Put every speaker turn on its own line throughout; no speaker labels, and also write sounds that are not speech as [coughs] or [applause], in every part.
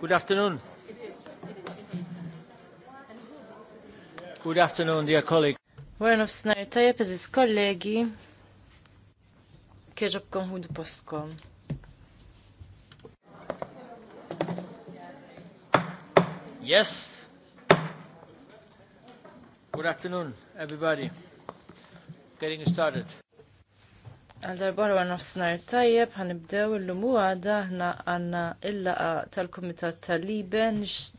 Good afternoon.
Good afternoon, dear colleague.
Warren of Snar, tajab eżis kollegi, kieġobkom hud postkom.
Yes. Good afternoon, everybody. Getting started.
Għal-darbar għan nofsnar tajjeb, għanibdew il-lum u għada ħna għanna il-laqa tal-Komitat tal-Libe,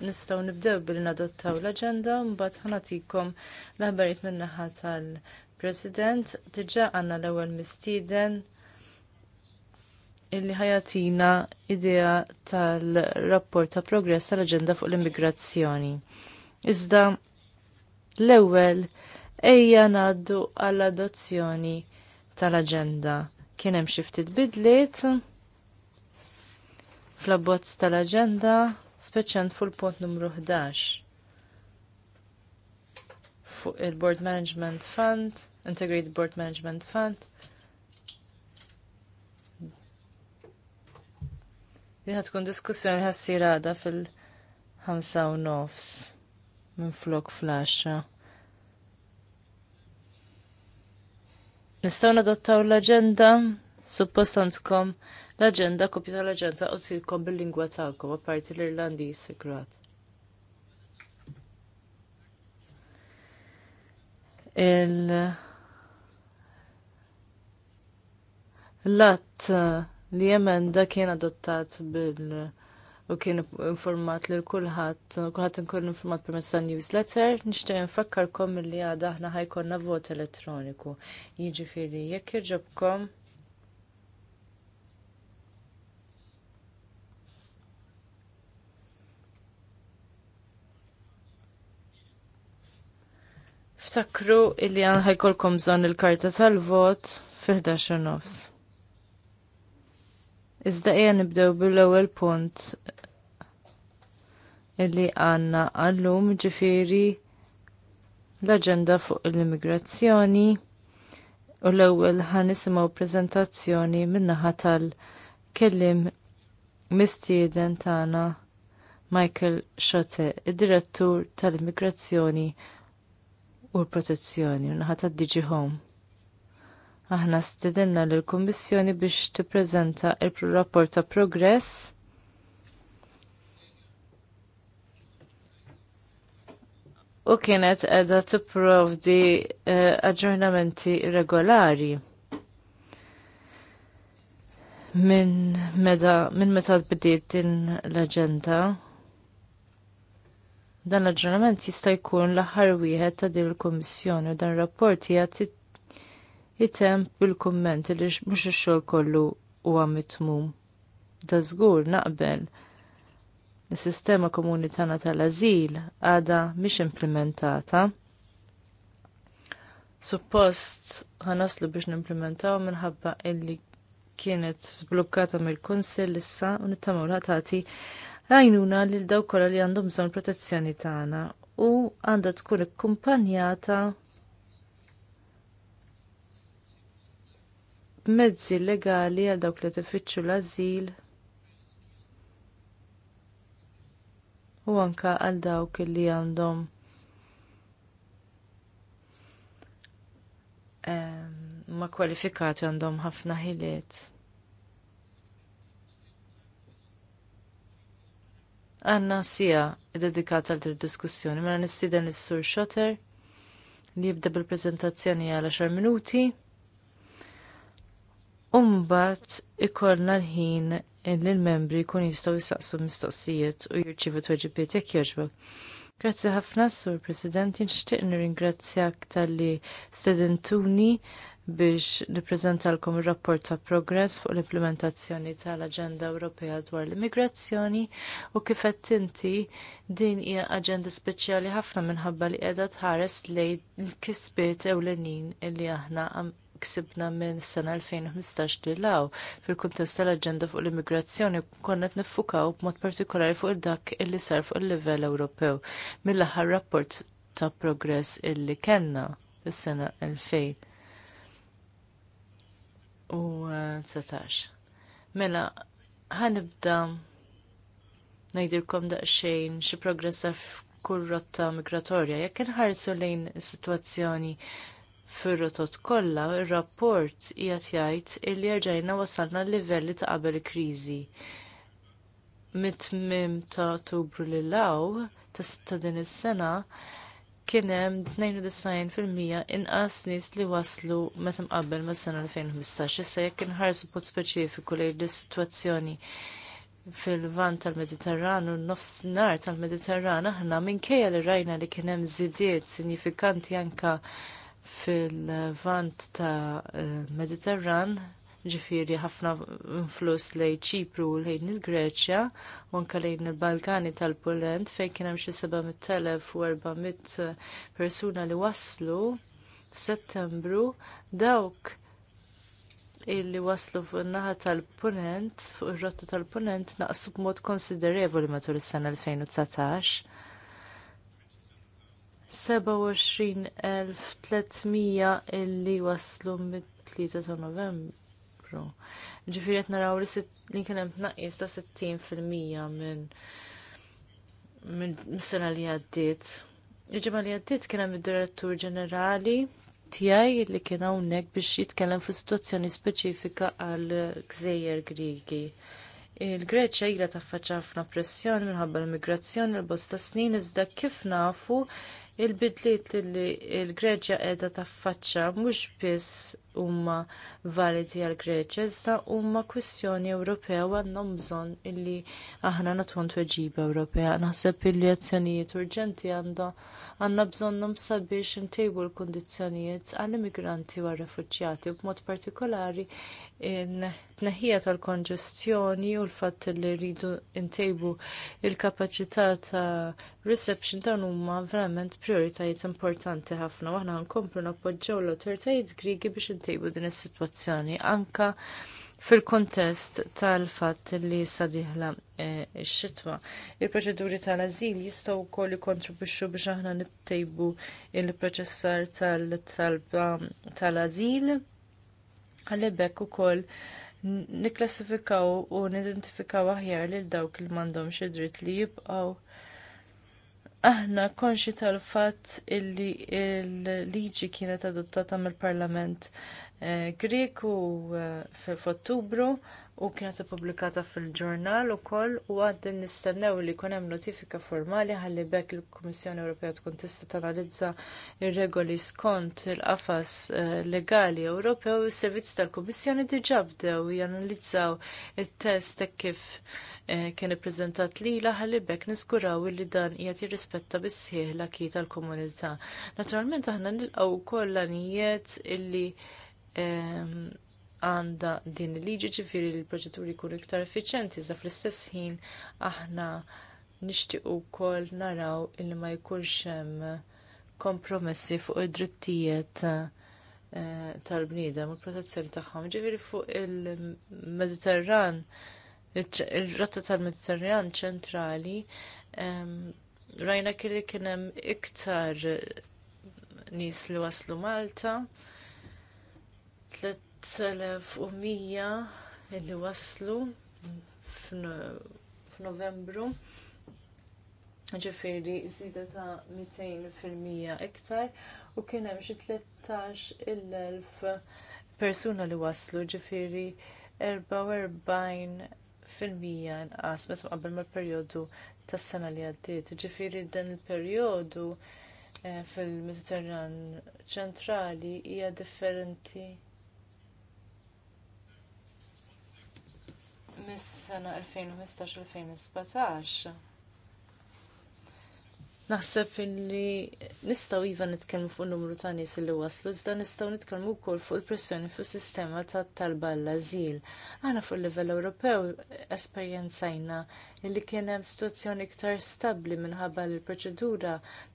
nistaw nibdew billi nadottaw l-agenda, mbat ħanatikom l-ħabariet minnaħa tal-President, diġa għanna l-ewel mistiden illi ħajatina idea tal-rapport ta' progress tal-agenda fuq l-immigrazzjoni. Iżda l-ewel ejja naddu għall-adozzjoni tal-aġenda. Kien hemm xi ftit bidliet fl-abbozz tal-aġenda speċjant fuq il-punt numru 11 fuq il-Board Management Fund, Integrated Board Management Fund. Li tkun diskussjoni ħassir għadha fil-5 nofs minn flok flasha. Nistgħu nadottaw l agenda suppostantkom l agenda kopju tal-aġenda u tilkom bil-lingwa tagħkom apparti l-Irlandiż Grat. Il l-att li jemenda kien adottat bil- u kien informat li kulħadd kulħadd inkun informat permezz ta' newsletter, nixtieq infakkarkom milli għadha aħna ħajkonna vot elettroniku. Jiġifieri jekk jirġobkom Ftakru illi għan ħajkolkom bżonn il-karta tal-vot fil-11 nofs. Iżda ija nibdew bil-ewwel punt illi għanna għallum ġifiri l-agenda fuq l-immigrazzjoni u l-ewwel ħanisimgħu preżentazzjoni min-naħa tal-kellim mistieden tagħna Michael Schotte, id-direttur tal-immigrazzjoni u l-protezzjoni u naħa tad-Digi Home. Aħna stedinna l-Kummissjoni biex tippreżenta il-rapport ta' progress u kienet edha tipprovdi eh, aġġornamenti regolari minn meta bdiet din l-aġenda. Dan l-aġġornament jista' jkun l-aħħar wieħed ta' din il-Kummissjoni u dan rapport jagħti jitem bil-kumment li mhux ix-xogħol kollu huwa mitmum. Da żgur naqbel Is-sistema komuni tagħna tal-ażil għadha mhix implementata. Suppost ħanaslu biex nimplementaw minħabba illi kienet sblokkata mill-Kunsill issa u nittamaw tagħti għajnuna lil dawk kollha li għandhom bżonn protezzjoni tagħna u għandha tkun ikkumpanjata mezzi legali għal dawk li tifittxu l-azil u anka għal dawk li għandhom ma kwalifikati għandhom ħafna ħiliet. Għanna sija dedikata għal diskussjoni mela nistiden is-sur Xotter li jibda bil-prezentazzjoni għal 10 minuti. Umbat ikollna l-ħin illi l-membri jkun jistgħu jistaqsu mistoqsijiet u jirċivu tweġibiet jekk jogħġbok. Grazzi ħafna, Sur President, nixtieq nirringrazzjak tal-li stedentuni biex nippreżentalkom ir-rapport ta' progress fuq l-implementazzjoni tal-Aġenda Ewropea dwar l-immigrazzjoni u kif qed inti din hija aġenda speċjali ħafna minħabba li qiegħda tħares lejn il-kisbiet ewlenin li aħna ksibna minn sena 2015 dilaw fil-kuntest tal-agenda fuq l-immigrazzjoni konna qed niffukaw b'mod partikolari fuq dak illi sar fuq il-livell Ewropew mill-aħħar rapport ta' progress illi kellna fis-sena U 2019. Eh, mela, ħanibda ngħidilkom daqsxejn xi progress f'kull rotta migratorja jekk inħarsu lejn is-sitwazzjoni fir-rotot kollha, ir-rapport qiegħed jgħid li rġajna wasalna l-livelli ta' qabel kriżi. Mit-tmiem ta' Ottubru lil law ta' din is-sena kien hemm 92% inqas nies li waslu meta mqabbel mas-sena 2015 issa jekk inħarsu punt speċifiku lejn is-sitwazzjoni fil-vant tal-Mediterran u n-nofsinhar tal-Mediterran aħna minkejja li rajna li kien hemm żidiet sinifikanti anke fil-vant ta' eh, Mediterran ġifiri ħafna influss lejn ċipru u lejn il-Greċja, u anke lejn il-Balkani tal pulent fejn kien hemm xi 700,400 persuna li waslu f'Settembru dawk illi waslu fin-naħa tal-Punent fuq ir-rotta tal-Punent naqsu b'mod konsiderevoli matul is-sena 2019. 27,300 illi waslu mit-3 ta' novembru. Ġifiri qed naraw li kien hemm tnaqqis ta' 60% minn mis-sena li għaddiet. Il-ġimgħa li għaddiet kien hemm id-Direttur Ġenerali tiegħi li kien hawnhekk biex jitkellem fuq sitwazzjoni speċifika għal gżejjer Griegi. Il-Greċja ilha taffaċċa ħafna pressjoni minħabba l-immigrazzjoni l bosta snin iżda kif nafu il-bidliet li l-Greċja qiegħda taffaċċa mhux biss huma validi għal Greċja, iżda huma kwistjoni Ewropea u għandhom bżonn illi aħna nagħtuhom tweġiba Ewropea. Naħseb illi azzjonijiet urġenti għandha għandna bżonnhom sabiex intejbu l-kundizzjonijiet għall-immigranti u għar-refuġjati b'mod partikolari il-tneħija tal-konġestjoni u l-fatt li rridu ntejbu il-kapacità ta' reception dan huma verament prioritajiet importanti ħafna. Waħna nkomplu nappoġġew l-awtoritajiet Griegi biex intejbu din is-sitwazzjoni anka fil-kontest tal-fatt li sadiħla e, x-xitwa. Il-proċeduri tal-azil jistaw kol kontribuxxu biex aħna nittejbu il-proċessar tal-talba tal-azil. tal tal tal talba tal azil Għalibek u koll niklassifikaw u nidentifikaw aħjar lil dawk il mandom xi li jibqaw. Aħna konxi tal-fatt illi il-liġi kienet adottata mill-Parlament eh, Grieku eh, f'Ottubru u kienet ippubblikata fil-ġurnal ukoll u għaddin nistennew li jkun hemm notifika formali ħalli bekk il-Kummissjoni Ewropea tkun tista' tanalizza ir-regoli skont il-qafas eh, legali Ewropew is-servizz tal-Kummissjoni diġà bdew janalizzaw it-test ta' kif eh, kien ippreżentat lilha ħalli bekk niżguraw li dan qiegħed jirrispetta bis-sieħ l-akki tal-komunità. Naturalment aħna nilqgħu wkoll l illi ehm, għanda din il-liġi ġifiri li l-proċeduri jkunu iktar effiċenti, za fl-istess ħin aħna nixtiequ wkoll naraw li ma jkunx hemm kompromessi fuq id-drittijiet eh, tal-bniedem u l-protezzjoni tagħhom. Ġifieri fuq il-Mediterran, ir-rotta tal-Mediterran ċentrali, rajna kelli kien hemm iktar nies li waslu Malta, 3100 illi waslu f'Novembru. Ġifieri żieda ta' 200% iktar u kien hemm xi 13,000 persuna li waslu ġifieri 44% inqas meta qabel mal-perjodu tas-sena li għaddiet. Ġifieri dan il-perjodu eh, fil-Mediterran ċentrali hija differenti mis-sena 2015-2017. Naħseb li nistaw iva nitkellmu fuq numru ta' nies li waslu, iżda nistaw nitkellmu wkoll fuq il-pressjoni fuq sistema ta' talba l-azil. Aħna fuq livell Ewropew esperjenzajna li kien hemm sitwazzjoni iktar stabbli minħabba l proċedura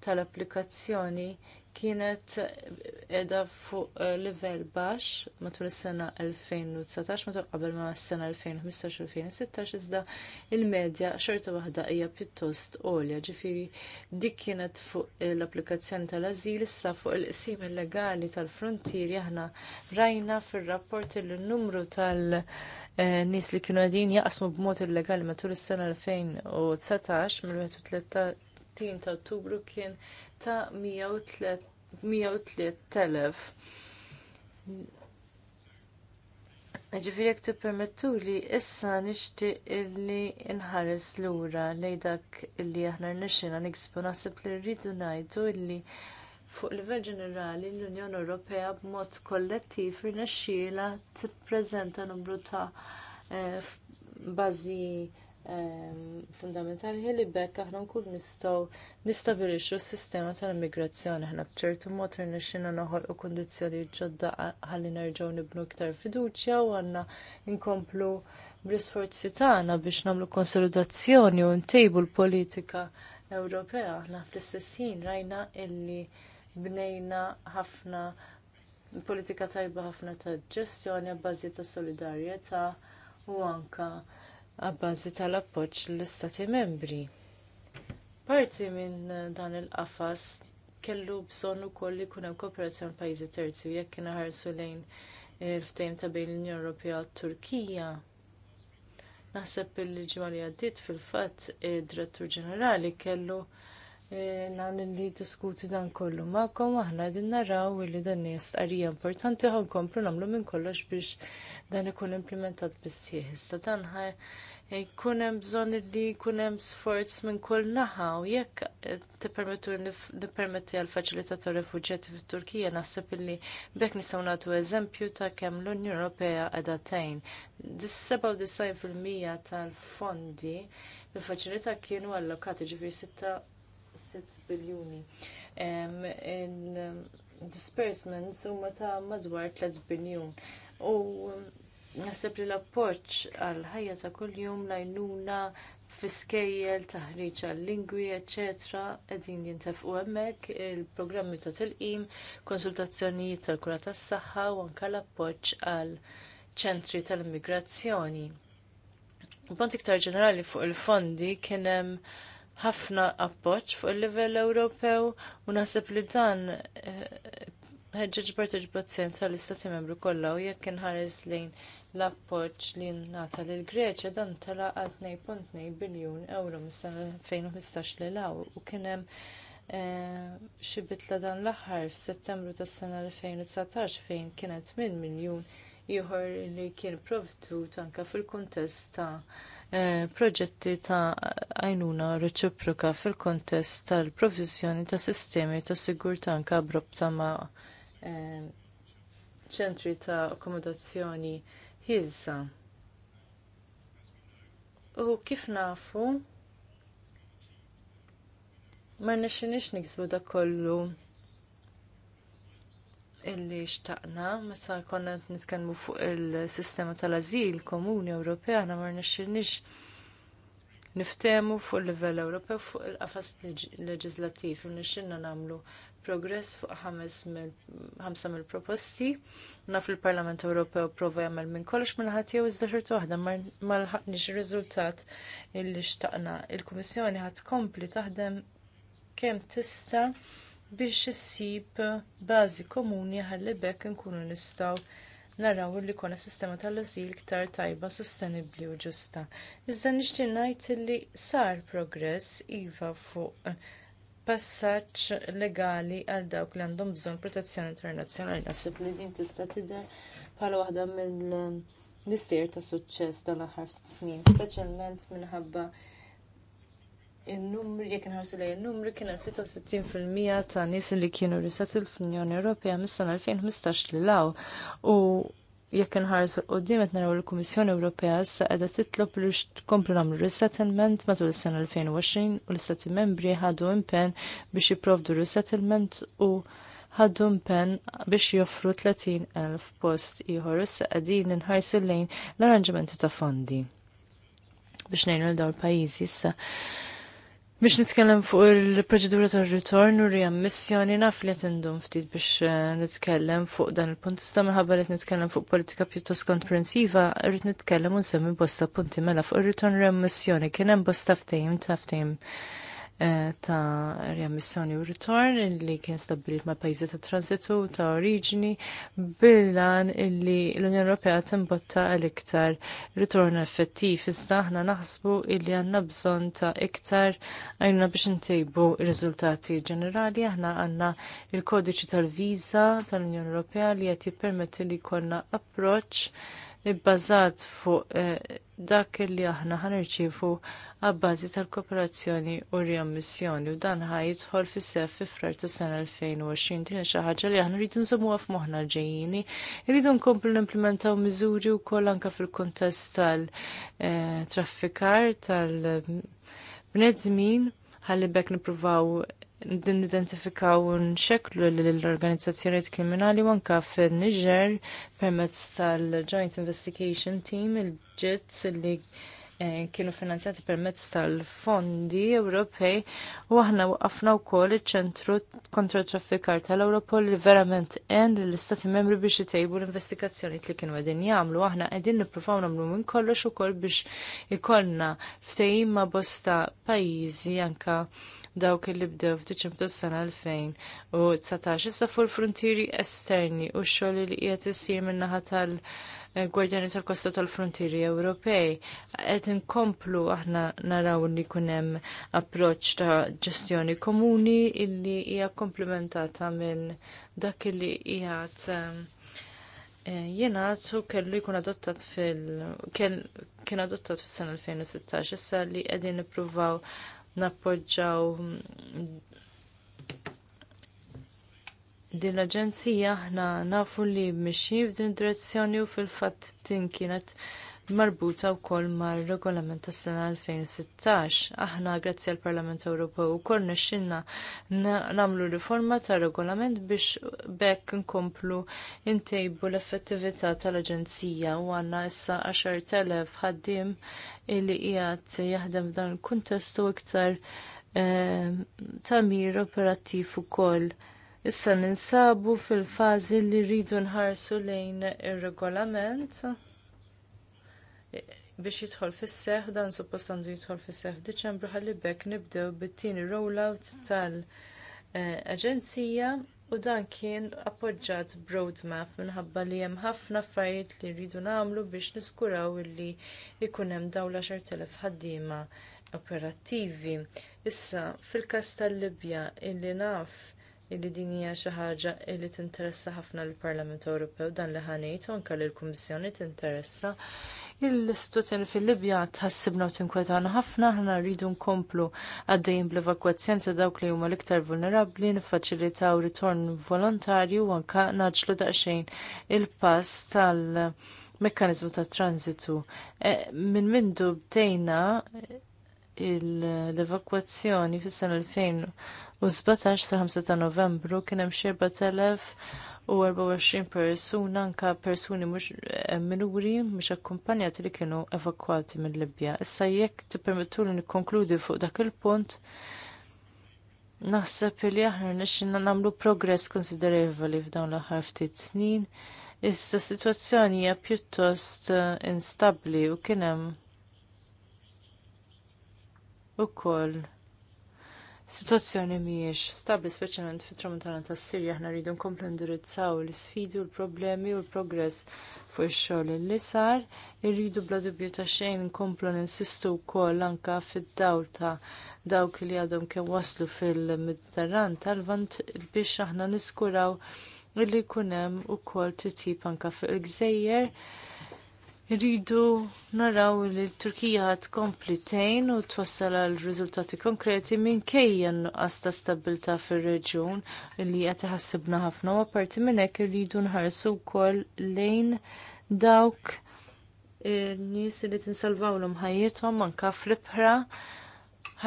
tal-applikazzjoni kienet edha fuq eh, livell baxx matul is-sena 2019 matul qabel ma s-sena 2015-2016 iżda il-medja xorta waħda hija pjuttost għolja ġifieri dik kienet fuq l-applikazzjoni tal-ażil issa fuq il-qsim illegali tal-frontieri aħna rajna fir-rapport li n-numru tal- eh, nies li kienu għadin jaqsmu b'mod illegali matul is-sena 2019 mill-31 ta' Ottubru kien ta' 103.000. Ġifiri jek permettu li issa nishti illi nħares lura lejn dak illi aħna nixina niksbu nasib li rridu ngħidu illi fuq livell ġenerali l-Unjoni Ewropea b'mod kollettiv rinaxxiela tippreżenta numru ta' eh, bażi Ehm, fundamentali li bekk aħna nkun nistgħu nistabilixxu s-sistema tal-immigrazzjoni aħna b'ċertu mod irnexxina noħolqu kundizzjonijiet ġodda ħalli nerġgħu nibnu iktar fiduċja u għandna nkomplu bl-isforzi tagħna biex nagħmlu konsolidazzjoni u ntejbu l-politika Ewropea aħna fl-istess ħin rajna illi bnejna ħafna politika tajba ħafna ta' ġestjoni bbażi ta' solidarjetà u anka għabbażi tal-appoġġ l-Istati membri. Parti minn dan il-qafas kellu bżonn ukoll ikun hemm kooperazzjoni pajjiżi terzi jekk inaħarsu lejn il-ftehim ta' bejn l-Unjoni Ewropea u Turkija. Naħseb il-ġimgħa li għaddiet fil-fatt id-Direttur Ġenerali kellu eh, nan li diskuti dan kollu ma'kom aħna qegħdin naraw li dan hija stqarrija importanti ħankomplu nagħmlu minn kollox biex dan ikun implementat bissieħ. Iżda dan jkun hemm bżonn li jkun hemm sforz minn kull naħa u jekk tippermettu nippermetti għal faċilità tar refuġjati fit-Turkija naħseb illi bekk nistgħu nagħtu eżempju ta' kemm l-Unjoni Ewropea qiegħda tgħin. fil-mija tal-fondi mill-faċilità kienu allokati ġifieri 6 biljuni. Disbursements huma ta' madwar 3 biljun u naħseb li l-appoġġ għal ħajja ta' kuljum lajnuna fiskejjel, taħriġ għal-lingwi, etc. qegħdin jintefqu hemmhekk il-programmi ta' tilqim, konsultazzjonijiet tal-kura tas-saħħa u anke l-appoġġ għal ċentri tal-immigrazzjoni. Punt iktar ġenerali fuq il-fondi kien hemm ħafna appoġġ fuq il-livell Ewropew u naħseb li dan eh, ħedġiġbert iġbot sen tal-istati membru kollha u jekk inħares lejn l-appoġġ li ngħata lill Greċja dan tala għal 2.2 biljun euro mis-sena 2015 li law u kien hemm eh, xi bitla dan l-aħħar f'Settembru tas-sena 2019 fejn kienet minn miljun ieħor li kien provdut anke fil-kuntest ta' eh, proġetti ta' għajnuna reċiproka fil-kontest tal-provizjoni ta' sistemi ta' sigurtà anke abrupta ma' Ehm, ċentri ta' akkomodazzjoni hizza. U kif nafu, ma nixinix nixbu da kollu illi xtaqna, meta konna nitkellmu fuq il-sistema tal-azil komuni Ewropea, na ma nixinix niftemu fuq il-livell Ewropew fuq il-qafas leġislattiv, nixinna namlu progress fuq 5 mill-proposti. Naf il-Parlament Ewropew prova jagħmel minn kollox mill-ħadd jew iżda waħda ma laħaqniex ir-riżultat illi xtaqna. Il-Kummissjoni ħadd kompli taħdem kemm tista' biex issib bażi komuni ħalli bekk inkunu nistgħu naraw li kona sistema tal-azil iktar tajba, sostenibbli u ġusta. Iżda nixtieq ngħid li sar progress iva fuq passaġġ legali għal dawk li għandhom bżonn protezzjoni internazzjonali. Naħseb li din tista' tidher bħala waħda mill-istejjer ta' suċċess dan l-aħħar ftit snin, speċjalment minħabba in-numri jekk inħarsu lejn in-numri kien hemm 63% ta' nies li kienu risatil fl-Unjoni Ewropea mis-sena 2015 lilaw u jekk inħarsu qudiem qed naraw il-Kummissjoni Ewropea issa qiegħda titlob li tkomplu nagħmlu resettlement matul is-sena 2020 u l-Istati Membri ħadu impenn biex jipprovdu resettlement u ħadu impenn biex joffru 30,000 post ieħor issa qegħdin inħarsu lejn l-arranġamenti ta' fondi biex ngħinu l dawn il-pajjiżi issa. Biex nitkellem fuq il-proċedura tar ritorn u riammissjoni naf li għatendum ftit biex eh, nitkellem fuq dan il-punt. Sta minħabba li nitkellem fuq politika pjuttost komprensiva, rrit nitkellem un semmi bosta punti mela fuq il-ritorn riammissjoni. Kien hemm bosta ftehim ta' Eh, ta' riammissjoni u ritorn li kien stabbilit ma' pajjiżi ta' transitu ta' oriġini billan illi l-Unjoni Ewropea timbotta għal-iktar ritorn effettiv iżda aħna naħsbu illi għandna bżonn ta' iktar għajna biex ntejbu r-riżultati ġenerali aħna għandna il-kodiċi tal-viża tal-Unjoni Ewropea li qed jippermetti li jkollna approċċ ibbażat fuq eh, dak li aħna ħanirċifu għabbażi tal-kooperazzjoni u riammissjoni u dan ħajtħol fis sef fi frar ta' sena 2020 din xi ħaġa li aħna rridu nsemmuha f'moħħna ġejjini, rridu nkomplu nimplementaw miżuri wkoll anke fil-kuntest tal-traffikar tal eh, bnedżmin ħalli bekk nipruvaw din identifikaw nxeklu l-organizzazzjoniet kriminali u anka fil-Niger permezz tal-Joint Investigation Team il-ġitz li eh, kienu finanzjati permezz tal-fondi Ewropej u aħna waqafna wkoll iċ-ċentru kontra traffikar tal ewropol li verament en l-istati membri biex jtejbu l-investigazzjoni li kienu qegħdin jagħmlu. Aħna qegħdin nippruvaw namlu minn kollox ukoll biex ikollna ftehim ma' bosta pajjiżi anka dawk li bdew f'Diċembru s sena u 2019 issa fuq il-frontieri esterni u x-xogħol li qiegħed isir min-naħa tal-Gwardjani tal-Kosta tal-Frontieri Ewropej. Qed inkomplu aħna naraw li jkun hemm approċċ ta' ġestjoni komuni illi hija komplementata minn dak li qiegħed eh, jingħad u kellu jkun adottat fil... kien adottat fil sena 2016, issa li qegħdin nippruvaw nappoġġaw din l-aġenzija aħna nafu li mixi f'din direzzjoni u fil-fatt din kienet marbuta wkoll mar-regolament tas sena 2016. Aħna grazzi għall Parlament Ewropew ukoll nexxinna nagħmlu riforma tar regolament biex bekk nkomplu ntejbu l-effettività tal-Aġenzija u għandna issa 10,000 ħaddiem illi qiegħed jaħdem f'dan il-kuntest u iktar ehm, tamir operattiv ukoll. Issa ninsabu fil-fażi li rridu nħarsu lejn ir-regolament biex jidħol fis-seħ dan suppost għandu jidħol fis-seħ f'Diċembru ħalli bekk nibdew bit-tieni rollout tal-Aġenzija eh, U dan kien appoġġjat b'roadmap minħabba li hemm ħafna affarijiet li rridu nagħmlu biex niskuraw illi jkun hemm dawn l-10,000 ħaddiema operattivi. Issa fil-każ tal-Libja illi naf illi din hija xi ħaġa li tinteressa ħafna lill parlament Ewropew dan li ħanejt anke lill-Kummissjoni tinteressa Il-situazzjoni fil-Libja tħassibna u tinkwetana ħafna, ħna rridu nkomplu għaddejjin bl-evakwazzjoni ta' dawk li huma l-iktar vulnerabbli, niffaċilitaw ritorn volontarju u anka naġlu daqsxejn il-pass tal- mekkaniżmu ta' transitu. E, minn mindu bdejna l-evakwazzjoni fis-sena 2000 u 17 sa 5 ta' Novembru kien hemm u 24 persuna anka persuni mhux eh, minuri mhux akkumpanjati li kienu evakwati mill-Libja. Issa jekk tippermettu li nikkonkludi fuq dak il-punt, naħseb li aħna nixinna nagħmlu progress konsiderevoli f'dawn l-aħħar ftit snin. Issa s-sitwazzjoni hija pjuttost eh, instabbli u kien hemm ukoll Situazzjoni mhijiex stabbli speċjalment fit-tramuntana tas-Sirja aħna rridu nkomplu ndirizzaw l-isfidi u l-problemi u l-progress fuq ix-xogħol li sar, irridu bla dubju ta' xejn nkomplu ninsistu wkoll anke fid-dawl ta' dawk li għadhom kemm waslu fil-Mediterran tal-Vant biex aħna niskuraw li jkun hemm ukoll titjib anke fuq il-Gżejjer Rridu naraw li l-Turkija tkompli tejn u twassal għal riżultati konkreti minn kejja nuqqas ta' stabilta fir-reġjun li qed iħassibna ħafna u apparti minn hekk irridu nħarsu wkoll lejn dawk nies li tinsalvaw ħajjithom anka fl-ibħra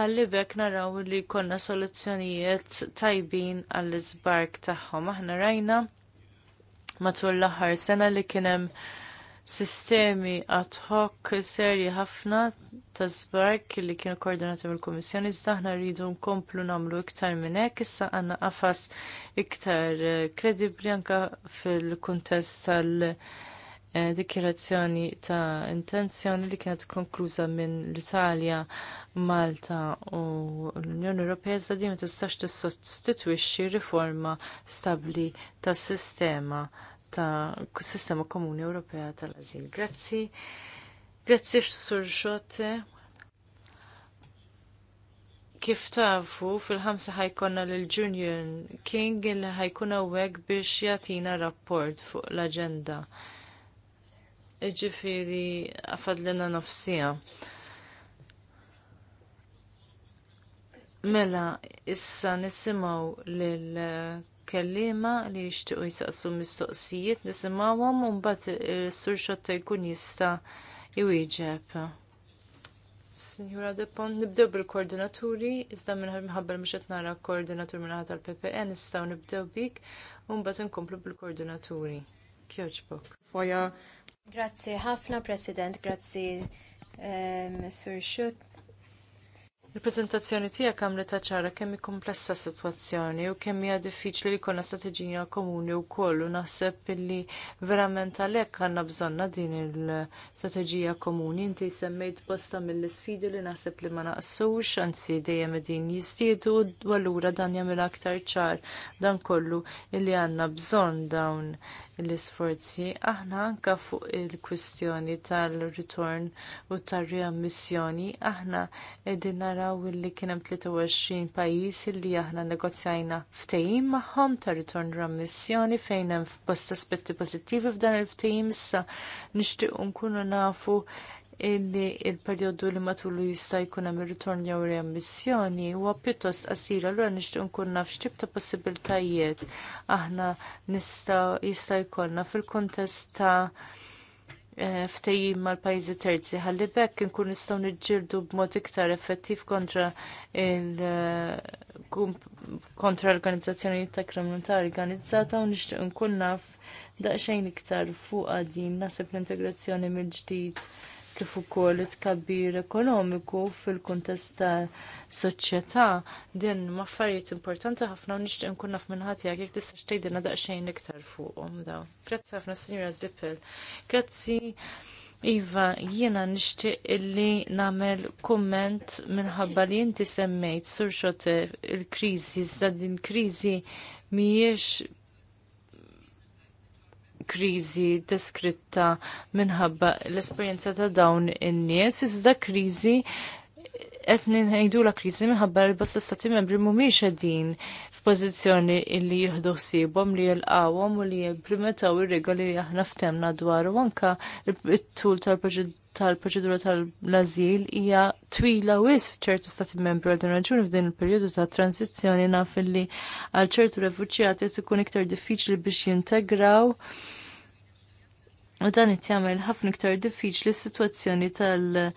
ħalli bekk naraw li konna soluzzjonijiet tajbin għall iżbark tagħhom. Aħna rajna matul l-aħħar sena li kien hemm sistemi ad hoc serji ħafna ta' żbark li kienu koordinati mill-Kummissjoni iżda aħna rridu nkomplu nagħmlu iktar minn hekk issa għandna qafas iktar eh, kredibbli anke fil-kuntest tal- eh, dikjerazzjoni ta' intenzjoni li kienet konkluża minn l-Italja, Malta u l-Unjoni Ewropea iżda din ma tistax tissostitwixxi riforma stabbli tas-sistema ta' sistema komuni Ewropea tal-Azil. Grazzi. Grazzi sur xotte. Kif tafu fil-ħamsa ħajkonna l-Junior King li ħajkun hawnhekk biex jagħtina rapport fuq l-aġenda. Ġifieri għafadlina nofsija. Mela, issa nisimaw lil kellima li jixtiequ jisaqsu mistoqsijiet nisimgħuhom u mbagħad is-sur xotta jkun jista' jwieġeb. Signora Depont, nibdew bil-koordinaturi, iżda minħabba mhux qed nara koordinatur minn tal-PPN e, nistgħu nibdew bik u mbagħad inkomplu bil-koordinaturi. Kjoċbok. Foja.
Grazzi ħafna, President, grazzi eh, Sur Xut Il-prezentazzjoni tiegħek ta' ċara kemm hi komplessa
sitwazzjoni u kemm hija diffiċli li jkollna strateġija komuni wkoll u naħseb illi verament għalhekk għandna bżonna din il-strateġija komuni. Inti semmejt bosta mill-isfidi li naħseb li ma naqsux, anzi dejjem din jistiedu u allura dan jagħmel aktar ċar dan kollu illi għandna bżonn dawn l-isforzi. Aħna anke fuq il-kwistjoni tal-ritorn u tar-riammissjoni, aħna qegħdin naraw li kien hemm 23 pajjiż li aħna negozjajna ftehim magħhom ta' ritorn rammissjoni fejn hemm bosta aspetti pożittivi f'dan il-ftehim issa nixtiequ nkunu nafu illi il-perjodu li matulu jista' jkun hemm ir-ritorn jew reammissjoni huwa pjuttost qasir, allura nixtieq nkun naf x'tib ta' possibbiltajiet aħna nistgħu jista' jkollna fil-kuntest ta' eh, ftejjim mal-pajjiżi terzi ħalli bekk inkunu nistgħu niġġieldu b'mod iktar effettiv kontra il- eh, kontra l organizzazzjonijiet ta' kriminalità organizzata u nixtieq nkun naf daqsxejn iktar fuq din naħseb l-integrazzjoni mill-ġdid kif ukoll tkabbir ekonomiku fil-kuntest ta' soċjetà din maffarijiet importanti ħafna u nixtieq nkun naf minn ħadd jekk tista' tgħidilna daqsxejn iktar fuqhom daw. Grazzi ħafna Sinjura Zippel. Grazzi Iva, jiena nixtieq illi nagħmel kumment minħabba li inti semmejt surxot il-kriżi, iżda din kriżi mhijiex kriżi deskritta minħabba l-esperjenza ta' dawn in-nies, iżda kriżi qed ninħejdu la kriżi minħabba l bosta stati membri mhumiex qegħdin f'pożizzjoni li jieħdu ħsiebhom li jilqawhom u li jimplementaw ir-regoli li aħna ftemna dwar u anke it-tul tal tal-proċedura tal ażil hija twila wis f'ċertu stati membri għal din raġuni f'din il-perjodu ta' tranzizzjoni naf li għal ċertu refuġjati ikun iktar diffiċli biex jintegraw U dan it jagħmel ħafna iktar diffiċli s-sitwazzjoni tal-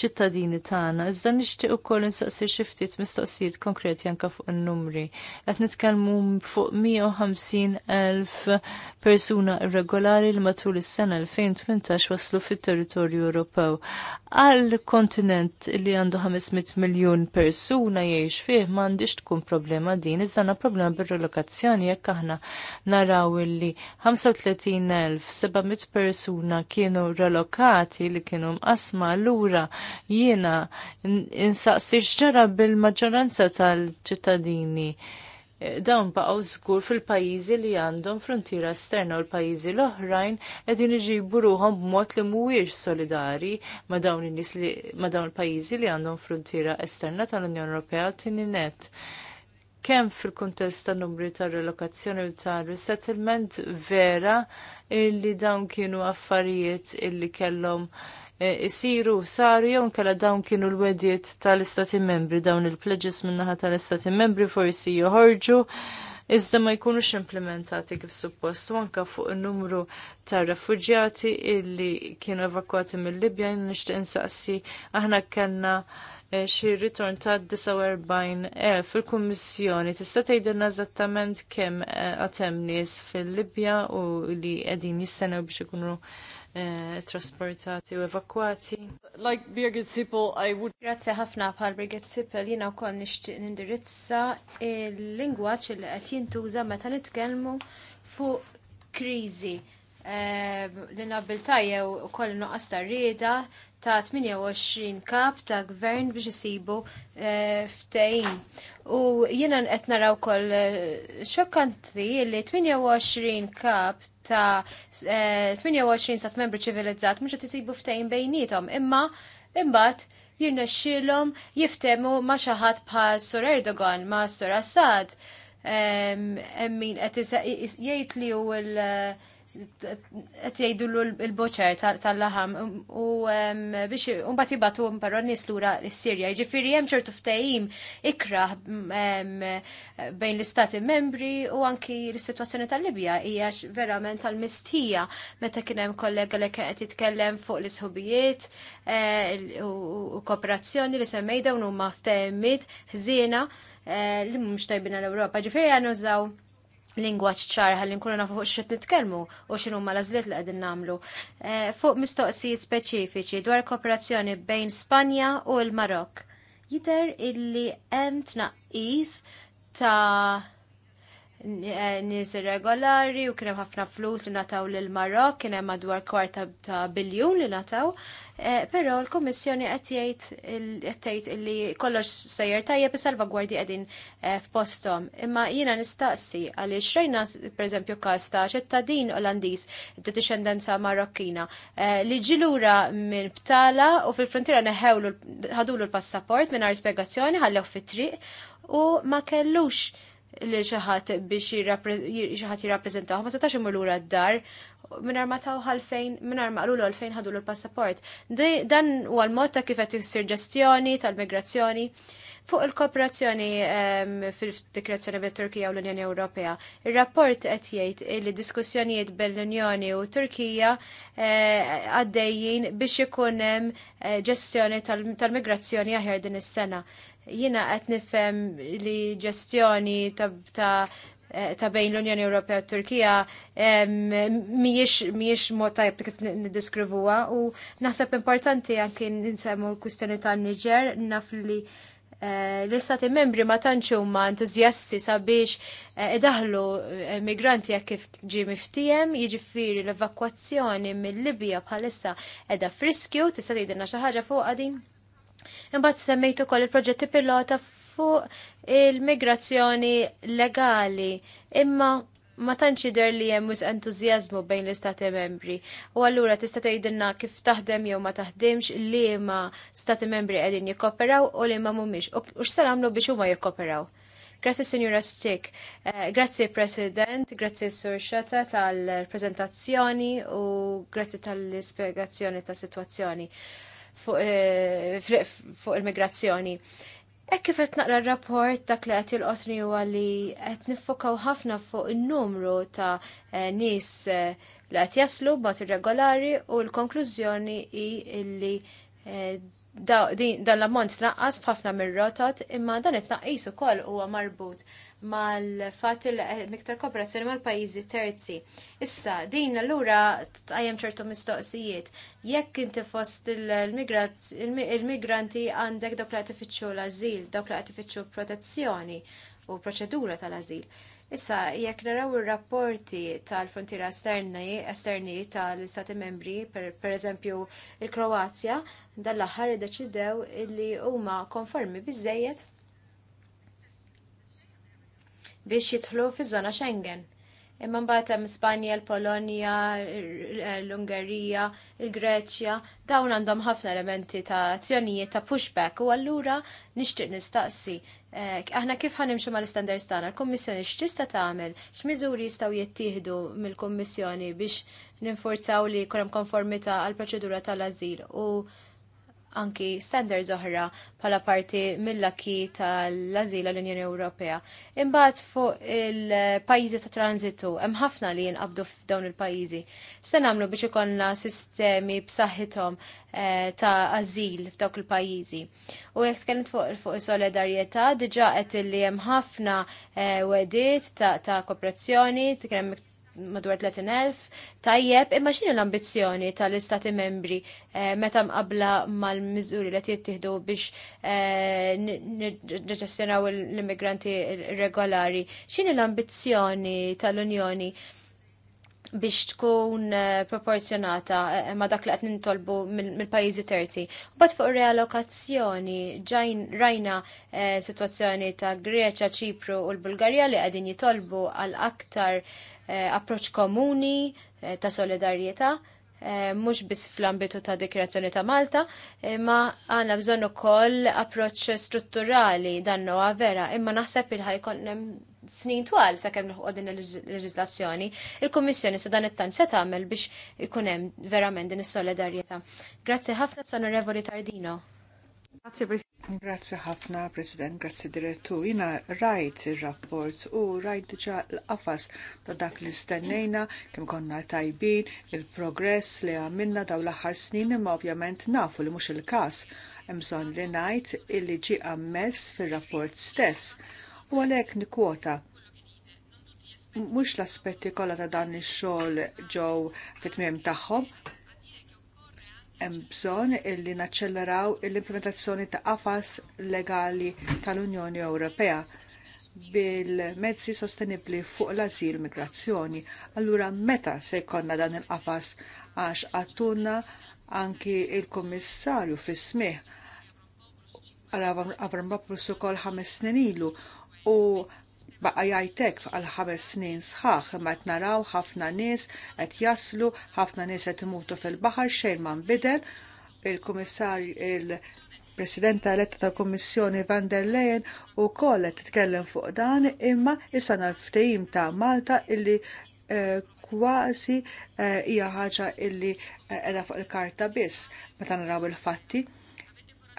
ċittadini tagħna, iżda nixtieq ukoll nistaqsi xi ftit mistoqsijiet konkreti anke fuq in-numri. Qed nitkellmu fuq 150 elf persuna irregolari li matul is-sena 2018 waslu fit-territorju Ewropew għal kontinent li għandu 500 miljon persuna jiex fih m'għandix tkun problema din, iżda problema bir-relokazzjoni jekk aħna naraw li 35,700 persuna kienu relokati li kienu mqasma l-ura jiena insaqsi x'ġara bil-maġġoranza tal-ċittadini dawn baqgħu żgur fil-pajjiżi li għandhom frontiera esterna u l-pajjiżi l-oħrajn qegħdin iġibu ruhom b'mod li mhuwiex solidari ma' dawn in-nies li ma' dawn il-pajjiżi li għandhom frontiera esterna tal-Unjoni Ewropea tieni nett. Kemm fil-kuntest ta' numri ta' relokazzjoni u ta' resettlement vera illi dawn kienu affarijiet illi kellhom E, isiru saru jew kella dawn kienu l-wedjiet tal-istati membri dawn il-pledges minnaħa tal-istati membri forsi joħorġu iżda ma jkunux implementati kif suppost u fuq il-numru ta' refugjati illi kienu evakwati mill-Libja nixtieq insaqsi aħna kellna e, xi ritorn ta' 49,000 fil kummissjoni tista' tgħidilna eżattament kemm e, għatem nies fil-Libja u li qegħdin jistennew biex ikunu Eh, trasportati u evakwati.
Like Birgit Sippel, I would... Grazie ħafna bħal Birgit Sippel, jina u koll nishtiq nindirizza il-lingwaċ li qed jintuża meta nitkellmu fuq kriżi. Eh, L-inabiltajja u koll nuqqas ta' ta' 28 kap ta' gvern biex isibu eh, ftejn. U jiena qed naraw kol eh, xokkanti li 28 kap ta' 28 sat membri ċivilizzat mhux qed isibu ftejn bejnietom, imma imbagħad jirnexxilhom jiftemu ma' xi ħadd bħal Sur Erdogan ma' Sur Assad. Emmin qed jgħid li hu l- qed jajdu l-boċer tal-laħam um, u biex mbagħad jibatu però nies nislura s-Sirja. Jiġifieri hemm ċertu ftehim ikraħ bejn l-istati membri u anki l-sitwazzjoni tal-Libja hija verament tal-mistija meta kien hemm kollega li kien qed jitkellem fuq l-isħubijiet eh, u kooperazzjoni li semmejda dawn huma ftehimiet ħżiena eh, li mhumiex tajbin għall-Ewropa. Ġifieri għanużaw lingwaċ ċar ħalli nkunu nafu fuq xħet nitkellmu u xinu ma lażliet li qegħdin nagħmlu. Eh, fuq mistoqsijiet speċifiċi dwar kooperazzjoni bejn Spanja u l-Marok. Jiter illi hemm tnaqqis ta' Eh, nies irregolari u kien hemm ħafna flus li nataw lil Marok, kien hemm madwar kwarta ta' biljun li nataw. Eh, però l-Kummissjoni qed jgħid tgħid li kollox sejjer tajjeb is-salvagwardji qegħdin eh, f'posthom. Imma jiena nistaqsi għaliex xrejna pereżempju każ ta' ċittadin Olandiż ta' dixendenza Marokkina li ġilura lura minn btala u fil-frontiera neħewlu ħadulu l-passaport mingħajr spjegazzjoni ħallew fit-triq u ma kellux li xaħat biex xaħat jirrapprezentaw, ma setax imur lura d-dar, minar ma taw għalfejn, minn ma għalulu għalfejn ħadu l-passaport. Dan u għal-mod ta' kifet ġestjoni tal-migrazzjoni fuq il-kooperazzjoni ehm, fil-dikrazzjoni bil turkija u l-Unjoni Ewropea. Il-rapport qed jgħid li diskussjonijiet bil-Unjoni u Turkija eh, għaddejjin biex ikun hemm eh, ġestjoni tal-migrazzjoni aħjar din is-sena. Jina qed nifhem li ġestjoni ta' ta' eh, bejn l-Unjoni Ewropea u Turkija mhijiex mod tajb kif niddiskrivuha u naħseb importanti anke nsemmu l-kwistjoni tan-Niġer naf li eh, l-istati membri ma tantx huma entużjasti sabiex eh, idaħlu migranti jekk kif ġi miftijem, jiġifieri l-evakwazzjoni mill-Libja bħalissa qiegħda friskju, tista' tgħidilna xi ħaġa fuq din? Imbagħad semmejt ukoll il-proġetti pilota fuq il-migrazzjoni legali, imma ma tantx jidher li hemm wis entużjażmu bejn l-istati membri. U allura tista' tgħidilna kif taħdem jew ma taħdimx liema stati membri qegħdin jikkoperaw u liema mhumiex u x'se nagħmlu biex huma jikkoperaw. Grazie Signora Stick, eh, grazie President, grazie Sur Shata tal-prezentazzjoni u grazie tal-spiegazzjoni tas situazzjoni. Eh, fuq il-migrazzjoni. Ek kif qed naqra r-rapport dak li qed jilqotni huwa li qed niffokaw ħafna fuq in-numru ta' eh, nies eh, li qed jaslu b'mod irregolari u l-konklużjoni hi li dan l-ammont tnaqqas b'ħafna mir-rotot imma dan it-tnaqqis ukoll huwa marbut mal-fat miktar kooperazzjoni mal-pajizi terzi. Issa, din allura għajem ċertu mistoqsijiet. Jekk inti fost il-migranti għandek dawk li għatifiċu l-azil, dawk li għatifiċu protezzjoni u proċedura tal-azil. Issa, jekk naraw il-rapporti tal-frontiera esterni, esterni tal-Stati membri, per, eżempju il-Kroazja, dal-aħħar id-deċidew illi huma konformi biżejjed biex jidħlu fi zona Schengen. Imma mbagħad hemm Spanja, l-Polonja, l-Ungerija, il-Greċja, dawn għandhom ħafna elementi ta' azzjonijiet ta' pushback u allura nixtieq nistaqsi. Eh, aħna kif ħanimxu mal-istandards tagħna, l-Kummissjoni x'tista' tagħmel, x'miżuri jistgħu jittieħdu mill-Kummissjoni biex ninforzaw li jkun hemm konformità għall proċedura tal-ażil u anki standards oħra bħala parti mill-laki tal-azil l-Unjoni Ewropea. Imbagħad fuq il-pajjiżi ta' tranzitu hemm ħafna li jinqabdu f'dawn il-pajjiżi. Se nagħmlu biex ikollna sistemi b'saħħithom eh, ta' azil f'dawk il-pajjiżi. U jekk tkellimt fuq is-solidarjetà, diġà qed li hemm ħafna eh, wedit ta' kooperazzjoni, tkellem madwar 30.000 tajjeb imma x'inhi l-ambizzjoni tal-istati membri eh, meta mqabla mal-miżuri li jittieħdu biex eh, nirġestjonaw l-immigranti regolari. X'inhi l-ambizzjoni tal-Unjoni biex tkun eh, proporzjonata ma dak li qed nintolbu mill-pajjiżi terzi. bad fuq realokazzjoni ġajn rajna sitwazzjoni ta' Greċja, Ċipru u l-Bulgarja li qegħdin jitolbu għal aktar Eh, approċ komuni eh, ta' solidarjetà eh, mhux biss fl-ambitu ta' Dikjerazzjoni ta' Malta, ma għandna bżonn ukoll approċċ strutturali dannu għavera, vera, imma naħseb il ħajkon snin twal sakemm naħu din il-leġislazzjoni, il-Kummissjoni sa' dan it-tan se tagħmel biex ikun hemm verament din is-solidarjetà. Grazzi ħafna Onorevoli Tardino.
Grazie, President. ħafna, President, grazie direttu. Jina rajt il-rapport u rajt diġa l-qafas ta' dak li stennejna, kem konna tajbin, il-progress li għamilna daw l-aħħar snin, imma ovvjament nafu li mux il-kas. Mżon li najt illi ġi ammess fil-rapport stess. U għalek nikwota mux l-aspetti kolla ta' dan il-xol ġow fit-tmiem tagħhom, hemm bżonn illi naċċelleraw l-implementazzjoni ta' qafas legali tal-Unjoni Ewropea bil-mezzi sostenibbli fuq l-azil migrazzjoni. Allura meta se jkollna dan il-qafas għax għattuna anki il-Kommissarju fis-smih Avram Baprus ukoll ħames snin ilu u baqa jajtek għal ħames snin sħaħ imma naraw ħafna nies qed jaslu, ħafna nies qed imutu fil-baħar xejn ma nbidel. il kummissar il-Presidenta eletta tal-Kummissjoni van der Leyen u koll qed titkellem fuq dan imma l ftehim ta' Malta illi eh, kważi eh, hija ħaġa illi eh, qiegħda fuq il-karta biss meta naraw il-fatti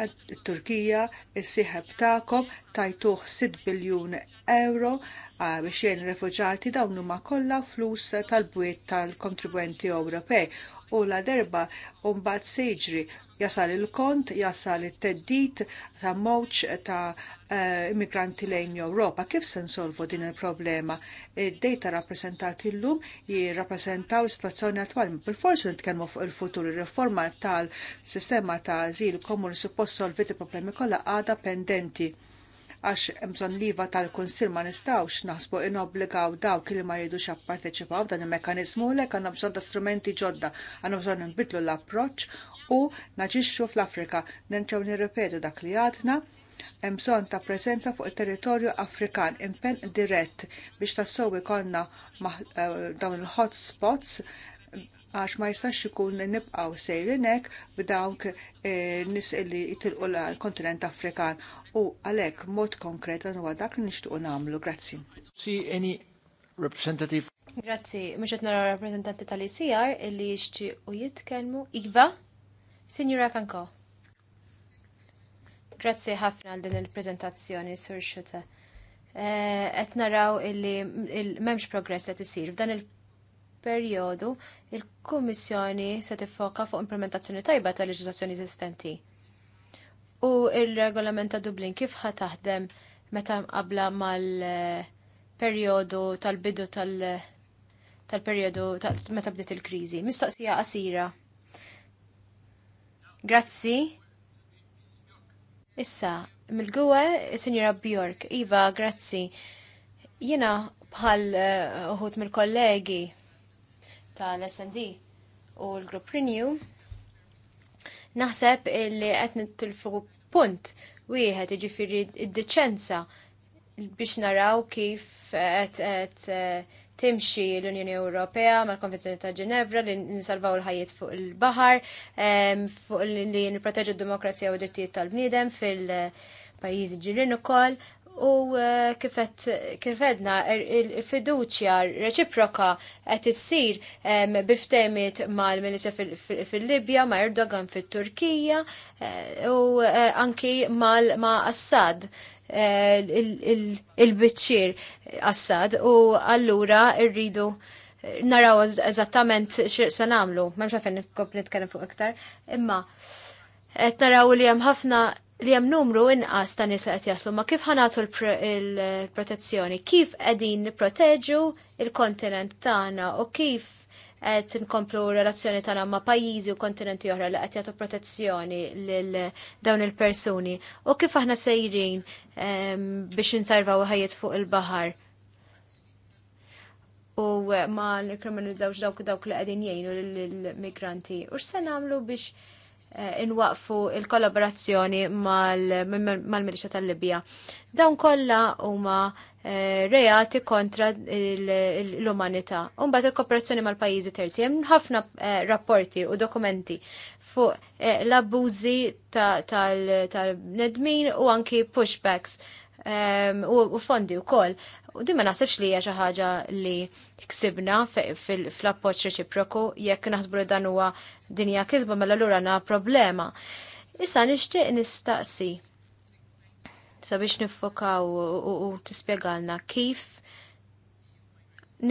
it-Turkija, is tagħkom tajtuh 6 biljun euro biex jgħin refuġati dawn huma kollha flus tal-bwiet tal-kontribwenti Ewropej. U la derba bat seġri jasal il-kont, jasal it-teddit ta' moċ ta' eh, immigranti lejn Ewropa. Kif se nsolvu din il-problema? Id-data rappresentati llum jirrappresentaw l-situazzjoni attwali. Bil-forsi nitkellmu fuq il-futur ir-riforma tal-sistema ta' azil komuni suppost solvit il-problemi kollha għada pendenti għax hemm bżonn liva tal-Kunsill ma nistgħux naħsbu inobbligaw dawk li ma jridux apparteċipaw f'dan il-mekkaniżmu lek għandna bżonn ta' strumenti ġodda, għandna bżonn nbidlu l-approċċ u naġixxu fl-Afrika. Nerġgħu nirrepetu dak li għadna hemm bżonn ta' preżenza fuq it-territorju Afrikan impenn dirett biex tassew ikollna eh, dawn il-hotspots għax ma jistax ikun nibqaw sejrinek b'dawk eh, nis li jitilqu l-kontinent Afrikan u għalhekk mod konkret għan huwa dak li nixtiequ nagħmlu. Grazzi. See any representative
Grazzi, mhux qed nara rappreżentanti tal-ICR illi jixtiequ jitkellmu. Iva, Sinjura Kanko. Grazzi ħafna għal din il-preżentazzjoni sur xuta. Eh, qed naraw illi m'hemmx progress qed sir f'dan il perjodu il-Kummissjoni se tiffoka fuq implementazzjoni tajba tal leġizazzjoni esistenti u il-regolament ta' Dublin kif ħa taħdem meta qabla mal-perjodu eh, tal-bidu tal-perjodu tal meta bdiet il-kriżi. Mistoqsija qasira. Grazzi. Issa, mill-gwe, Sinjora Bjork, Iva, grazzi. Jiena bħal eh, uħut mill-kollegi tal-SND u l-Group Renew Naħseb li qed nittilfu punt wieħed jiġifieri id diċenza biex naraw kif qed eh, timxi l-Unjoni Ewropea mal-Konvenzjoni ta' Ġenevra li nsalvaw l-ħajiet fuq il-baħar, ehm, fuq li nipproteġu d-demokrazija u d-drittijiet tal-bniedem fil- eh, pajjiżi ġirin ukoll U eh, kifedna, er-, il-fiduċja reċiproka qed issir biftemiet mal-Milizja fil-Libja, ma' Erdogan fil-Turkija eh, u eh, anki ma' Assad il biċċir Assad u allura rridu naraw eżattament xirsa namlu, ma' mxafen nitkellem fuq iktar, imma qed naraw li hemm ħafna li hemm numru inqas ta' nies li qed jaslu ma kif ħanatu l-protezzjoni, kif qegħdin nipproteġu il-kontinent tagħna u kif qed nkomplu relazzjoni tagħna ma' pajjiżi u kontinenti oħra li qed jagħtu protezzjoni lil dawn il-persuni u kif aħna sejrin ehm, biex insarvaw ħajiet fuq il-baħar. U eh, ma nikriminalizzawx dawk dawk li qegħdin jgħinu lill-migranti. U x'se nagħmlu biex inwaqfu il-kollaborazzjoni mal-Milixa tal-Libja. Dawn kollha huma reati kontra l-umanità. Umbat il-kooperazzjoni mal-pajjiżi terzi hemm ħafna rapporti u dokumenti fuq l-abbużi tal-nedmin u anki pushbacks u fondi u koll U dimma ma li hija xi ħaġa li ksibna fl-appoġġ reċiproku jekk naħsbu li dan huwa dinja kisba mela lura na problema. Issa nixtieq nistaqsi sabiex niffokaw u tispjegalna kif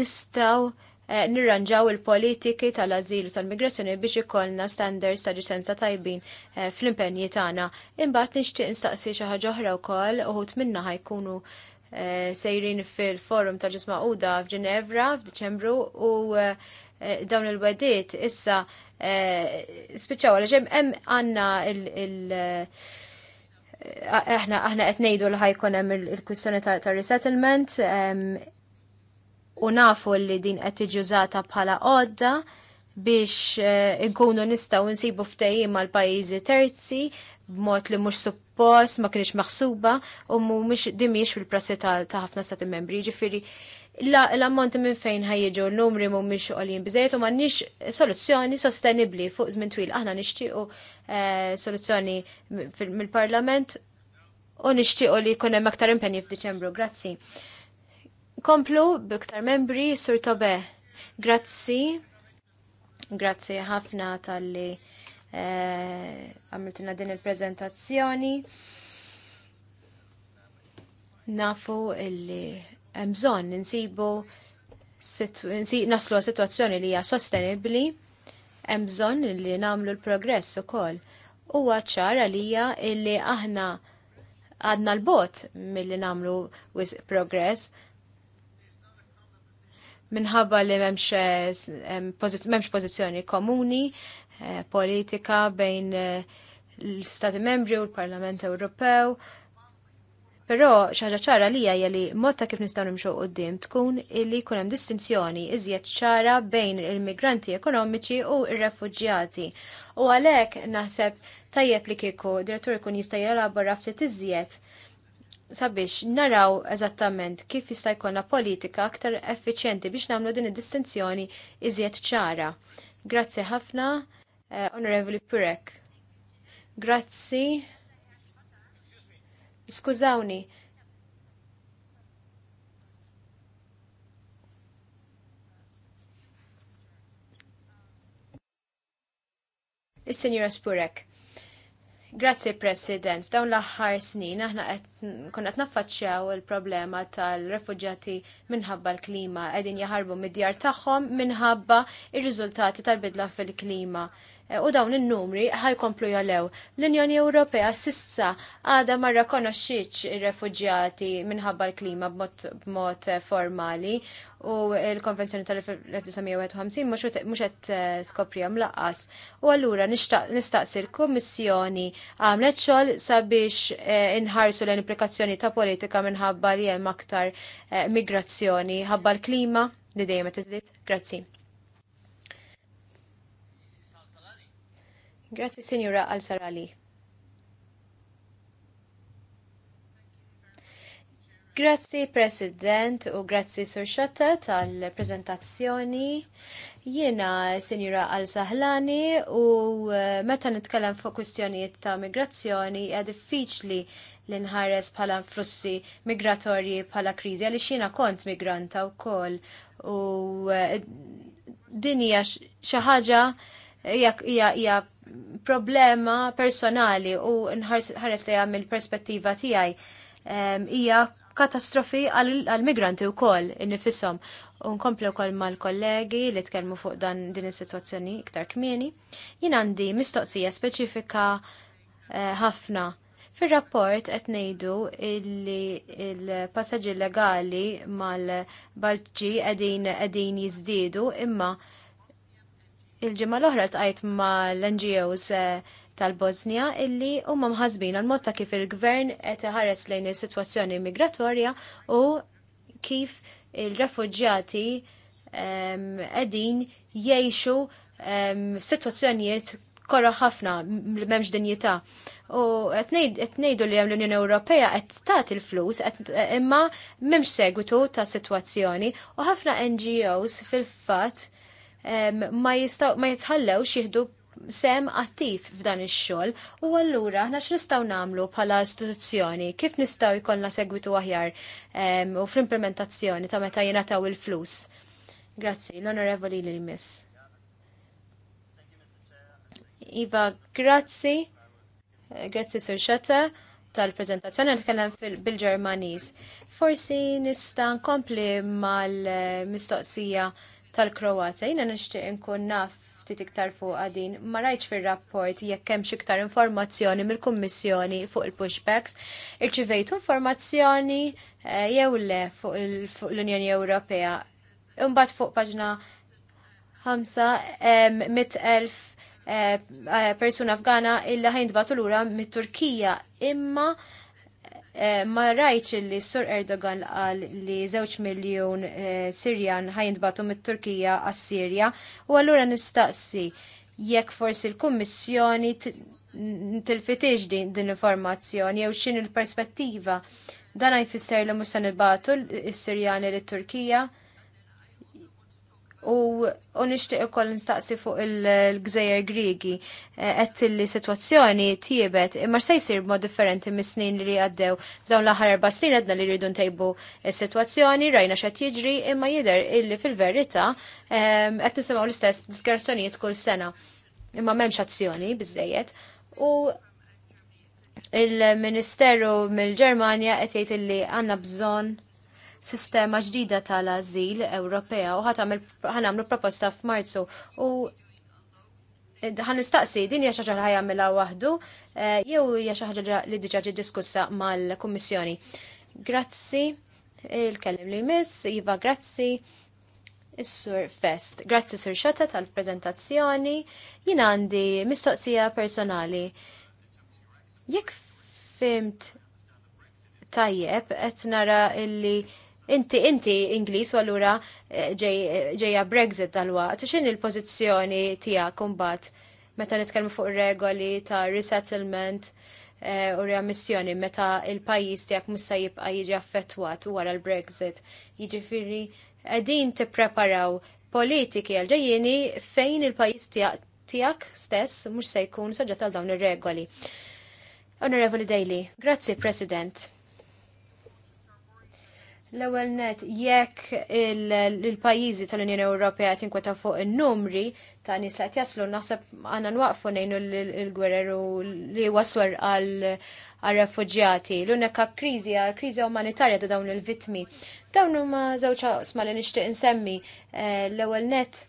nistgħu eh, nirranġaw il-politiki tal-azil u tal-migrazzjoni biex ikollna standards ta' ġisenza tajbin eh, fl-impenji tagħna. Imbagħad nixtieq nistaqsi xi ħaġa oħra wkoll uħud minna ħajkunu Eh, sejrin fil-forum ta' ġisma Uda f'Ġinevra f'Diċembru u eh, eh, dawn il-wedit issa spiċċaw għal ġem hemm għandna il- aħna aħna qed ngħidu li ħajkun hemm il-kwistjoni ta' resettlement u nafu li din qed tiġi użata bħala għodda biex inkunu nistgħu nsibu ftehim mal-pajjiżi terzi b'mod li mhux suppost, ma kienx maħsuba u mhumiex dimiex fil-prassi ta' ħafna stati membri. Ġifieri l-ammonti minn fejn ħajġu l-numri mhumiex qolin biżejjed u m'għandniex soluzzjoni sostenibbli fuq żmien twil. Aħna nixtiequ eh, soluzzjoni mill-Parlament u nixtiequ li jkun hemm aktar impenji f'Diċembru. Grazzi. Komplu b'iktar membri, Sur Tobe. Grazzi. Grazzi ħafna tal-li Eh, għamiltina din il-prezentazzjoni. Nafu illi hemm bżonn insibu naslu situazzjoni li hija sostenibbli, hemm bżonn namlu nagħmlu l-progress ukoll. Huwa għacċar għalija illi aħna għadna l-bot milli nagħmlu progress minħabba li memx eh, pozizjoni komuni, Eh, politika bejn eh, l-Stati membri u l-Parlament Ewropew. Però xaġa ċara li hija li motta kif nistgħu nimxu qudiem tkun illi jkun hemm distinzjoni iżjed ċara bejn il-migranti ekonomiċi u r-refuġjati. U għalhekk naħseb tajjeb li kieku direttur ikun jista' jelabora ftit iżjed sabiex naraw eżattament kif jista' jkollna politika aktar effiċjenti biex nagħmlu din id-distinzjoni iżjed ċara. Grazzi ħafna uh, Onorevoli Purek. Grazzi. Skużawni. il sinjura Spurek. Grazie President, f'dawn l-aħħar snin aħna konna qed naffaċċjaw il-problema tal refugġati minħabba l-klima qegħdin jaħarbu mid-djar tagħhom minħabba il riżultati tal-bidla fil-klima. Eh, u dawn in-numri ħajkomplu jalew. L-Unjoni Ewropea sissa għada ma xieċ ir-refuġjati minħabba l-klima b'mod eh, formali u l-Konvenzjoni tal-1951 mhux qed għam eh, laqas. U għallura nistaqsi l-Kummissjoni għamlet xogħol sabiex inħarsu l-implikazzjoni ta' politika minħabba li hemm aktar migrazzjoni ħabba l-klima li dejjem tiżdied. Grazzi. Grazzi Sinjura al sarali. Grazzi President u grazzi Sur Shatta, tal-prezentazzjoni. Jiena Sinjura Al Sahlani u eh, meta nitkellem fuq kwistjonijiet ta' migrazzjoni hija diffiċli li nħares bħala flussi migratorji bħala kriżi għaliex jiena kont migranta wkoll u eh, din hija xi ħaġa hija problema personali u nħares li għamil perspettiva tijaj hija katastrofi għal-migranti u koll innifissom. Unkomplu koll mal-kollegi li tkellmu fuq dan din is-sitwazzjoni iktar kmieni. Jien għandi mistoqsija speċifika eh, ħafna. Fil-rapport qed ngħidu li l-passaġġi legali mal-Balċi qegħdin qegħdin jiżdiedu imma il-ġimma l-oħra tqajt ma' l-NGOs eh, tal-Bosnia illi huma mħazbin għal motta kif il-gvern qed iħares lejn is-sitwazzjoni migratorja u kif il-refuġjati ehm, qegħdin jgħixu ehm, f'sitwazzjonijiet korra ħafna m'hemmx dinjità. U qed ngħidu li hemm l-Unjoni Ewropea qed tagħti il-flus imma m'hemmx segwitu ta' sitwazzjoni u ħafna NGOs fil-fatt ma jitħallewx jieħdu sem attiv f'dan ix-xogħol u allura aħna x'nistgħu nagħmlu bħala istituzzjoni, kif nistgħu jkollna segwitu aħjar u fl-implementazzjoni ta' meta jingħataw il-flus. Grazzi, l-Onorevoli lil miss Iva, grazzi. Grazzi Sir Xata tal-prezentazzjoni għal-kellem bil-Ġermaniż. Forsi nista' nkompli mal-mistoqsija tal-Kroazja. Jiena nixtieq inkun naf ftit iktar fuq għadin. Ma rajtx fir-rapport jekk hemm iktar informazzjoni mill-Kummissjoni fuq il-pushbacks. Irċivejtu informazzjoni eh, jew le fuq l-Unjoni Ewropea. Imbagħad fuq paġna 5 mit-elf eh, eh, persuna afgana illa ħajntbatu lura mit-Turkija imma Eh, ma rajċ li Sur Erdogan qal li żewġ miljon eh, Sirjan ħajintbatu mit-Turkija għas-Sirja u allura nistaqsi jekk forsi l-Kummissjoni tilfitix din l-informazzjoni jew xin il-perspettiva dan jfisser li mhux se nibatu s-Sirjani l turkija U nishtiq ukoll nistaqsi fuq il-gżejjer Griegi e, qed li sitwazzjoni tiebet imma se jsir mod differenti mis-snin li għaddew f'dawn l-aħħar erba' snin għedna li rridu ntejbu s-sitwazzjoni, rajna x'qed jiġri imma jidher illi fil-verità e, qed nisimgħu l-istess disgrazzjonijiet kull sena. Imma m'hemmx azzjoni biżejjed. U il-Ministeru mill-Ġermanja qed jgħid illi għandna bżonn sistema ġdida tal-azil Ewropea u ħanamlu proposta f'Marzu u eh, ħan nistaqsi din hija xi ħaġa li ħajjagħmilha waħdu eh, jew hija xi ħaġa li diġà ġiet diskussa mal-Kummissjoni. Grazzi il-kellim li miss, Iva grazzi is-Sur Fest. Grazzi Sur Xeta tal-prezentazzjoni. Jien għandi mistoqsija personali. Jekk fimt tajjeb qed nara illi Inti, inti Ingliż u allura eh, eh, ġejja Brexit tal-waqt, xin il-pozizjoni tija kumbat meta nitkellmu fuq regoli ta' resettlement eh, u reammissjoni meta il-pajjiż tiegħek mhux se jibqa' jiġi affettwat wara l-Brexit. Jiġifieri qegħdin tippreparaw politiki għalġajjini fejn il-pajjiż tiegħek stess mhux se jkun soġġett għal dawn ir-regoli. Onorevoli Daily, grazzi President. L-ewwel net jekk il-pajjiżi tal-Unjoni Ewropea tinkweta fuq in-numri ta' nis li jaslu naħseb għandna nwaqfu nejnu l-gwerer li waswer għal refuġjati. L-unika kriżi għal kriżi umanitarja ta' dawn il-vittmi. Dawn huma żewġ sma li nixtieq insemmi eh, l-ewwel net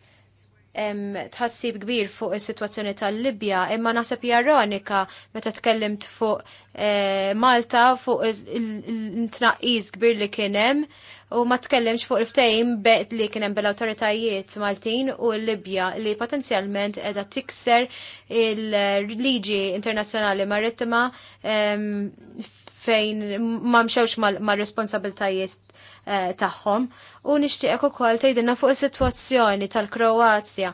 tħassib kbir fuq is-sitwazzjoni tal-Libja, imma nasab ironika meta tkellimt fuq eh, Malta fuq il-tnaqqis kbir li kien hemm u ma tkellimx fuq il beqt li kien hemm bil-awtoritajiet Maltin u l-Libja li potenzjalment qiegħda tikser il-liġi internazzjonali marittima fejn ma mxewx ma responsabiltajiet eh, tagħhom u nixtieqek ukoll tgħidilna fuq is-sitwazzjoni tal-Kroazja.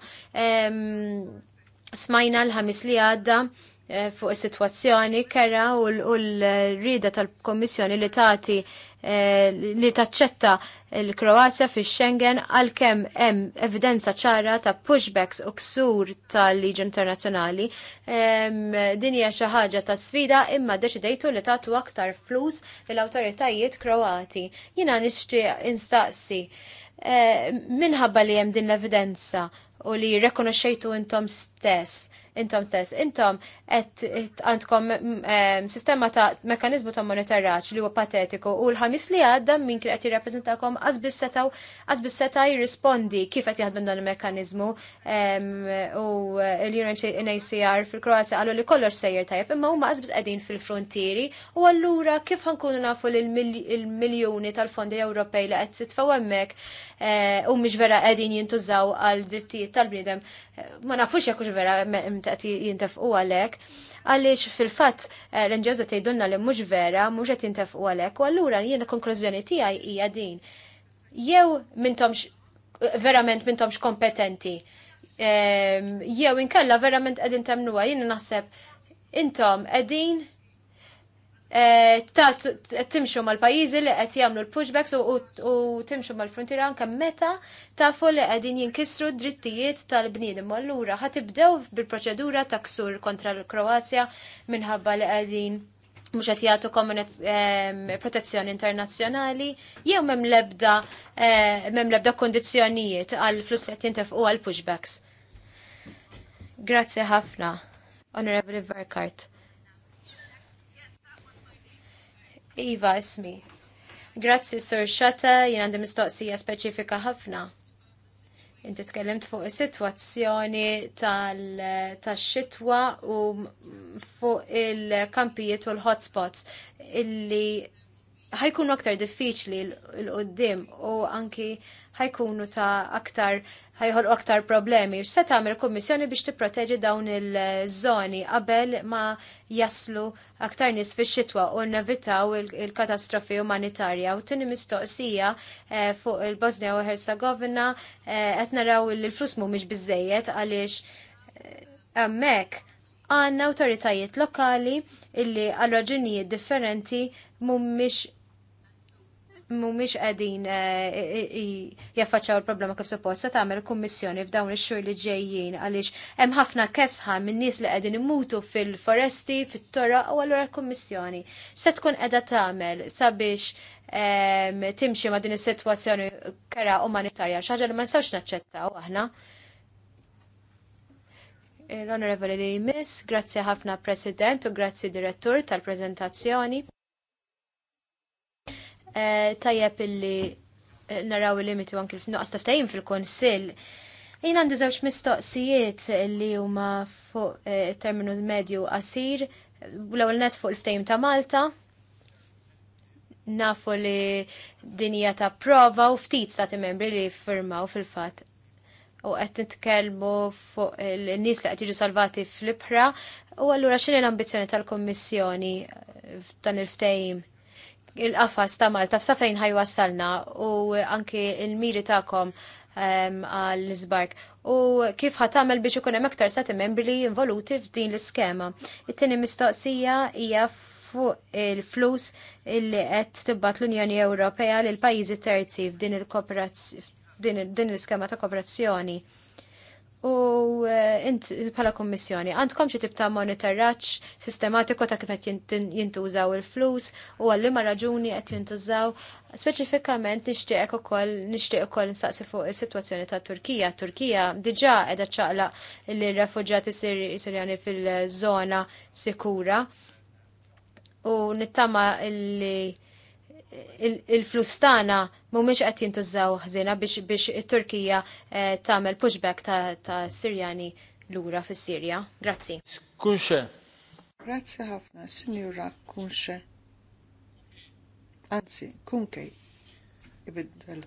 Smajna l-ħamis li għadda Eh, fuq is-sitwazzjoni kera u l-rida tal-Kommissjoni li tagħti eh, li taċċetta l-Kroazja fi Schengen għalkemm hemm evidenza ċara ta' pushbacks u ksur tal-liġi internazzjonali. Din hija xi ħaġa ta' sfida imma deċidejtu li tagħtu aktar flus l-awtoritajiet Kroati. Jiena nixtieq instaqsi eh, minħabba li hemm din l-evidenza u li rekonoxxejtu intom stess intom stess. Intom għandkom sistema ta' mekanizmu ta' monitoraġġ li huwa patetiku u l-ħamis li għadda min kien qed jirrappreżentakom għażbis seta' jirrispondi kif qed jaħdem dan il-mekkaniżmu u l-UNHCR fil-Kroazja qalu li kollox sejjer tajjeb imma huma qasbis qegħdin fil-frontieri u allura kif ħankunu nafu l-miljuni tal-fondi Ewropej li qed sitfaw hemmhekk e, u mhix vera qegħdin jintużaw għal drittijiet tal-bniedem ma nafux jekk vera qed jintefqu għalhekk għaliex fil-fatt eh, l-NGOs qed li mhux vera, mhux qed jintefqu għalhekk, u allura jiena konklużjoni tiegħi hija din. Jew mintomx eh, verament mintomx kompetenti. Eh, jew inkella verament qegħdin temnuha, jiena naħseb intom qegħdin Eh, timxu mal-pajizi li qed jagħmlu l-pushbacks u timxu mal-frontiera anke meta tafu li qegħdin jinkissru drittijiet tal-bniedem. Allura ħatibdew bil-proċedura ta' ksur kontra l-Kroazja minħabba li qegħdin mhux qed jagħtu ehm, protezzjoni internazzjonali jew m'hemm lebda eh, m'hemm lebda kondizzjonijiet għal flus li qed jintefqu għal pushbacks. Grazzi ħafna, Honorable Verkart. Iva, ismi. Grazzi, Sur Xata, jien għandi mistoqsija speċifika ħafna. Inti tkellimt fuq is-sitwazzjoni tax-xitwa u fuq il-kampijiet u l-hotspots illi ħajkunu aktar diffiċli l-qoddim u anki ħajkunu ta' aktar ħajħolqu aktar problemi. X'se tagħmel kommissjoni biex tipproteġi dawn il-żoni qabel ma jaslu aktar nies fix-xitwa u nevitaw il-katastrofi umanitarja. U tini mistoqsija eh, fuq il-Bosnia u Herzegovina eh, qed naraw li l-flus mhumiex biżejjed għaliex eh, hemmhekk għanna autoritajiet lokali illi għal raġunijiet differenti miex mumiex għedin eh, jaffaċċaw il-problema kif suppost se tagħmel kummissjoni f'dawn ix-xhur li ġejjin għaliex hemm ħafna kesħa minn nies li qegħdin imutu fil-foresti, fit torra u allura l-kummissjoni se tkun qiegħda tagħmel sabiex ehm, timxi ma' din is-sitwazzjoni kera umanitarja xi li ma nistgħux naċċettaw aħna. Eh, L-Onorevoli miss, grazzi ħafna President u grazzi Direttur tal-prezentazzjoni. Eh, tajjeb illi eh, naraw il-limiti anki f'nuqqas taftajim fil-konsil. Jina għandi żewġ mistoqsijiet li huma fuq eh, terminu medju qasir, l-ewwel net fuq il ftajim ta' Malta, nafu li dinija ta' prova u ftit stati membri li firmaw fil-fat u qed nitkellmu fuq il-nies li qed jiġu salvati fl-ibħra u allura x'inhi l-ambizzjoni tal-Kummissjoni f'dan il-ftehim? il-qafas ta' Malta f'sa fejn ħajwassalna u anki il-miri ta'kom għall-izbark. U kif ħatamel biex ikun hemm aktar sati membri li involuti f'din l-iskema. It-tieni mistoqsija hija fuq il-flus li qed tibbat l-Unjoni Ewropea lil pajjiżi terzi f'din il-iskema ta' kooperazzjoni. U eh, int pala kommissjoni, għandkom xie tibta monitoraċ sistematiku ta' kif qed jintużaw il-flus u għallima raġuni qed jintużaw. Speċifikament nixtieq ukoll nixtieq ukoll nsaqsi fuq is-sitwazzjoni ta' Turkija. Turkija diġà qiegħda ċaqla l refugġati Sirjani fil-żona sikura u nittama li il-flustana mhumiex qed jintużaw ħżina biex biex it-Turkija eh, tagħmel pushback ta' Sirjani
lura fis-Sirja. Grazzi. Kunxe. Grazzi ħafna, Sinjura Kunxe. Anzi, kunkej. Ibidbel.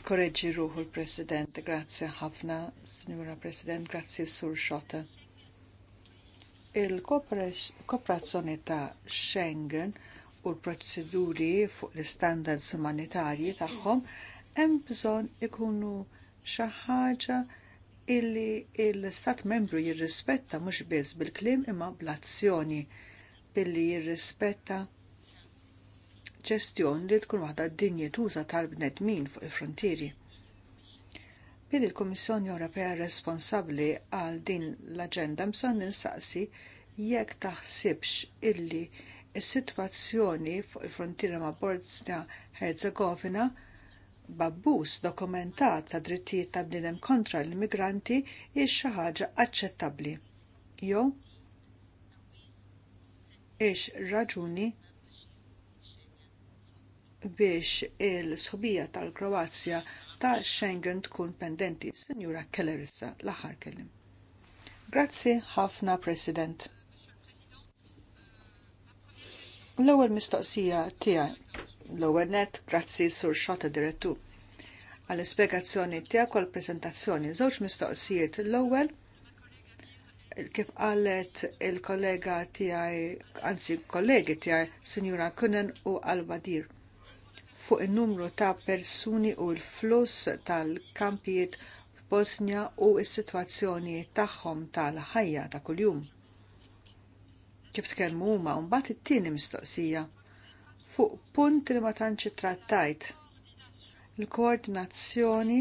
Ikorreġi ruħu l-President, grazzi ħafna, Signora President, grazzi Sur Xota. Il-kooperazzjoni ta' Schengen u l-proċeduri fuq l-standards umanitarji tagħhom hemm bżonn ikunu xi ħaġa illi l-Stat membru jirrispetta mhux biss bil-kliem imma bl-azzjoni billi jirrispetta ġestjoni li tkun waħda d-dinjetuża tal-bnedmin fuq il-frontieri. Billi l-Kummissjoni Ewropea responsabbli għal din l-aġenda mson ninsaqsi jekk taħsibx illi is-sitwazzjoni fuq il-frontiera ma' Bosnia Herzegovina babbuż dokumentat ta' drittijiet ta' bniedem kontra l-immigranti hiex xi ħaġa aċċettabbli. Jew ix raġuni biex il-sħubija tal-Kroazja ta' Schengen tkun pendenti. Sinjura Kellerissa, l-aħħar kellim. Grazzi ħafna, President. L-ewwel mistoqsija tiegħek l-ewwel net grazzi sur xota direttu għall-ispjegazzjoni tiegħek u l-preżentazzjoni. Żewġ mistoqsijiet l-ewwel kif qalet il-kollega tiegħi, anzi kollegi tiegħi, Sinjura Kunen u Albadir fuq in-numru ta' persuni u l-fluss tal-kampijiet f'Bosnia u s-sitwazzjoni tagħhom tal-ħajja ta' kuljum kif tkellmu huma mbagħad it-tieni mistoqsija fuq punt li ma tantx trattajt il-koordinazzjoni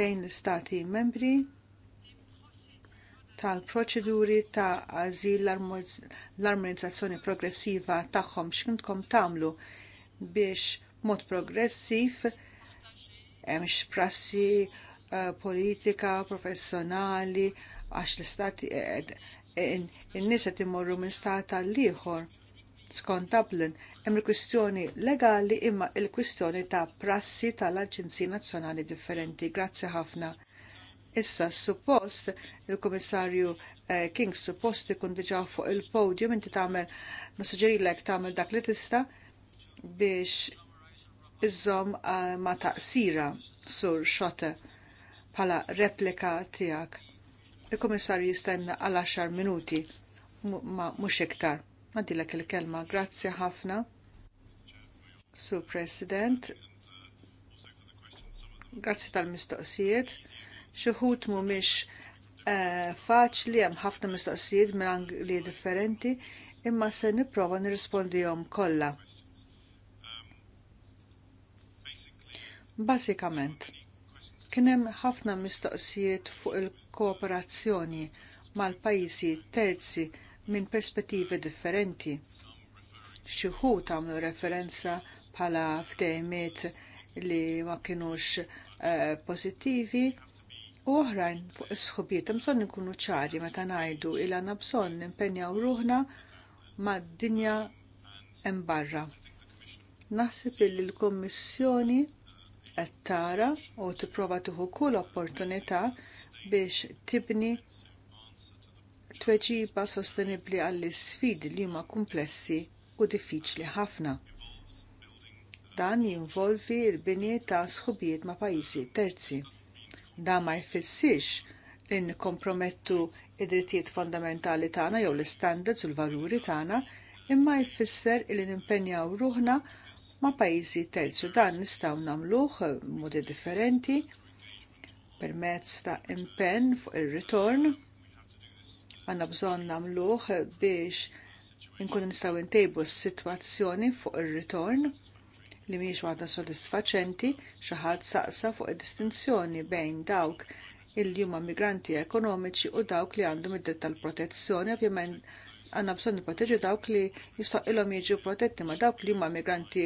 bejn l-istati membri tal-proċeduri ta' għażil l-armonizzazzjoni progressiva tagħhom x'intkom tagħmlu biex mod progressiv hemm prassi eh, politika, professjonali, għax l-istati eh, in-nies qed imorru minn stat għal ieħor skont Dublin hemm il-kwistjoni legali imma il-kwistjoni ta' prassi tal-Aġenziji Nazzjonali differenti. Grazzi ħafna. Issa suppost il-Kummissarju eh, King suppost ikun diġà fuq il-podium inti tagħmel nisuġġerilek tagħmel dak li tista' biex iżżomm eh, ma' taqsira sur xote bħala replika tiegħek il komissar jistenna għal 10 minuti, ma mux iktar. Għadilek il-kelma, grazzi ħafna. Su President, grazzi tal-mistoqsijiet. Xuħut mu miex eh, faċli hemm ħafna mistoqsijiet minn angli differenti, imma se nipprova nirrispondihom kollha. Basikament, Kien hemm ħafna mistoqsijiet fuq il-kooperazzjoni mal-pajjiżi terzi minn perspettivi differenti. Xi wħud għamlu referenza bħala ftehimiet li ma kienux uh, eh, pozittivi u oħrajn fuq is-sħubiet bżonn inkunu ċari meta ngħidu il għandna bżonn nimpenjaw ruħna mad-dinja hemm barra. Naħseb li l-Kummissjoni qed tara u tipprova tieħu kull opportunità biex tibni tweġiba sostenibbli għall isfidi li huma komplessi u diffiċli ħafna. Dan jinvolvi l-bini ta' sħubijiet ma' pajjiżi terzi. Dan ma jfissirx li nikkompromettu id-drittijiet fondamentali tagħna jew l istandards u l-valuri tagħna, imma jfisser li nimpenjaw ruħna ma' pajjiżi terzu dan nistgħu nagħmluh modi differenti permezz ta' impenn fuq ir-ritorn għandna bżonn nagħmluh biex inkunu nistgħu ntejbu s-sitwazzjoni fuq ir-ritorn li mhijiex waħda sodisfaċenti xi ħadd saqsa fuq id-distinzjoni bejn dawk illi huma migranti ekonomiċi u dawk li għandhom id-dritt tal-protezzjoni ovvjament għanna bżonn nipproteġu dawk li jistgħu ilhom jiġu protetti ma dawk li huma migranti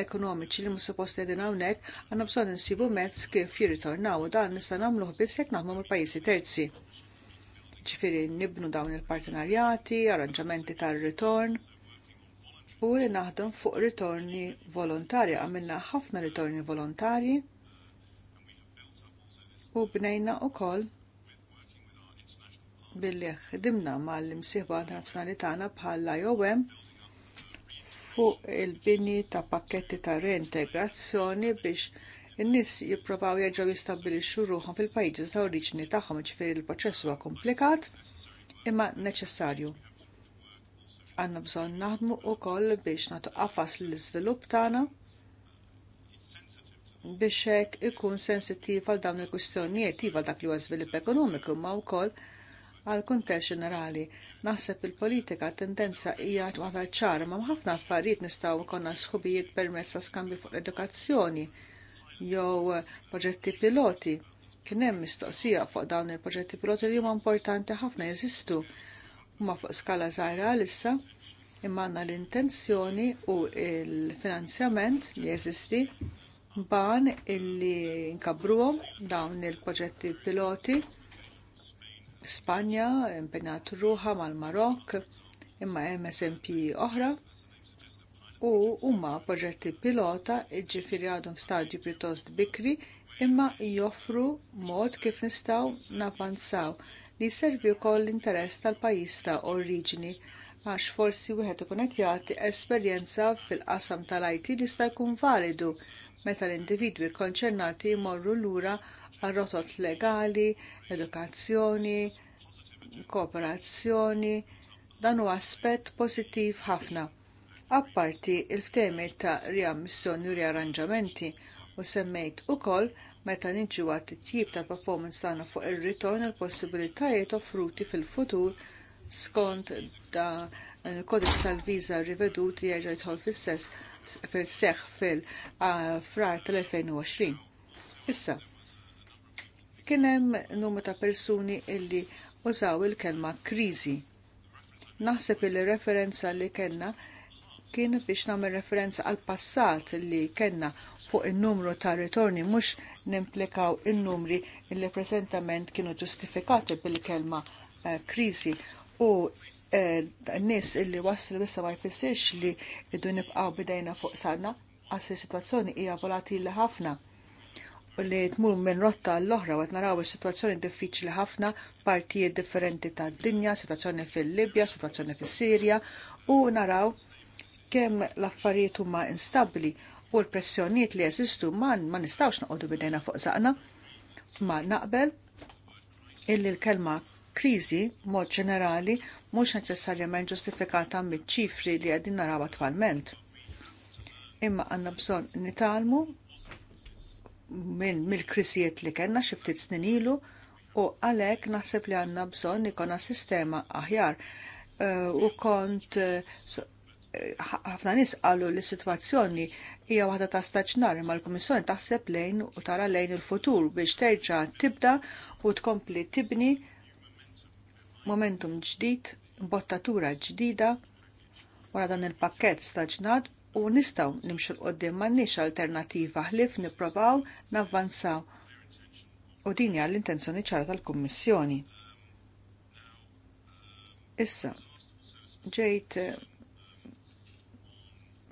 ekonomiċi li mhux suppost qegħdin hawnhekk għandna bżonn insibu mezz kif jirritornaw u dan nista' namluħ biss jekk naħdmu mal-pajjiżi terzi. Ġifieri nibnu dawn il-partenarjati, arranġamenti tar-ritorn u li naħdem fuq ritorni volontari, għamilna ħafna ritorni volontari u bnejna u koll billi ħdimna mal-imsieħba internazzjonali tagħna bħala IOM fuq il-bini ta' pakketti ta' reintegrazzjoni biex in-nies jipprovaw jerġgħu jistabbilixxu ruħhom fil-pajjiżi ta' oriġini tagħhom, ġifieri l-proċess huwa komplikat imma neċessarju. Għanna bżonn naħdmu wkoll biex nagħtu qafas l-iżvilupp tagħna biex hekk ikun sensittiv għal dawn il-kwistjonijiet iva dak li huwa żvilupp ekonomiku ma wkoll għal kuntest ġenerali. Naħseb il-politika tendenza hija waħda ċar, ma' ħafna affarijiet nistgħu konna sħubijiet permezz ta' skambju fuq edukazzjoni jew proġetti piloti. Kien hemm mistoqsija fuq dawn il-proġetti piloti li huma importanti ħafna jeżistu huma fuq skala żgħira issa imma għandna l-intenzjoni u l finanzjament li jeżisti ban illi nkabruhom dawn il-proġetti piloti Spanja impenjat ruħa mal-Marok imma MSMP oħra u huma proġetti pilota iġifieri għadhom f'stadju pjuttost bikri imma joffru mod kif nistgħu navanzaw li jservi wkoll l-interess tal-pajjiż ta' oriġini għax forsi wieħed ikun qed jagħti esperjenza fil-qasam tal-IT li jista' jkun validu meta l-individwi konċernati jmorru lura għal rotot legali, edukazzjoni, kooperazzjoni, dan huwa aspett pożittiv ħafna. Apparti il-ftemi ta' riammissjoni u riarranġamenti u semmejt ukoll meta niġu għat tjib ta' performance tagħna fuq ir-ritorn l possibilitajiet offruti fil-futur skont da il-kodiċ tal-viża rivedut li jerġa' jidħol fis fil-seħħ fil-frar ah, tal-2020. Issa, Kien hemm numru ta' persuni illi użaw il-kelma kriżi. Naħseb il referenza li kellna kien biex nagħmel referenza għal passat li kellna fuq in-numru ta' ritorni mhux nimplikaw in-numri illi preżentament kienu ġustifikati bil-kelma eh, kriżi u eh, n-nis illi waslu issa ma jfissirx li iddu nibqaw bidejna fuq sanna għas situazzjoni hija volatili ħafna li tmur minn rotta l-oħra għat naraw situazzjoni diffiċli ħafna partijiet differenti ta' dinja, situazzjoni fil-Libja, situazzjoni fil-Sirja u naraw kemm l-affarijiet huma instabli u l-pressjonijiet li jeżistu man ma nistawx noqogħdu bidejna fuq saqna. Ma naqbel illi l-kelma kriżi mod ġenerali mhux neċessarjament ġustifikata miċ-ċifri li qegħdin naraw attwalment. Imma għandna bżonn nitalmu mill-krisijiet li kellna xi ftit snin ilu u għalhekk naħseb li għandna bżonn ikona sistema aħjar. Eh, u kont eh, ħafna nies qalu li situazzjoni sitwazzjoni hija waħda ta' staġnar imma l-Kummissjoni taħseb lejn u tara lejn il-futur biex terġa' tibda u tkompli tibni momentum ġdid, bottatura ġdida wara dan il-pakket staġnat u nistaw nimxu l-qoddim mannix alternativa ħlif niprovaw navvanzaw u hija l intenzjoni ċara tal-Kummissjoni. Issa, ġejt eh,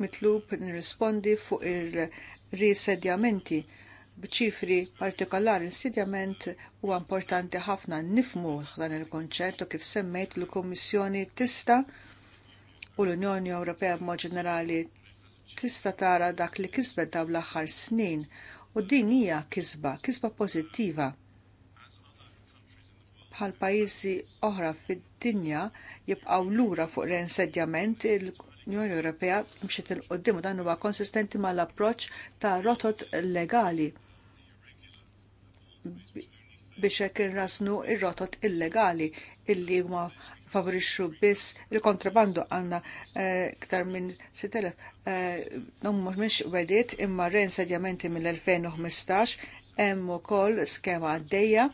mitlub nirrispondi fuq il-risedjamenti b'ċifri partikolari l sedjament huwa importanti ħafna nifmu dan il-konċett u kif semmejt l-Kummissjoni tista' u l-Unjoni Ewropea b'mod ġenerali tista tara dak li kisbet daw l-aħħar snin u din hija kisba, kisba pożittiva. Bħal pajjiżi oħra fid-dinja jibqgħu lura fuq reinsedjament l-Unjoni Ewropea mxiet il-qoddim u dan huwa konsistenti mal-approċċ ta' rotot legali biex hekk irrasnu ir-rotot illegali illi huma favorixxu biss il-kontrabandu għandna eh, iktar minn 6000. Eh, non mhux wedit imma rejn sedjamenti mill-2015 hemm ukoll skema għaddejja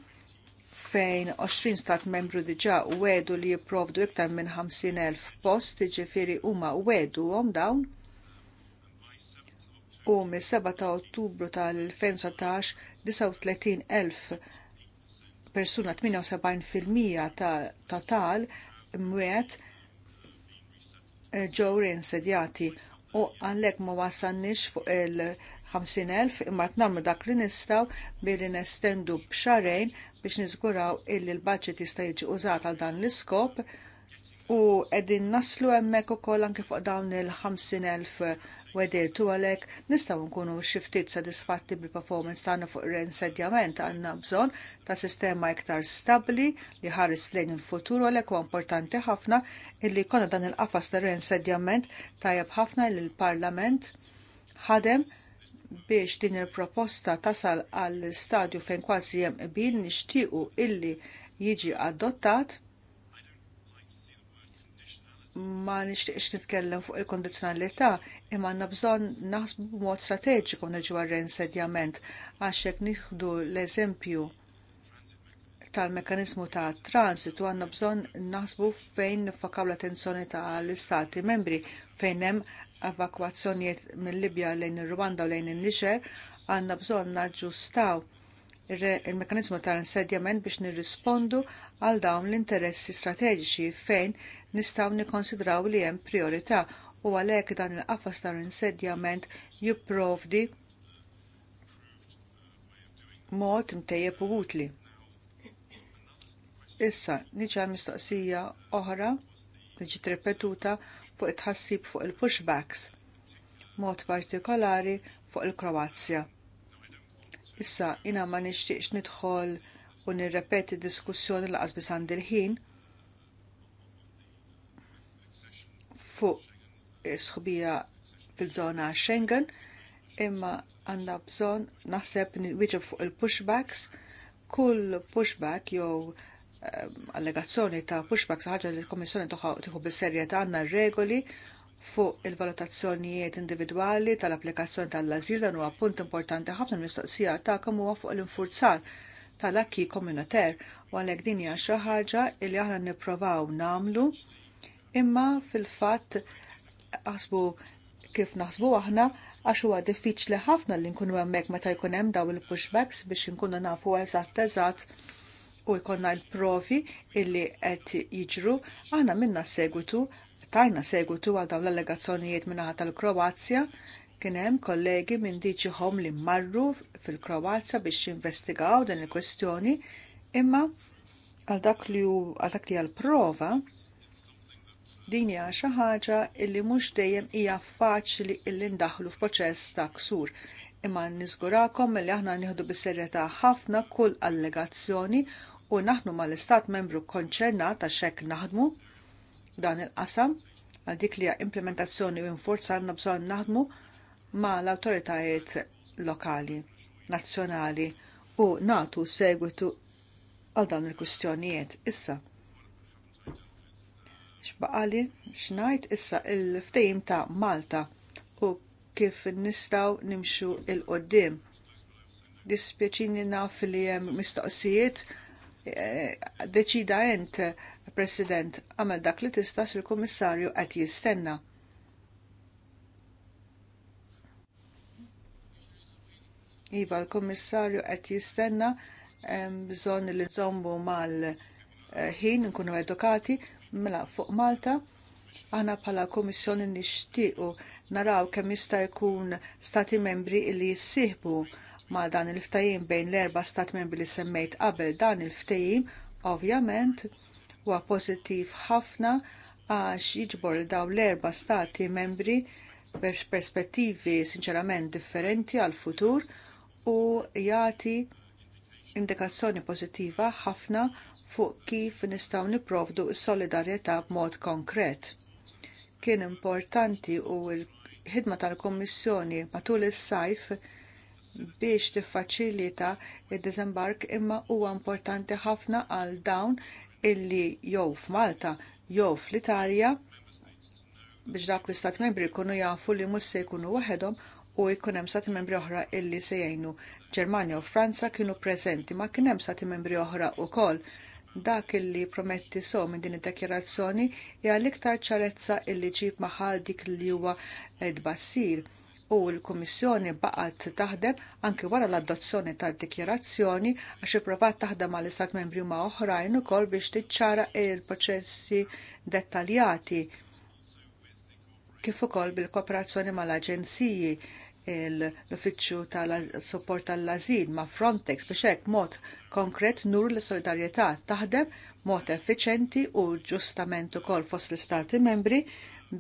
fejn 20 stat membru diġà wedu li jipprovdu iktar minn 50.000 post, jiġifieri huma għom dawn. U mis-7 ta' Ottubru tal-2019 39,000 persuna 78% ta' total mwiet eh, ġew reinsedjati u għalhekk ma wasannix fuq il-50.000 imma tnamlu dak li nistgħu billi nestendu b'xarejn biex niżguraw illi l-budget jista' jiġi użat għal dan l-iskop u qegħdin naslu hemmhekk ukoll anke fuq dawn il-50.000 wediltu għalhekk nistgħu nkunu xi ftit sadisfatti bil-performance tagħna fuq reinsedjament għandna bżonn ta' sistema iktar stabbli li ħares lejn il-futur għalhekk huwa importanti ħafna illi jkollna dan il-qafas ta' reinsedjament tajjeb ħafna li l-Parlament ħadem biex din il-proposta tasal għall stadju fejn kważi hemm qbil nixtiequ illi jiġi adottat ma nixtieqx nitkellem fuq il-kondizjonalità imma għandna bżonn naħsbu b'mod strateġiku neġu għar-reinsedjament għax hekk nieħdu l-eżempju tal-mekanizmu ta' transitu għanna bżon naħsbu fejn nifakaw l-attenzjoni tal-istati membri fejn hemm evakwazzjonijiet mill-Libja lejn ir-Rwanda u lejn in-Niġer għanna bżon naġġustaw il-mekanizmu ta' insedjament biex nirrispondu għal dawn l-interessi strateġiċi fejn nistaw nikonsidraw li hemm priorità u għalhekk dan il-qafas ta' insedjament jipprovdi mod imtejjeb u utli. Issa niċar mistoqsija oħra li ġiet ripetuta fuq it-ħassib fuq il-pushbacks, mod partikolari fuq il-Kroazja. Issa jina ma nixtieqx nidħol u nirrepeti diskussjoni l qasbisan għand il-ħin, fuq sħubija fil-żona Schengen, imma għandna bżon naħseb wieġeb fuq il-pushbacks, kull pushback jew ehm, allegazzjoni ta' pushbacks ħaġa li l-Komissjoni tieħu bis serjet għandna regoli fuq il-valutazzjonijiet individwali tal-applikazzjoni tal-azil dan huwa punt importanti ħafna mistoqsija tagħkom huwa fuq l-infurzar tal-akki komunitar u għalhekk din hija xi ħaġa li aħna nipprovaw nagħmlu imma fil-fatt għasbu kif naħsbu aħna għax huwa diffiċli ħafna li nkunu hemmhekk meta jkun hemm dawn il-pushbacks biex inkunu nafu eżatt eżatt u jkollna l-provi illi qed jiġru aħna minna segwitu tajna segwitu għal dawn l-allegazzjonijiet minnaħa tal-Kroazja kien hemm kollegi minn diċiħom li marru fil-Kroazja biex jinvestigaw din il-kwestjoni imma għal dak li għal dak li għal prova Din hija xi ħaġa li mhux dejjem hija faċli illi ndaħlu f'proċess ta' ksur imma nizgurakom li aħna nieħdu bis-serjetà ħafna kull allegazzjoni u naħnu mal-istat membru konċernat ta' hekk naħdmu dan il-qasam għal dik li implementazzjoni u infurza għandna bżonn naħdmu ma' l-autoritajiet lokali, nazzjonali u natu segwitu għal dan il-kustjonijiet issa xbaqali xnajt issa il-ftejim ta' Malta u kif nistaw nimxu il-qoddim. Dispieċini naf li jem mistoqsijiet eh, deċida ent, President, għamel dak li tista' il-Kummissarju qed jistenna. Iva, l-Kummissarju qed jistenna bżonn li zombu mal-ħin nkunu edukati mela fuq Malta aħna bħala Komissjoni nixtiequ naraw kemm jista' jkun stati membri li jissieħbu ma' dan il-ftajim bejn l-erba' stat membri li semmejt qabel dan il-ftajim ovvjament huwa pożittiv ħafna għax jiġbor dawn l-erba' stati membri perspettivi sinċerament differenti għal futur u jagħti indikazzjoni pożittiva ħafna fuq kif nistgħu nipprovdu s-solidarjetà b'mod konkret. Kien importanti u l-ħidma tal-Kommissjoni matul is-sajf biex tiffaċilita d disembark imma huwa importanti ħafna għal dawn illi jew f'Malta jew fl-Italja biex dak l-istat membri jkunu jafu li mhux se jkunu waħedhom u jkun hemm stati membri oħra illi se jgħinu. Ġermanja u Franza kienu preżenti ma kien hemm stati membri oħra wkoll dak illi prometti so minn din id-dekjerazzjoni hija l-iktar ċarezza illi ġib maħal dik li huwa eh, tbassir u l-Kummissjoni baqgħet taħdem anke wara l-adozzjoni tad-dikjerazzjoni għax ipprovat taħdem mal istat membri ma' oħrajn ukoll biex tiċċara il-proċessi dettaljati kif ukoll bil-kooperazzjoni mal-aġenziji l-Uffiċċju tal-Support tal-Azil ma' Frontex biex hekk mod konkret nur l-solidarjetà taħdem mod effiċenti u ġustament ukoll fost l-Istati membri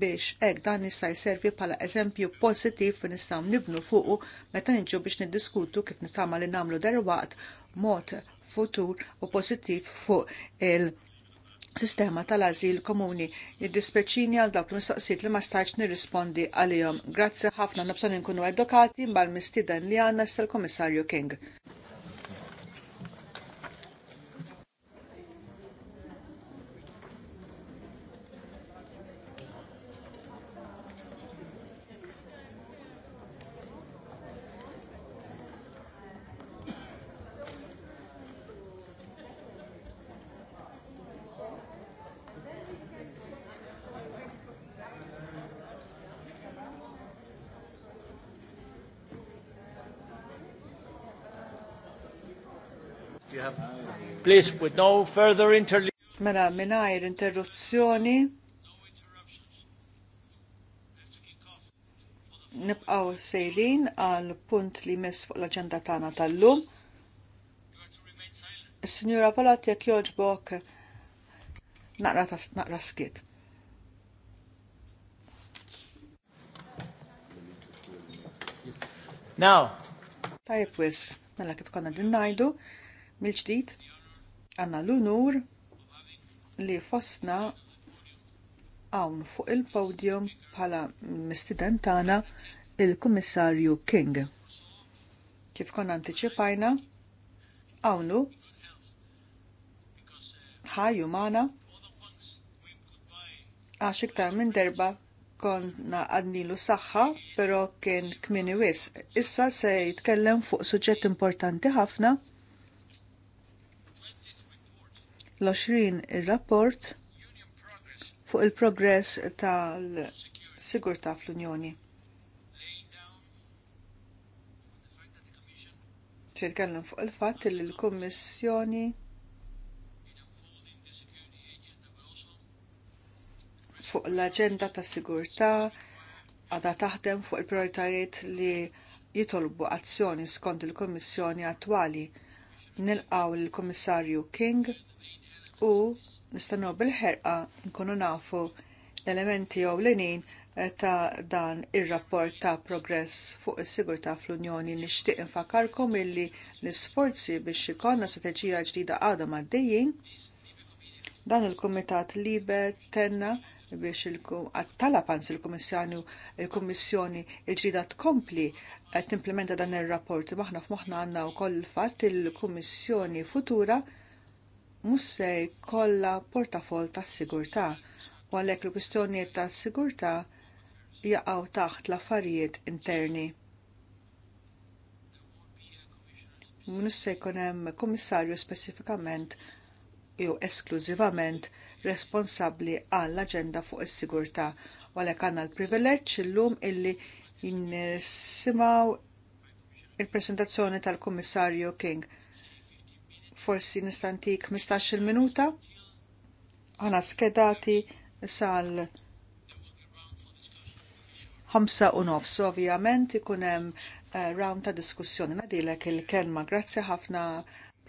biex hekk dan jista' jservi bħala eżempju pożittiv li nistgħu nibnu fuqu meta niġu biex niddiskutu kif nistgħu li nagħmlu derwaqt mod futur u pożittiv fuq il- sistema tal-azil komuni. Jiddispeċini għal dawk l mistoqsijiet li ma staċ nirrispondi għalihom. Grazzi ħafna nabżon inkunu edukati mbal mistiden li għanna s-sal-Komissarju King. Please, with no further Mela, minajr interruzzjoni. Nibqaw sejrin għal punt li mis fuq l-agenda tagħna tal-lum. is Is-Sinjura Volat jekk joġbok naqra naqra skit. Now. Tajb wis, mela kif konna din ngħidu mill-ġdid għanna l-unur li fostna għawn fuq il-podium bħala mistidentana il-Kummissarju King. Kif kon anticipajna, għawnu ħaju mana għax iktar minn derba konna għadnilu saħħa, pero kien kmini wis. Issa se jitkellem fuq suġġett importanti ħafna l-20 ir-rapport fuq il-progress tal-sigurtà fl-Unjoni. Titkellem fuq il-fatt li l-Kummissjoni fuq l-aġenda ta' sigurtà għadha taħdem fuq il-prioritajiet li jitolbu azzjoni skont il-Kummissjoni attwali nilqaw il-Kummissarju King u nistennu bil-ħerqa nkunu nafu elementi jew l-inin eh, ta' dan ir-rapport ta' progress fuq is-sigurtà fl-Unjoni nixtieq infakarkom illi l-isforzi biex ikollna strateġija ġdida għadha għaddejjin dan il-Kumitat Libe tenna biex għat-talab anzi il-Kummissjoni il-Kummissjoni ġdida tkompli timplementa dan ir-rapport maħna f'moħħna għandna wkoll il-fatt il-Kummissjoni futura mhux se jkollha portafol tas-sigurtà u għalhekk il-kwistjonijiet tas-sigurtà jaqgħu taħt l-affarijiet interni. kummissarju speċifikament jew esklużivament responsabbli għall aġenda fuq is-sigurtà għalhekk għandna l-privileġġ illum illi jinsimaw il-presentazzjoni tal-Kummissarju King forsi nistantik 15 minuta għana skedati sal 5 u nofs, ovvijament ikunem eh, round ta' diskussjoni nadilek il-kelma. Grazzi ħafna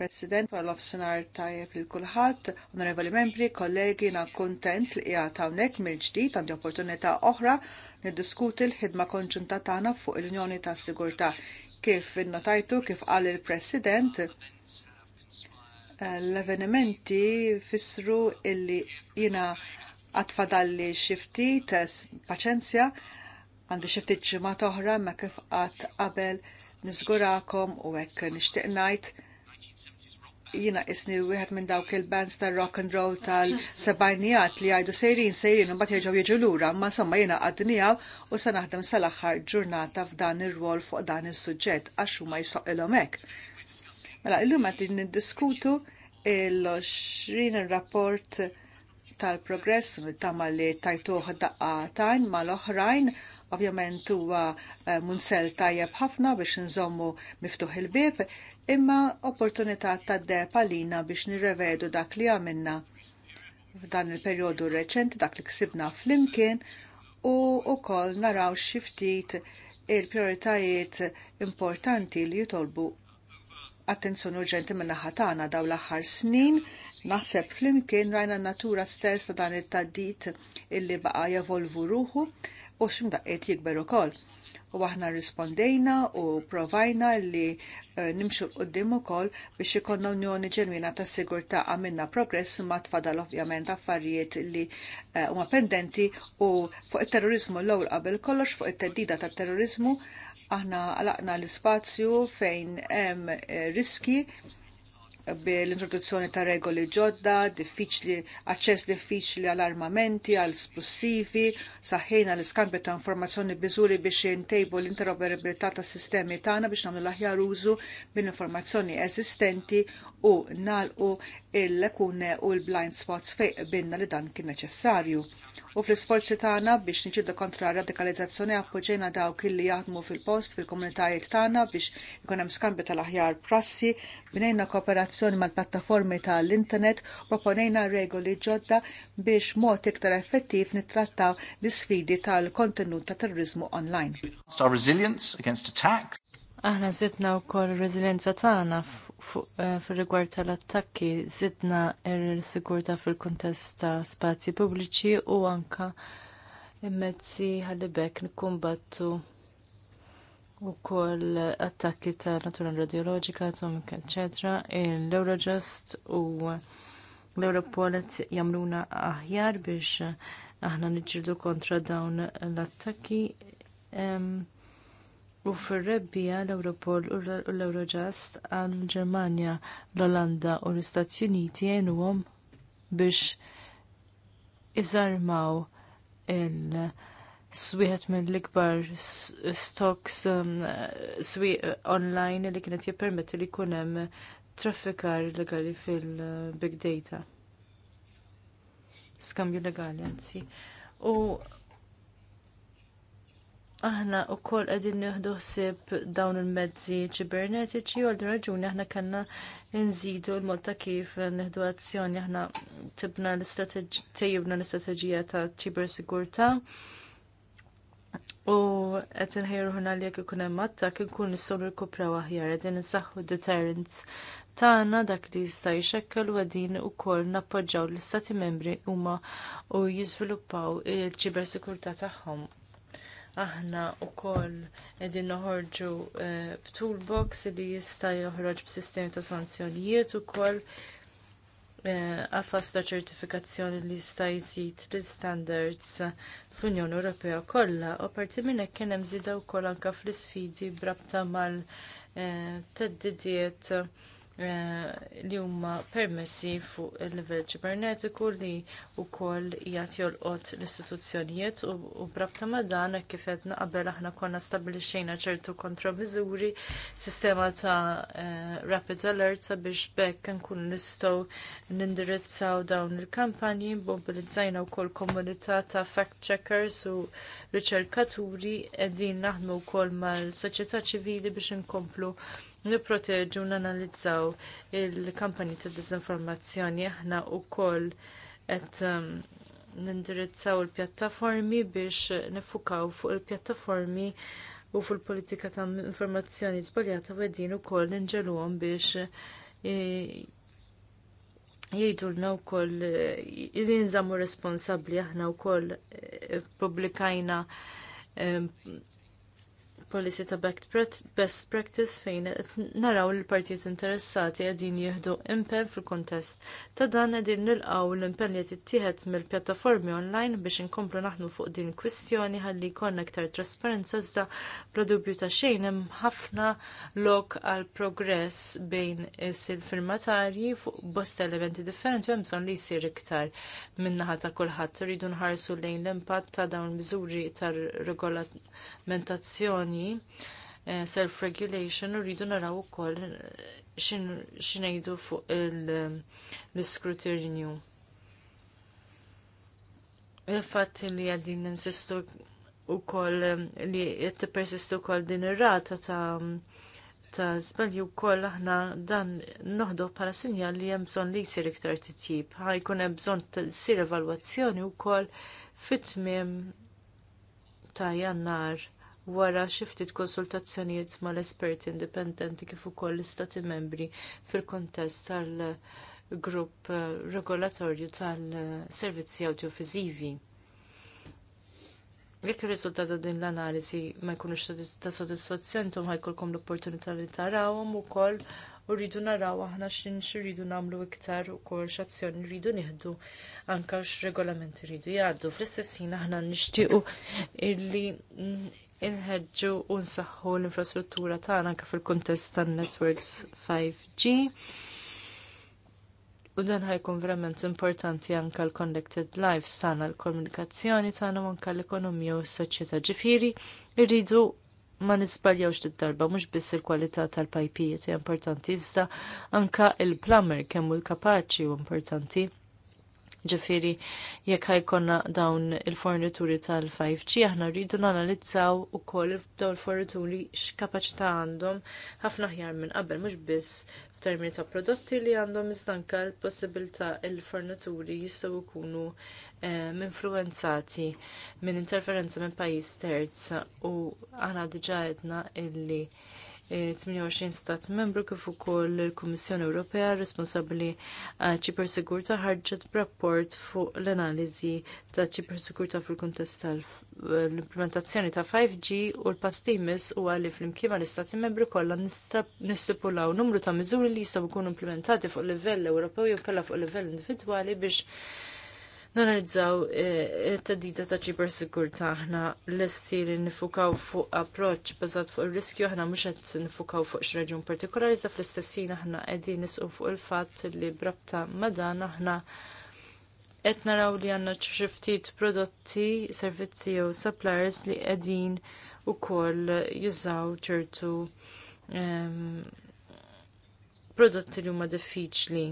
President għal l-offsenar tajep il kulħadd onorevoli membri, kollegi, na kontent li qiegħed hawnhekk mill-ġdid għandi opportunità oħra niddiskuti l-ħidma konġunta tagħna fuq il-Unjoni tas-Sigurtà. Kif innotajtu kif qal il-President, l-avvenimenti fissru illi jina għatfadalli xifti tes paċenzja għandi xifti ġimma toħra ma kif għat qabel nizgurakom u għek nishtiqnajt jina isni wieħed minn dawk il-bands tal rock and roll tal-sebajnijat li għajdu sejrin sejrin u bat jirġaw jieġu lura, ma somma jina għadnijaw u sa naħdem sal-axħar ġurnata f'dan ir-rol fuq dan is-suġġett għax huma jsoqilhom hekk. Mela, illum għad niddiskutu l 20 rapport tal-progress tama li tajtuħ daqqatajn ma l-oħrajn, ovvjament huwa eh, munsel tajjeb ħafna biex nżommu miftuħ il-bib, imma opportunità ta' depalina biex nirrevedu dak li għamilna f'dan il-perjodu reċenti dak li ksibna fl-imkien u ukoll naraw xi ftit il-prioritajiet importanti li jitolbu attenzjoni urġenti minn naħa tagħna daw l-aħħar snin naħseb flimkien rajna natura stess ta' dan it-taddit illi baqa jevolvu ruħu u x'imdaqqiet jikber ukoll. U aħna rispondejna u provajna li eh, nimxu l-qoddim ukoll biex ikonna unjoni ġenwina ta' sigurtà għamilna progress ma tfadal ovvjament affarijiet li eh, huma pendenti u fuq it-terrorizmu l-ewwel qabel kollox fuq it-teddida tat-terrorizmu Aħna għalaqna l-spazju fejn hemm eh, riski bil-introduzzjoni ta' regoli ġodda, diffiċli, aċċess diffiċli għal armamenti, għal splussivi, saħħejna l-iskambju ta' informazzjoni biżuri biex jintejbu l-interoperabilità ta' sistemi tagħna biex nagħmlu l-aħjar użu mill-informazzjoni eżistenti u nalqu il-lekune u l-blind spots fejn binna li dan kien neċessarju u fl-isforzi tagħna biex niġidu kontra radikalizzazzjoni appoġġejna dawk illi jaħdmu fil-post fil-komunitajiet tagħna biex ikun hemm skambju tal-aħjar prassi, bnejna kooperazzjoni mal-plattaformi tal-internet, proponejna regoli ġodda biex mod iktar effettiv nittrattaw l-isfidi tal-kontenut ta' terrorizmu online. Aħna zidna wkoll ir-reżiljenza tagħna
Eh, fil-rigward tal-attakki zidna il-sigurta fil-kontest ta' spazji pubbliċi u anka mezzi ħalibek nikkumbattu u koll attakki ta' natura radiologika, atomika, etc. L-Eurojust u l-Europolet jamluna aħjar biex aħna nġirdu kontra dawn l-attakki. Um, U fir-rebbija l-Europol u l-Eurojust għall ġermanja l-Olanda u l-Istati Uniti għenuhom biex iżarmaw il- swieħet minn l-ikbar stocks um, swieq online li kienet jippermetti li jkun hemm traffikar legali fil-big data. Skambju legali, anzi. U aħna u koll għedin nħdu ħsib dawn il-mezzi ċibernetiċi u raġuni aħna kanna nżidu l-mod ta' kif nħdu azzjoni aħna tibna l-istrateġija l-istrateġija ta' ċiber sigurta u għedin ħajru ħuna li jek ikun hemm attak inkun nistgħu nirkupraw aħjar qed insaħħu deterrent tagħna dak li jista' jxekkel u u ukoll nappoġġaw l-istati membri huma u jiżviluppaw il-ċibersikurtà tagħhom aħna wkoll qegħdin noħorġu b'toolbox eh, li jista' joħroġ b'sistem ta' sanzjonijiet ukoll eh, għafas ta' ċertifikazzjoni li jista' jżid l-standards fl-Unjoni Ewropea kollha u parti minn hekk kien hemm żieda wkoll anke fl-isfidi brabta mal eh, teddidiet Eh, li huma permessi fuq il-livell ġibernetiku li wkoll jagħti jolqot l-istituzzjonijiet u brabta ma' dan hekk kif qed qabel aħna konna stabbilixxejna ċertu kontramiżuri sistema ta' eh, rapid alert sabiex bekk nkun nistgħu nindirizzaw dawn il-kampanji mobilizzajna wkoll komunità ta' fact checkers u riċerkaturi qegħdin naħdmu wkoll mal-soċjetà ċivili biex inkomplu nipproteġu nanalizzaw il-kampanji ta' dizinformazzjoni aħna wkoll qed um, nindirizzaw il-pjattaformi biex nifukaw fuq il-pjattaformi u fuq il-politika ta' informazzjoni żbaljata u qegħdin ukoll inġeluhom biex e, jgħidulna wkoll e, jinżammu responsabbli aħna wkoll e, pubblikajna policy ta' best practice fejn naraw li partijiet interessati għedin jieħdu impen fil-kontest. Ta' dan għedin nilqaw l-impen li jittieħed mill-pjattaformi online biex inkomplu naħnu fuq din kwistjoni ħalli jkollna aktar trasparenza iżda bla dubju ta' xejn hemm ħafna lok għal progress bejn is-firmatarji fuq bosta elementi differenti u hemm li jsir iktar minnaħa ta' kulħadd. Rridu nħarsu lejn l-impatt ta' dawn miżuri tar-regolat regolamentazzjoni eh, self-regulation rridu naraw ukoll eh, xinejdu fuq eh, l-iskrutinju. Il-fatt li għaddin ninsistu ukoll li qed tippersistu wkoll din ir-rata ta' ta' żbalju wkoll aħna dan noħdu bħala sinjal li hemm bżonn li jsir iktar titjib. Ħajkun hemm bżonn evalwazzjoni wkoll fit-tmiem ta' jannar wara xi ftit konsultazzjonijiet mal-esperti indipendenti kif ukoll l-istati membri fil-kontest tal-grupp eh, regolatorju tal-servizzi awdjoviżivi. Jekk ir-riżultat ta' din l-analiżi ma jkunux ta' sodisfazzjon intom ħajkolkom l-opportunità li tarawhom ukoll u rridu naraw aħna x'inx rridu nagħmlu iktar ukoll x'azzjoni rridu nieħdu anke x'regolamenti rridu jgħaddu. Fl-istess ħin aħna nixtiequ illi inħeġġu u nsaħħu l-infrastruttura tagħna anke fil-kuntest tan-networks 5G. U dan ħajkun verament importanti anke l-connected lives tagħna l-komunikazzjoni tagħna u anke l-ekonomija u s-soċjetà. Ġifieri rridu ma nisbaljawx id-darba mhux biss il-kwalità tal-pajpijiet hija importanti iżda anke il-plumber kemm hu kapaċi u importanti. Ġifiri, jekk ħajkonna dawn il-fornituri tal-5G, aħna rridu nanalizzaw u koll dawn il-fornituri x'kapaċità għandhom ħafna ħjar minn qabel, mhux biss f'termini ta' prodotti li għandhom iżdanka l-possibilità il-fornituri jistgħu jkunu ehm, influenzati minn interferenza minn pajjiż terz u aħna diġa għedna illi 28 eh, stat membru kif ukoll il-Kummissjoni Ewropea responsabbli eh, ċipersigurta ħarġet b'rapport fuq l-analiżi ta' ċipersigurta fil-kuntest tal-implementazzjoni ta' 5G u l-pastimis u għalli fl-imkien l-istati membru kollha nistipulaw numru ta' miżuri li jistgħu jkunu implementati fuq livell Ewropew jew kellha fuq livell individwali biex nanalizzaw eh, t tadida ta' ċiber sigurta aħna l-essi nifukaw fuq approċ bazat fuq il-riskju aħna mux għed nifukaw fuq x'raġun partikolari za fl-istessin aħna għedin nisqu fuq il-fat li brabta madan aħna għed naraw li għanna ċiftit prodotti, servizzi u suppliers li għedin u koll jużaw ċertu ehm, prodotti li huma diffiċli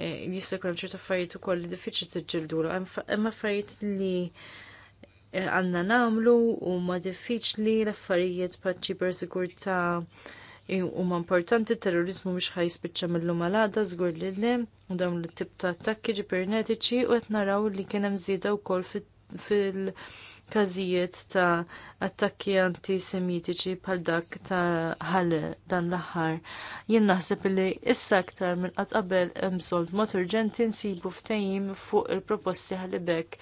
Eh, jista' jkun hemm ċertu affarijiet ukoll li diffiċli tiġġildulu. Hemm affarijiet li eh, għandna nagħmlu huma diffiċli l-affarijiet bħal u huma importanti terrorizmu mhux ħajspiċċa mill-lum għal żgur li le u dawn l-tip ta' attakki ġibernetiċi u qed naraw li kien hemm żieda wkoll fil- każijiet ta' attakki antisemitiċi pal dak ta' ħal dan l-aħħar. Jien naħseb li issa aktar minn qatt qabel hemm bżonn mod urġenti nsibu ftehim fuq il-proposti ħalibek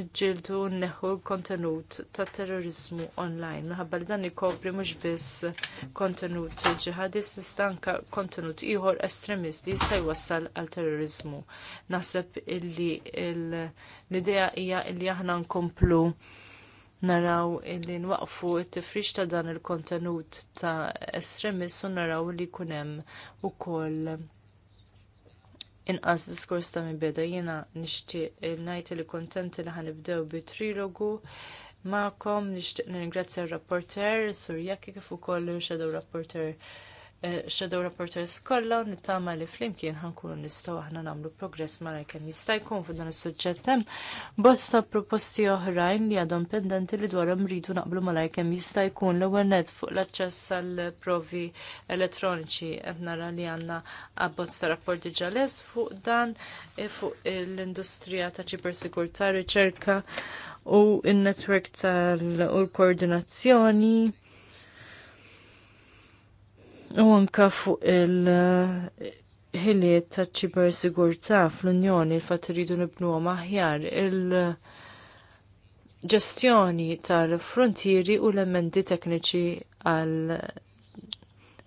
niġġieldu nneħħu kontenut ta' terrorizmu online. Minħabba li dan ikopri mhux biss kontenut ġihadist iżda anke kontenut ieħor estremist li jista' jwassal għal terrorizmu. Naħseb illi l-idea hija li aħna nkomplu naraw illi nwaqfu t-tifrix ta' dan il-kontenut ta' estremis u naraw li kunem u koll inqas diskors ta' mibeda jena nishti il-najt li kontenti li ħanibdew bi trilogu ma'kom nishti nirringrazzja r-rapporter, Surjaki kif ukoll shadow rapporter Eh, shadow rapporters kollha u nittama li flimkien ħankunu nistgħu aħna nagħmlu progress mara kemm jista' jkun fuq dan is-suġġett hemm bosta proposti oħrajn li għadhom pendenti li dwarhom rridu naqblu malajr kemm jista' jkun l-ewwel net fuq l-aċċess għall provi elettroniċi qed nara li għandna abbozz ta' rapport diġà les fuq dan eh, fuq l-industrija ta' ċibersigurtà riċerka u n netwerk tal u l-koordinazzjoni u anka fuq il- ħiliet ta' ċiber sigurtà fl-Unjoni fatt rridu nibnu aħjar il-ġestjoni tal-frontieri u l-emendi tekniċi għal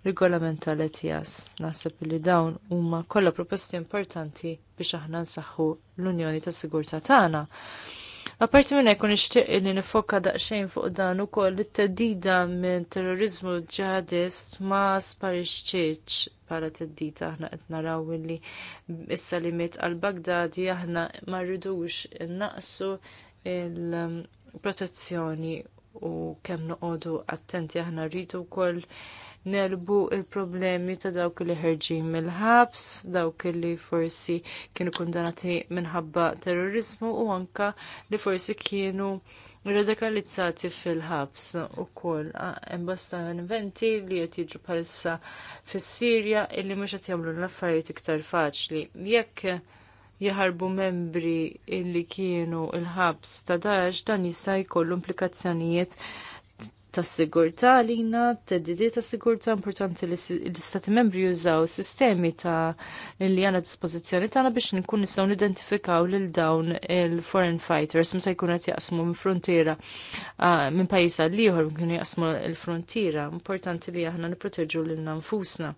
regolament tal-ETIAS. Naħseb li dawn huma kollha proposti importanti biex aħna nsaħħu l-Unjoni tas Sigurtà tagħna. Apparti minn hekk nixtieq li nifokka daqsxejn fuq dan ukoll it-teddida minn terrorizmu ġihadist ma sparixxietx bħala teddida aħna qed naraw li issa li miet għal Baghdadi aħna ma rridux innaqsu il-protezzjoni u kemm noqogħdu attenti aħna rridu wkoll nelbu il-problemi ta' dawk li ħerġin mill-ħabs, dawk li forsi kienu kundanati minħabba terrorizmu u anka li forsi kienu radikalizzati fil-ħabs u koll. Imbasta inventi li qed jiġu bħalissa fis-Sirja illi mhux qed jagħmlu l-affarijiet iktar faċli. Jekk jħarbu membri illi kienu il-ħabs ta' daċ dan jista' jkollu implikazzjonijiet ta' sigurtà jina t tedidi ta' sigurtà importanti li l-istati membri jużaw sistemi ta' li għana dispozizjoni tagħna biex nkun nistgħu nidentifikaw lil dawn il-foreign fighters meta jkun qed jaqsmu minn frontiera minn pajjiż għal ieħor mkunu jaqsmu il frontiera Importanti li aħna nipproteġu lilna nfusna.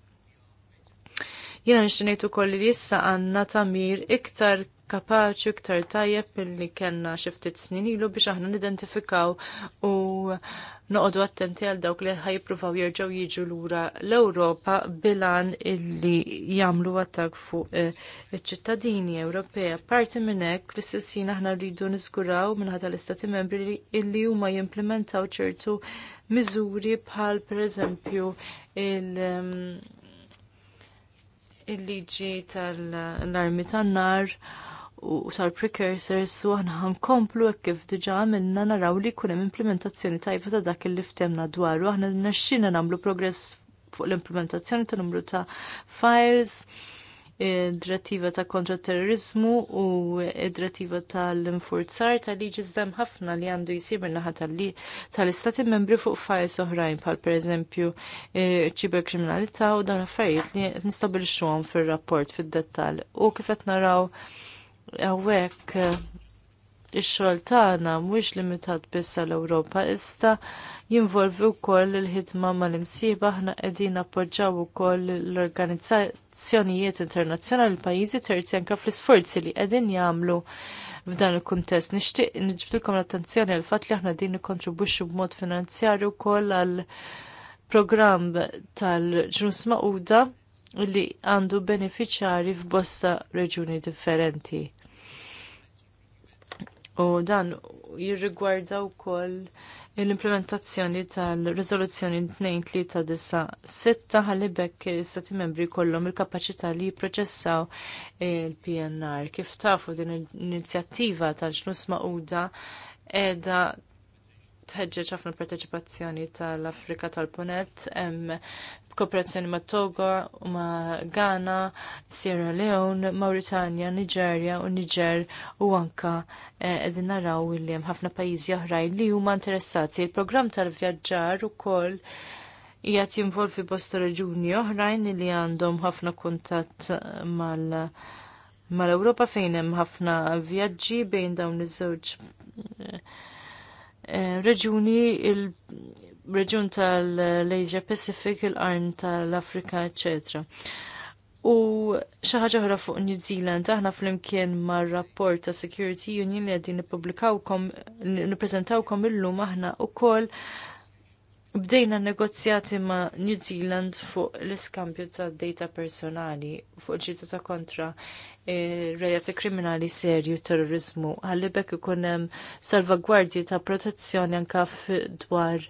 Jiena nixtinejt ukoll li issa għandna tamir iktar kapaċi iktar tajjeb milli kellna xi ftit snin ilu biex aħna nidentifikaw u noqogħdu attenti għal dawk li ħajpruvaw jerġgħu jiġu lura l-Ewropa bilan illi jagħmlu attak fuq eh, iċ-ċittadini Ewropea. Parti minn hekk fl-istess aħna rridu niskuraw minnħata l-Istati Membri illi huma jimplementaw ċertu miżuri bħal pereżempju il- mm, il-liġi tal-armi tan-nar u tal-precursors u aħna komplu hekk kif diġà għamilna naraw li jkun hemm implementazzjoni tajba ta' dak li ftemna dwaru aħna nexxina nagħmlu progress fuq l-implementazzjoni ta' numru ta' files, id-direttiva e, ta' kontra terrorizmu u id-direttiva e, tal-infurzar tal li ġizdem ħafna li għandu jisir minnaħa tal-istati membri fuq files oħrajn pal per eżempju e, ċiberkriminalità u dawn affarijiet li nistabilixxuhom fir-rapport fid-dettall u kif qed naraw Għawek, eh, ix-xogħol tagħna mhuwiex limitat biss l Ewropa ista jinvolvi wkoll il-ħidma mal-imsieba aħna qegħdin u ukoll l-organizzazzjonijiet internazzjonali pajjiżi terzi anke fl-isforzi li qegħdin jagħmlu f'dan il-kuntest. Nixtieq nġbdilkom l-attenzjoni għal fatt li aħna din nikkontribwixxu b'mod finanzjarju wkoll għal programm tal-ġnus maquda li għandu beneficjari f'bosta reġuni differenti. U dan jirrigwarda wkoll l-implementazzjoni tal-riżoluzzjoni 2396 ħalli bekk stati membri kollom il-kapaċità li jipproċessaw il-PNR. Kif tafu din l-inizjattiva tal-ġnus maquda edha tħeġġeġ ħafna parteċipazzjoni tal-Afrika tal-Punet, kooperazzjoni ma' Togo, ma' Ghana, Sierra Leone, Mauritania, Nigeria u Niger u anka eh, edin naraw li hemm ħafna pajjiżi oħrajn li huma interessati. Il-programm tal-vjaġġar ukoll hija jinvolvi bosta reġuni oħrajn li għandhom ħafna kuntatt mal mal-Ewropa fejn hemm ħafna vjaġġi bejn dawn iż-żewġ eh, reġuni reġun tal-Asia Pacific, il-qarn tal-Afrika, etc. U xaħġa ħra fuq New Zealand, aħna fl-imkien mar rapport ta' Security Union li għedin nipublikawkom, nippreżentawkom illum aħna u koll Bdejna negozjati ma' New Zealand fuq l-iskambju ta' data personali fuq ġita ta' kontra eh, rejati kriminali serju terrorizmu għalli bekk ikunem salvagwardji ta' protezzjoni anka dwar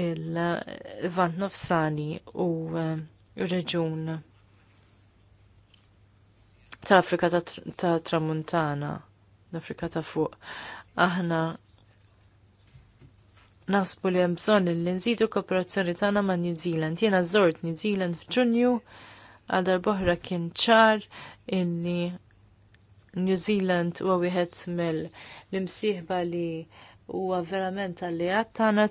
il-vant nofsani u eh, reġun ta' Afrika ta', ta Tramuntana, l-Afrika ta' fuq. Aħna naħsbu li hemm bżonn li nżidu kooperazzjoni tagħna ma' New Zealand. Jiena żort New Zealand f'Ġunju għal darbohra kien ċar illi New Zealand huwa wieħed mill-imsieħba li huwa verament għalli għattana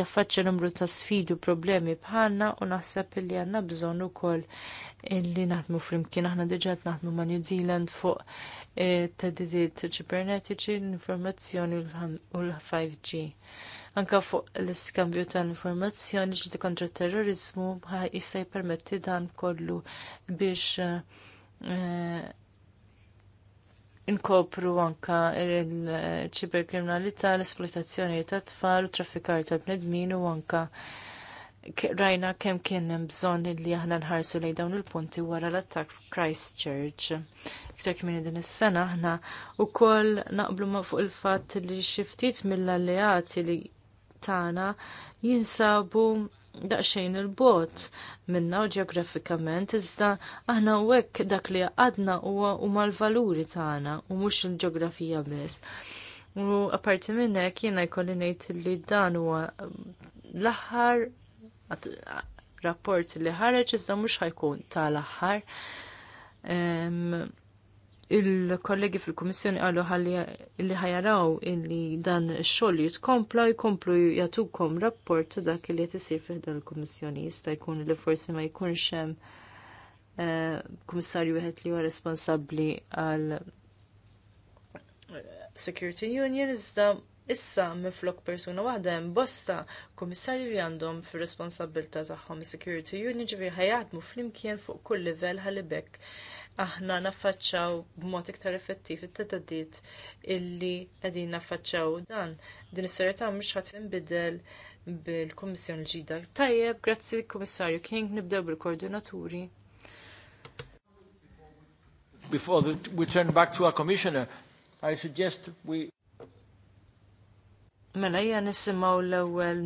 jaffaċċa numru ta' sfidi u problemi bħalna u naħseb li għanna bżon u koll illi naħdmu flimkien aħna diġet naħdmu ma' New Zealand fuq eh, tadidiet ċibernetiċi, l-informazzjoni u l-5G anka fuq l-iskambju ta' informazzjoni ġdi kontra terrorizmu jista' jippermetti dan kollu biex eh, inkopru anka il-ċiberkriminalità, l-esploitazzjoni ta' tfal, u traffikar tal-bnedmin u anka rajna kemm kien hemm bżonn li aħna nħarsu lejn dawn il-punti wara l-attakk Christchurch. Iktar kmieni din is-sena aħna wkoll naqblu ma' fuq il-fatt li xi ftit mill-alleati li tagħna jinsabu daqsxejn il-bot minna u ġeografikament, iżda aħna u hekk dak li għadna huwa huma l-valuri tagħna u mhux il-ġeografija biss. U apparti minn hekk jiena jkolli ngħid li dan huwa l-aħħar rapport li ħareġ iżda mhux ħajkun tal-aħħar il-kollegi fil-Komissjoni għallu li ħajaraw illi dan xogħol jitkompla jkomplu jagħtukom rapport ta' dak li qed isir fih dan il-Kummissjoni jista' jkun li forsi ma jkunx hemm eh, kummissarju wieħed li huwa responsabbli għal eh, Security Union iżda issa miflok persuna waħda hemm bosta kummissarju li għandhom fir responsabbilta tagħhom is-Security Union ġifieri ħajjaħdmu flimkien fuq kull livell ħalli bekk aħna naffaċċaw b'mod iktar effettiv it-tedaddiet illi qegħdin naffaċċaw dan. Din is-serjetà mhux ħadd tinbidel bil-Kummissjoni l ġdida. Tajjeb, grazzi Kummissarju King, nibdew bil-koordinaturi.
Before the, we turn back to our commissioner, I suggest we
Mela hija nisimgħu l-ewwel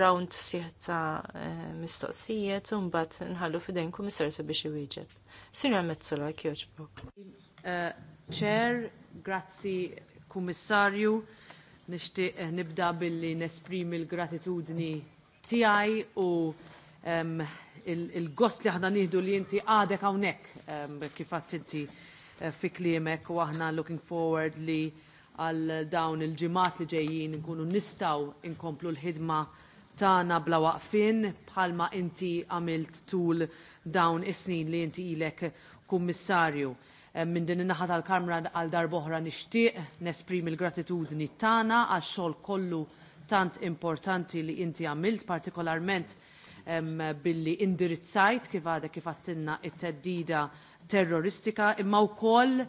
round sieħ ta' eh, mistoqsijiet u mbagħad nħallu f'idejn kummissarju sabiex iwieġeb. Sinja Metzola, kjoċbok. Eh, Chair,
grazzi kummissarju, nishti eh, nibda billi nesprimi l-gratitudni tiegħi u il-gost li aħna nieħdu li inti għadek hawnhekk kif għadt inti eh, fi kliemek u aħna looking forward li għal dawn il-ġimat li ġejjin nkunu nistaw inkomplu l-ħidma tagħna bla waqfin bħalma inti għamilt tul dawn is-snin li inti ilek kummissarju. Eh, minn din in-naħa tal-Kamra għal darboħra nixtieq nesprim il-gratitudni tagħna għax-xogħol kollu tant importanti li inti għamilt, partikolarment billi indirizzajt kif għadha kif għattinna it-teddida terroristika imma wkoll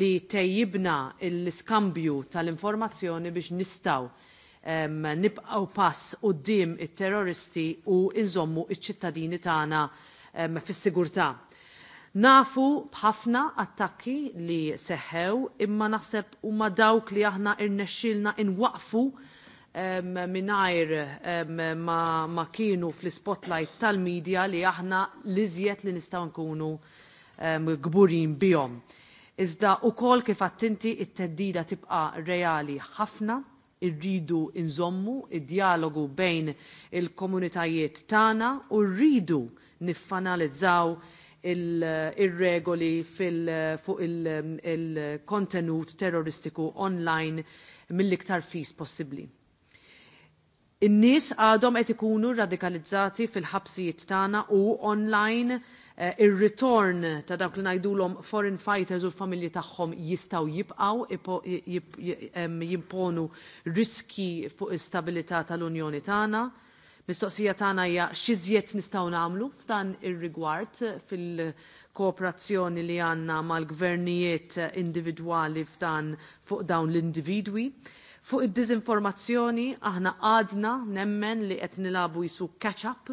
li tejjibna l-iskambju tal-informazzjoni biex nistaw nibqaw pass qoddim it-terroristi u inżommu il ċittadini tagħna fis-sigurtà. Nafu bħafna attakki li seħħew imma naħseb huma dawk li aħna irnexxilna inwaqfu mingħajr ma, kienu fl-spotlight tal-medja li aħna liżjed li nistgħu nkunu gburin bihom. Iżda u kol kif attinti it-teddida tibqa reali ħafna irridu inżommu id-dialogu bejn il-komunitajiet tagħna u rridu niffanalizzaw il-regoli fuq il-kontenut terroristiku online mill-iktar fis possibbli. In-nies għadhom qed ikunu radikalizzati fil-ħabsijiet tagħna u online Eh, ir-return ta' dawk li ngħidulhom foreign fighters u l-familji tagħhom jistgħu jibqgħu jimponu riski fuq istabilità tal-Unjoni tagħna. Mistoqsija tagħna hija x'iżjed nistgħu nagħmlu f'dan ir-rigward fil-kooperazzjoni li għandna mal-gvernijiet individwali f'dan fuq dawn l-individwi. Fuq id dizinformazzjoni aħna għadna nemmen li qed nilabu jisu catch-up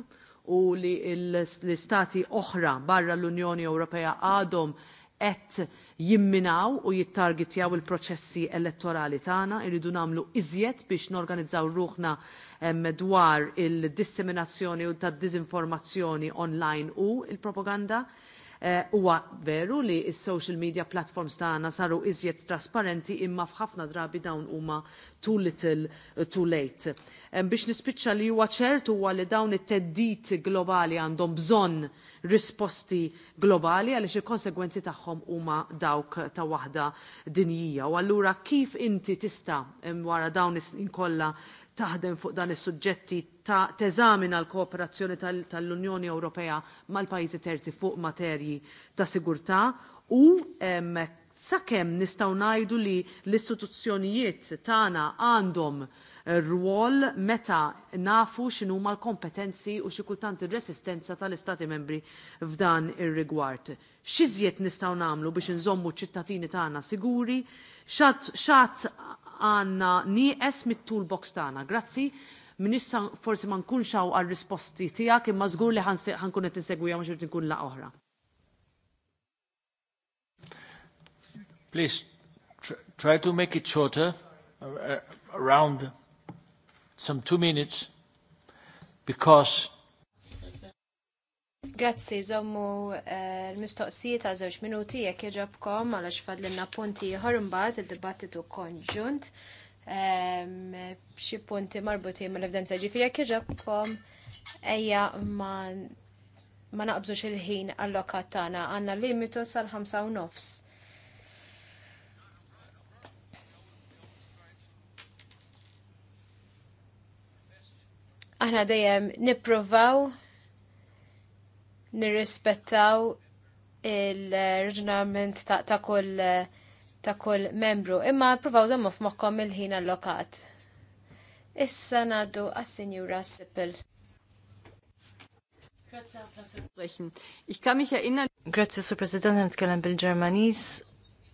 u li l-istati oħra barra l-Unjoni Ewropea għadhom qed jimminaw u jittargetjaw il-proċessi elettorali tagħna, irridu nagħmlu iżjed biex norganizzaw ruħna dwar il-disseminazzjoni u tad-diżinformazzjoni online u il-propaganda. il propaganda propaganda Eh, huwa veru li s-social media platforms tagħna saru iżjed trasparenti imma f'ħafna drabi dawn huma too little eh, too late. Biex nispiċċa li huwa ċert huwa li dawn it-teddit globali għandhom bżonn risposti globali għaliex il-konsegwenzi tagħhom huma dawk ta' waħda dinjija. U allura kif inti tista' wara dawn is-snin kollha taħdem fuq dan is-suġġetti ta' teżamina l-kooperazzjoni tal-Unjoni Ewropea mal-pajjiżi terzi fuq materji ta' sigurtà u sakemm nistgħu ngħidu li l-istituzzjonijiet tagħna għandhom rwol meta nafu x'inhuma l-kompetenzi u xi kultant ir-resistenza tal-Istati membri f'dan ir-rigward. X'iżjed nistgħu nagħmlu biex inżommu ċ-ċittadini tagħna siguri, x'att għanna nieqes mit-toolbox tagħna. Grazzi, minissa forsi ma nkunx hawn għal-risposti tiegħek imma żgur li ħankun qed insegwija ma xirt nkun laqgħa oħra.
Please try to make it shorter, uh, around some two minutes, because Grazzi, zommu eh, l-mistoqsijiet ta' żewġ minuti jekk jġabkom għalax fadlinna punti ieħor imbagħad id-dibattitu konġunt. Xi punti marbuti mal-evidenza ġifieri jek jġabkom ejja ma naqbżux il-ħin allokat tagħna għandna limitu sal-5 u nofs. Aħna dejjem nipprovaw nirrispettaw il reġnament ta', ta kull ta' kol membru, imma provaw zammu f'moħkom il-ħin allokat. Issa nadu għas-Sinjura Sippel.
Grazie, Sur President, nitkellem bil-Ġermanis.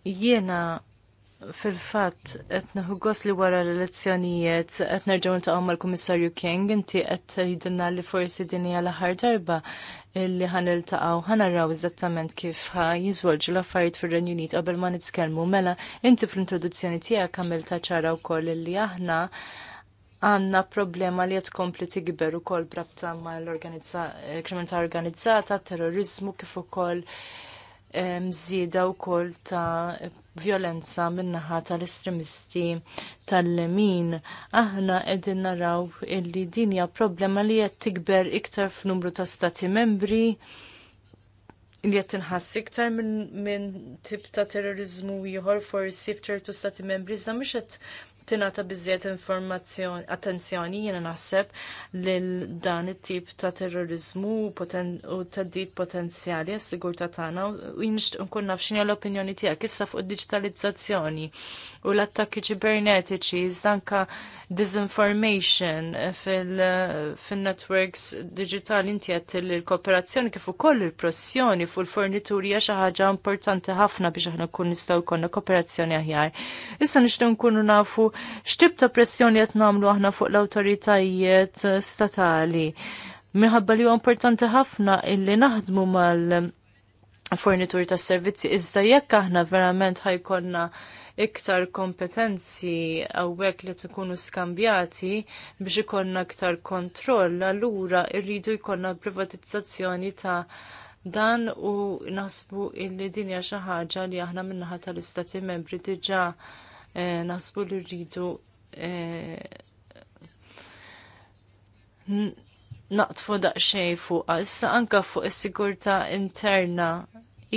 Jiena fil-fatt qed neħu li wara l-elezzjonijiet qed nerġgħu għom mal-Kummissarju King inti qed tgħidilna li forsi din hija l-aħħar darba illi ħaniltaqgħu arraw iżattament kif ħa jiżvolġu l-affarijiet fir-Renju Unit qabel ma nitkellmu mela inti fl-introduzzjoni tiegħek għamilta ċara wkoll illi aħna għanna problema li tigber u koll brabta mal-kriminalità organizzata, terrorizmu kif ukoll u wkoll ta' violenza min-naħa tal-estremisti tal-lemin. Aħna qegħdin naraw illi din hija problema li qed tikber iktar f'numru ta' stati membri li qed inħass iktar minn min tip ta' terrorizmu ieħor forsi f'ċertu stati membri iżda mhux qed tinata bizziet informazzjoni, attenzjoni jena naħseb lil dan it-tip ta' terrorizmu poten, u taddit potenzjali għas ta' tagħna u jinxt unkun naf x'inhi l-opinjoni tiegħek issa fuq digitalizzazzjoni u l-attakki ċibernetiċi, zanka disinformation fil-networks digitali inti l-kooperazzjoni kif ukoll il-prossjoni fuq il-fornituri hija xi ħaġa importanti ħafna biex aħna kun nistgħu jkollna kooperazzjoni aħjar. Issa nixtieq nkunu nafu x'tib ta' pressjoni qed nagħmlu aħna fuq l-awtoritajiet statali. Minħabba li huwa importanti ħafna illi naħdmu mal fornitur ta' servizzi iżda jekk aħna verament ħajkonna iktar kompetenzi għawek li tkunu skambjati biex ikonna iktar kontroll, allura irridu jkonna privatizzazzjoni ta' dan u nasbu illi dinja xi ħaġa li aħna minnaħa tal-istati membri diġà Eh, naħsbu li rridu eh, naqtfu daqxej fuq issa anka fuq is-sigurtà interna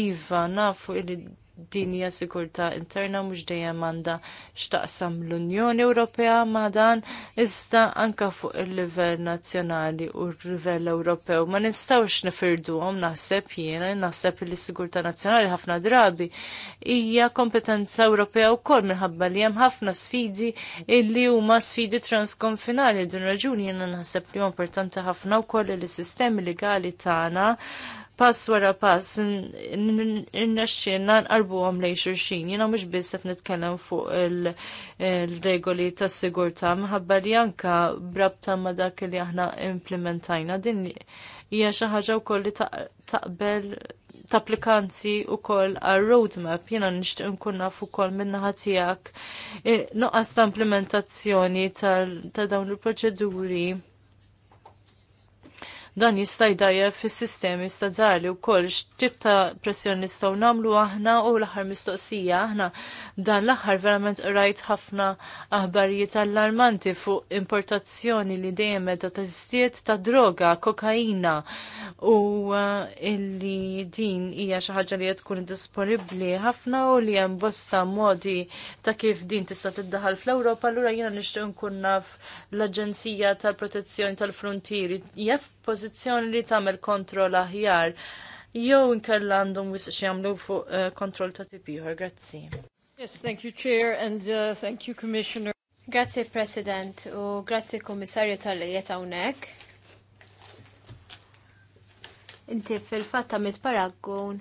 iva nafu li din hija sigurtà interna mhux dejjem għandha x'taqsam l-Unjoni Ewropea ma' dan iżda anke fuq il-livell nazzjonali u l-livell Ewropew. Ma nistgħux nifirduhom naħseb jien, naħseb li sigurtà nazzjonali ħafna drabi hija kompetenza Ewropea wkoll minħabba li hemm ħafna sfidi illi huma sfidi transkonfinali din raġuni jiena naħseb li huma importanti ħafna wkoll li s-sistemi legali tagħna pass wara pass n-naxxina nqarbu għam lej xurxin. Jina mux biss għet nitkellem fuq il-regoli ta' sigurta mħabba li anka brabta ma dak li aħna implementajna. Din hija xi ħaġa wkoll li taqbel tapplikanti u koll għal roadmap jena nishtiq nkun naf koll minna ħatijak nuqqas ta' implementazzjoni ta' dawn il-proċeduri dan jista' jdajjeb fis-sistemi stadali wkoll x'tip ta' pressjoni nistgħu nagħmlu aħna u l-aħħar mistoqsija aħna dan l-aħħar verament rajt ħafna aħbarijiet allarmanti fuq importazzjoni li dejjem meta teżdiet ta' droga, kokaina u uh, illi din hija xi ħaġa li qed tkun disponibbli ħafna u li hemm bosta modi ta' kif din tista' tiddaħal fl-Ewropa, allura jiena nixtieq nkun naf l-Aġenzija tal-Protezzjoni tal-Frontieri jaf pożizzjoni li tagħmel kontroll aħjar jew inkella għandhom wisq xi jagħmlu fuq eh, kontroll ta' tip ieħor. Grazzi.
Yes, thank you Chair and uh, thank you Commissioner. Grazzi President u grazzi Kummissarju tal-lijiet hawnhekk. Inti fil-fatt tagħmel paragun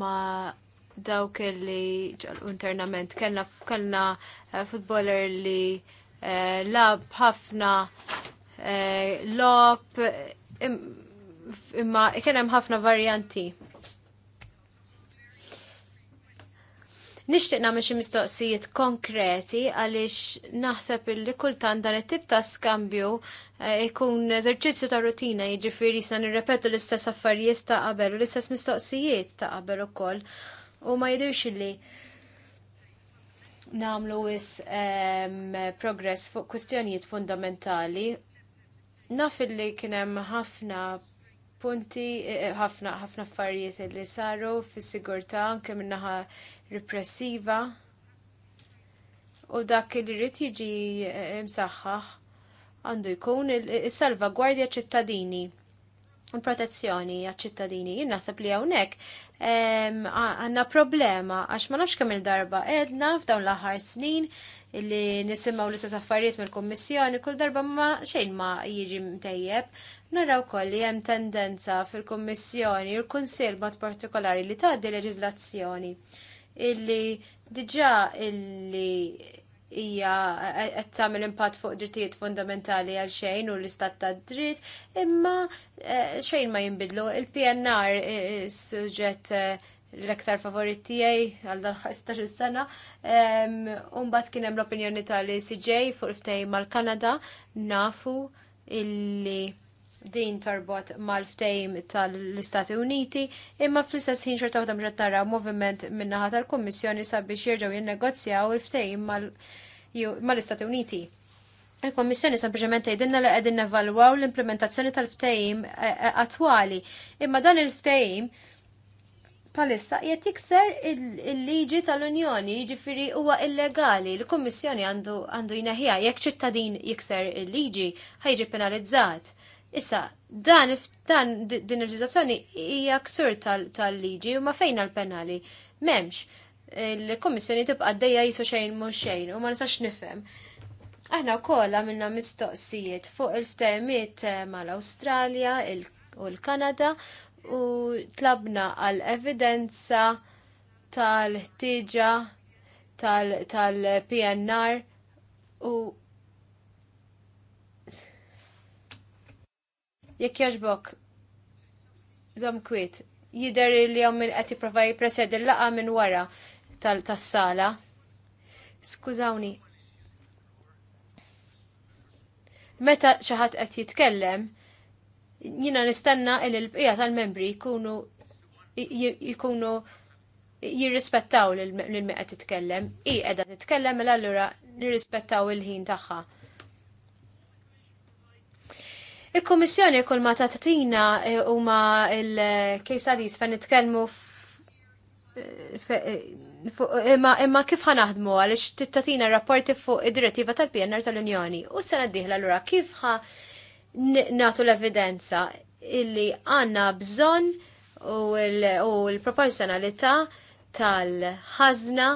ma' dawk li internament kellna kellna eh, futboller li eh, lab ħafna Eh, lop, imma kien hemm ħafna varjanti. Nixtieq nagħmel xi mistoqsijiet konkreti għaliex naħseb illi kultant dan it-tip ta' skambju jkun eh, eżerċizzju ta' rutina, jiġifieri sa nirrepetu l-istess affarijiet ta' qabel u l-istess mistoqsijiet ta' qabel ukoll. U ma jidhirx li namlu wis ehm, progress fuq kwistjonijiet fundamentali Naf illi kien hemm ħafna punti, eh, eh, ħafna ħafna affarijiet li saru fis-sigurtà anke minnaħa repressiva. U dak li rrid jiġi eh, msaħħaħ għandu jkun is-salvagwardja ċittadini il-protezzjoni għal ċittadini. Jien naħseb li hawnhekk għanna problema għax ma nafx kemm il-darba edna f'dawn l-aħħar snin li nisimgħu l-istess affarijiet mill-Kummissjoni kull darba ma xejn ma jiġi mtejjeb. Naraw koll li hemm tendenza fil-Kummissjoni u l-Kunsill mod partikolari li tgħaddi leġiżlazzjoni illi diġà illi hija e- e- qed tagħmel impatt fuq drittijiet fundamentali għal xejn u l-istat ta' dritt, imma e, xejn ma jinbidlu. Il-PNR suġġett l-aktar favorit tiegħi għal dan 15 sena. Umbagħad kien hemm l-opinjoni tal-CJ fuq il-ftehim mal-Kanada nafu illi din torbot mal-ftejm tal-Istati Uniti, imma fl-istess ħin xorta għadam ġattara tara moviment minnaħa tal-Kummissjoni sabiex jerġgħu jinnegozjaw il-ftejm mal-Istati Uniti. Il-Kommissjoni sempliċement tgħidilna li qegħdin nevalwaw l-implementazzjoni tal ftejm e, e, attwali. Imma dan il ftejm palissa qiegħed jikser il-liġi tal-Unjoni, jiġifieri huwa illegali. l kummissjoni għandu għandu jneħħiha jekk ċittadin jikser il-liġi ħajġi penalizzat. Issa, dan, dan din il-ġizazzjoni hija ksur tal-liġi u ma fejn għal-penali. Memx, il-Kommissjoni tibqa' d-dejja jisu xejn mhux xejn u ma nisax nifhem. Aħna wkoll minna mistoqsijiet fuq il-ftehmiet eh, mal-Awstralja u l-Kanada u tlabna għal evidenza tal-ħtiġa tal-PNR u Jekk jaġbok, zom kwiet, jider li jom minn għati provaj presed il-laqa minn wara tal-sala. Skużawni. Meta xaħat qed jitkellem, jina nistenna il l-bqija tal-membri jkunu jikunu jirrispettaw l għati titkellem. I edha mela titkellem l-allura nirrispettaw il-ħin tagħha. Il-Komissjoni kull ma tatina eh, u ma il-kejsadis fan nitkelmu eh, imma kif ħanaħdmu għalix tittatina rapporti fuq id-direttiva tal-PNR tal-Unjoni u s-sena diħla l-ura kif ħa natu l-evidenza illi għanna bżon u l-proporzjonalità tal-ħazna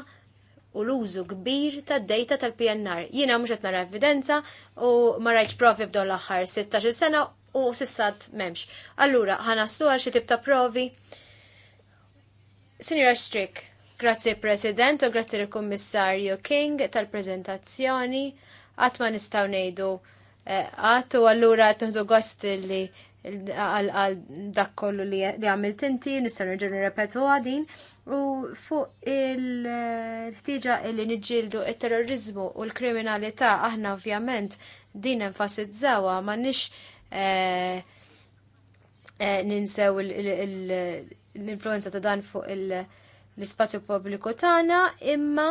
u l-użu kbir tad data tal-PNR. Jiena mhux qed nara evidenza u ma rajtx provi fdol l-aħħar 16 sena u sissat m'hemmx. Allura ħanassu għal xi tip ta' provi. Sinjura Strick, grazzi President u grazzi l-Kummissarju King tal-prezentazzjoni. Qatt ma nistgħu ngħidu għat eh, u allura gost li għal dak kollu li għamilt inti, nistgħu nirġu repetu għadin, U fuq il-ħtiġa li niġġieldu il-terrorizmu u l-kriminalità aħna ovvjament din enfasizzawa ma nix eh, eh, ninsew l-influenza ta' dan fuq l-spazju pubbliku tagħna imma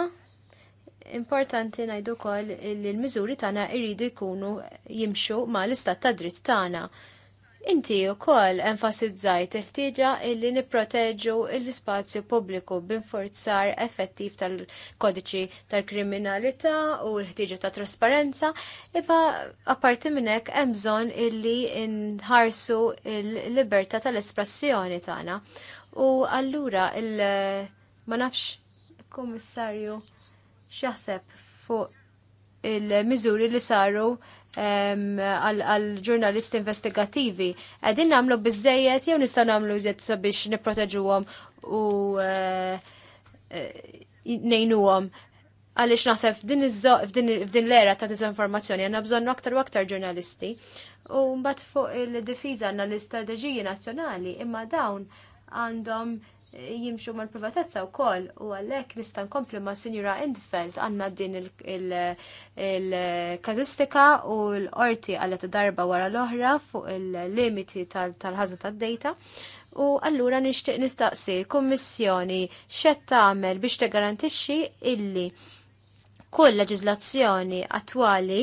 importanti ngħidu wkoll li l-miżuri tagħna jridu jkunu jimxu mal istat ta' dritt tagħna. Inti u kol enfasizzajt il-tiġa illi niproteġu l-spazju pubbliku b'inforzar effettiv tal-kodiċi tal-kriminalità u l-ħtiġa ta' trasparenza, iba apparti minnek emżon illi nħarsu l-libertà tal-espressjoni tagħna. U allura il- ma nafx kummissarju x'jaħseb fuq il-miżuri li saru għal ġurnalisti investigativi. Għedin namlu bizzejiet jew nista' namlu bizzejiet sabiex għom u għom. Eh, eh, għalix naħseb f'din l-era ta' dizinformazzjoni għanna bżonnu aktar u aktar ġurnalisti. U mbagħad fuq il difiza għandna l istrategiji nazzjonali imma dawn għandhom jimxu mal privatezza u koll u għallek nista' nkomplu ma' Sinjura Endfeld għanna din il-kazistika u l-orti għallet darba wara l-oħra fuq il-limiti tal-ħazna tad-data u allura nixtieq nistaqsi l-Kummissjoni x'qed tagħmel biex tegarantixxi illi kull leġiżlazzjoni attwali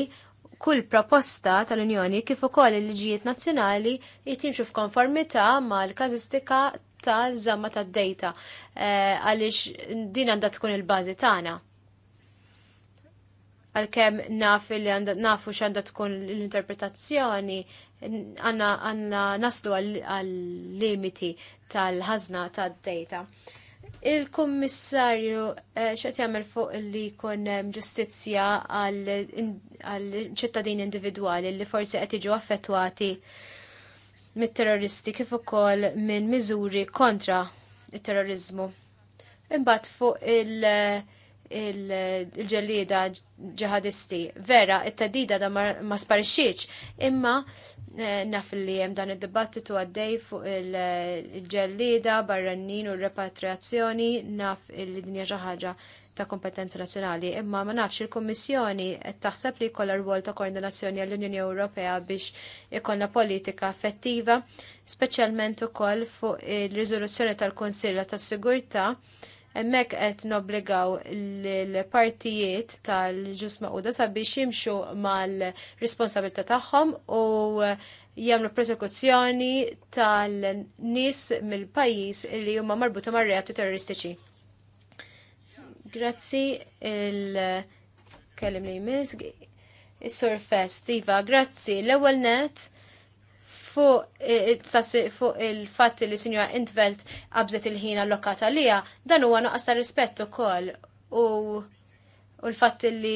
kull proposta tal-Unjoni kif ukoll il-liġijiet nazzjonali jitimxu f'konformità mal-każistika tal-żamma tad-data eh, għaliex din għandha tkun il-bażi tagħna. Għalkemm naf li nafu x'għandha tkun l-interpretazzjoni għandna naslu għal-limiti tal-ħażna tad-data. Il-Kummissarju eh, x'qed jagħmel fuq li jkun ġustizzja għal ċittadin individwali li forsi qed jiġu affettwati mit-terroristi kif ukoll minn miżuri kontra it-terrorizmu. Imbagħad fuq il- il-ġellida ġihadisti. Vera, it-tadida da ma sparixxiex, imma eh, naf li hemm dan id-dibattitu għaddej fuq il ġellieda barranin u repatriazzjoni naf il-dinja ħaġa ta' kompetenza nazzjonali, imma ma nafx il-Kummissjoni qed taħseb li jkollha rwol ta' koordinazzjoni għall-Unjoni Ewropea biex ikollna politika effettiva, speċjalment ukoll fuq il-riżoluzzjoni tal-Kunsill tas-Sigurtà hemmhekk qed nobbligaw l-partijiet tal-ġus maquda sabiex jimxu mal-responsabilità tagħhom u jagħmlu prosekuzzjoni tal-nies mill-pajjiż li huma marbuta mar-reati terroristiċi. Grazzi il-kellim li jmiss, il surfest Fest, Iva, grazzi. L-ewel net, fuq eh, il-fatt li sinjora Intvelt qabżet il-ħin allokata lija, dan huwa nuqqas ta' rispett ukoll u l-fatt li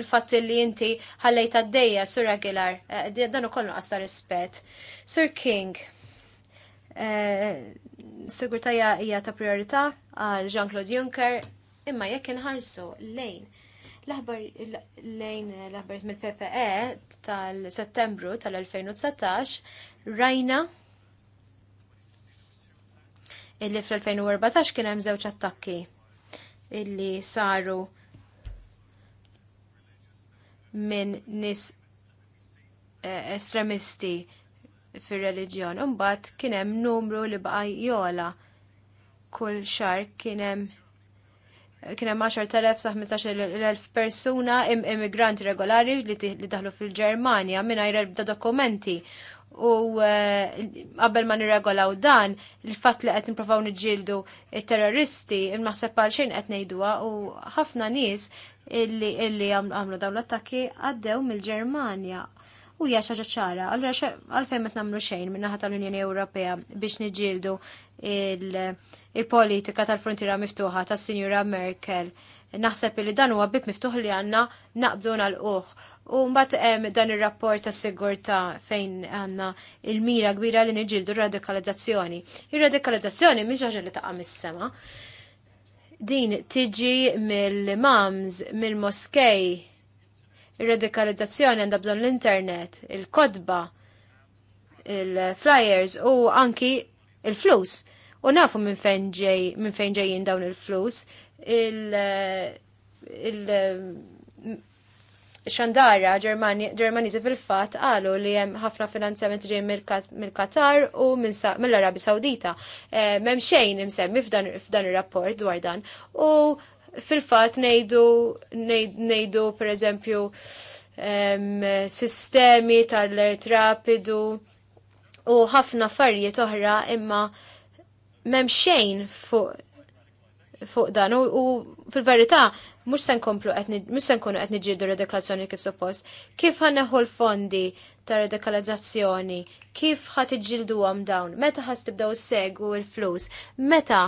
il-fatt li inti ħallejt għaddejja, Sur Aguilar, eh, dan ukoll nuqqas ta' rispett. Sur King, eh, tajja hija ta' priorità għal Jean-Claude Juncker, imma jekk inħarsu lejn l-aħbar lejn l-aħbar mill-PPE tal-Settembru tal-2019 rajna illi fl-2014 kien hemm żewġ attakki illi saru minn nis eh, estremisti fir-reliġjon. Imbagħad kien hemm numru li baqa' jola kull xar kienem kienem 10.000 sa 15.000 persuna immigranti regolari li daħlu fil ġermanja minna ebda dokumenti u eh, qabel ma nirregolaw dan il-fatt li qed nipprovaw niġġieldu it-terroristi imnaħseb għal xejn qed ngħidua u ħafna nies illi għamlu dawn l-attakki għaddew mill-Ġermanja u hija xaġa ċara. Allura għalfejn qed nagħmlu xejn minn naħa tal-Unjoni Ewropea biex niġġieldu il-politika il politika tal frontiera miftuħa tas-Sinjura Merkel. Naħseb li dan huwa bib miftuħ li għandna naqbdu nagħlquh. U mbagħad dan ir-rapport tas-sigurtà fejn għandna il-mira kbira li niġġieldu r-radikalizzazzjoni. Ir-radikalizzazzjoni mhix ħaġa li taqa' mis-sema. Din tiġi mill-mams, mill-moskej, Ir-radikalizzazzjoni għandha bżonn l-internet, il-kodba, il-flyers u anki il-flus. U nafu minn fejn ġej, minn fejn ġejjin dawn il-flus, il-xandara Ġermaniżi fil-fat għalu li hemm ħafna finanzjament ġej mill-Katar u mill-Arabi Sawdita. Eh, m'hemm xejn imsemmi f'dan ir-rapport dwar dan. U fil-fat nejdu, nejdu per eżempju sistemi tal-alert rapidu u ħafna affarijiet oħra imma m'hemm xejn fuq fuq dan u, u fil-verità mhux se nkomplu qed mhux se nkunu qed niġġieldu kif suppost. Kif għanna l-fondi ta' redeklazzjoni kif ħat iġildu għam dawn, meta ħas tibdaw s-segu l-flus, meta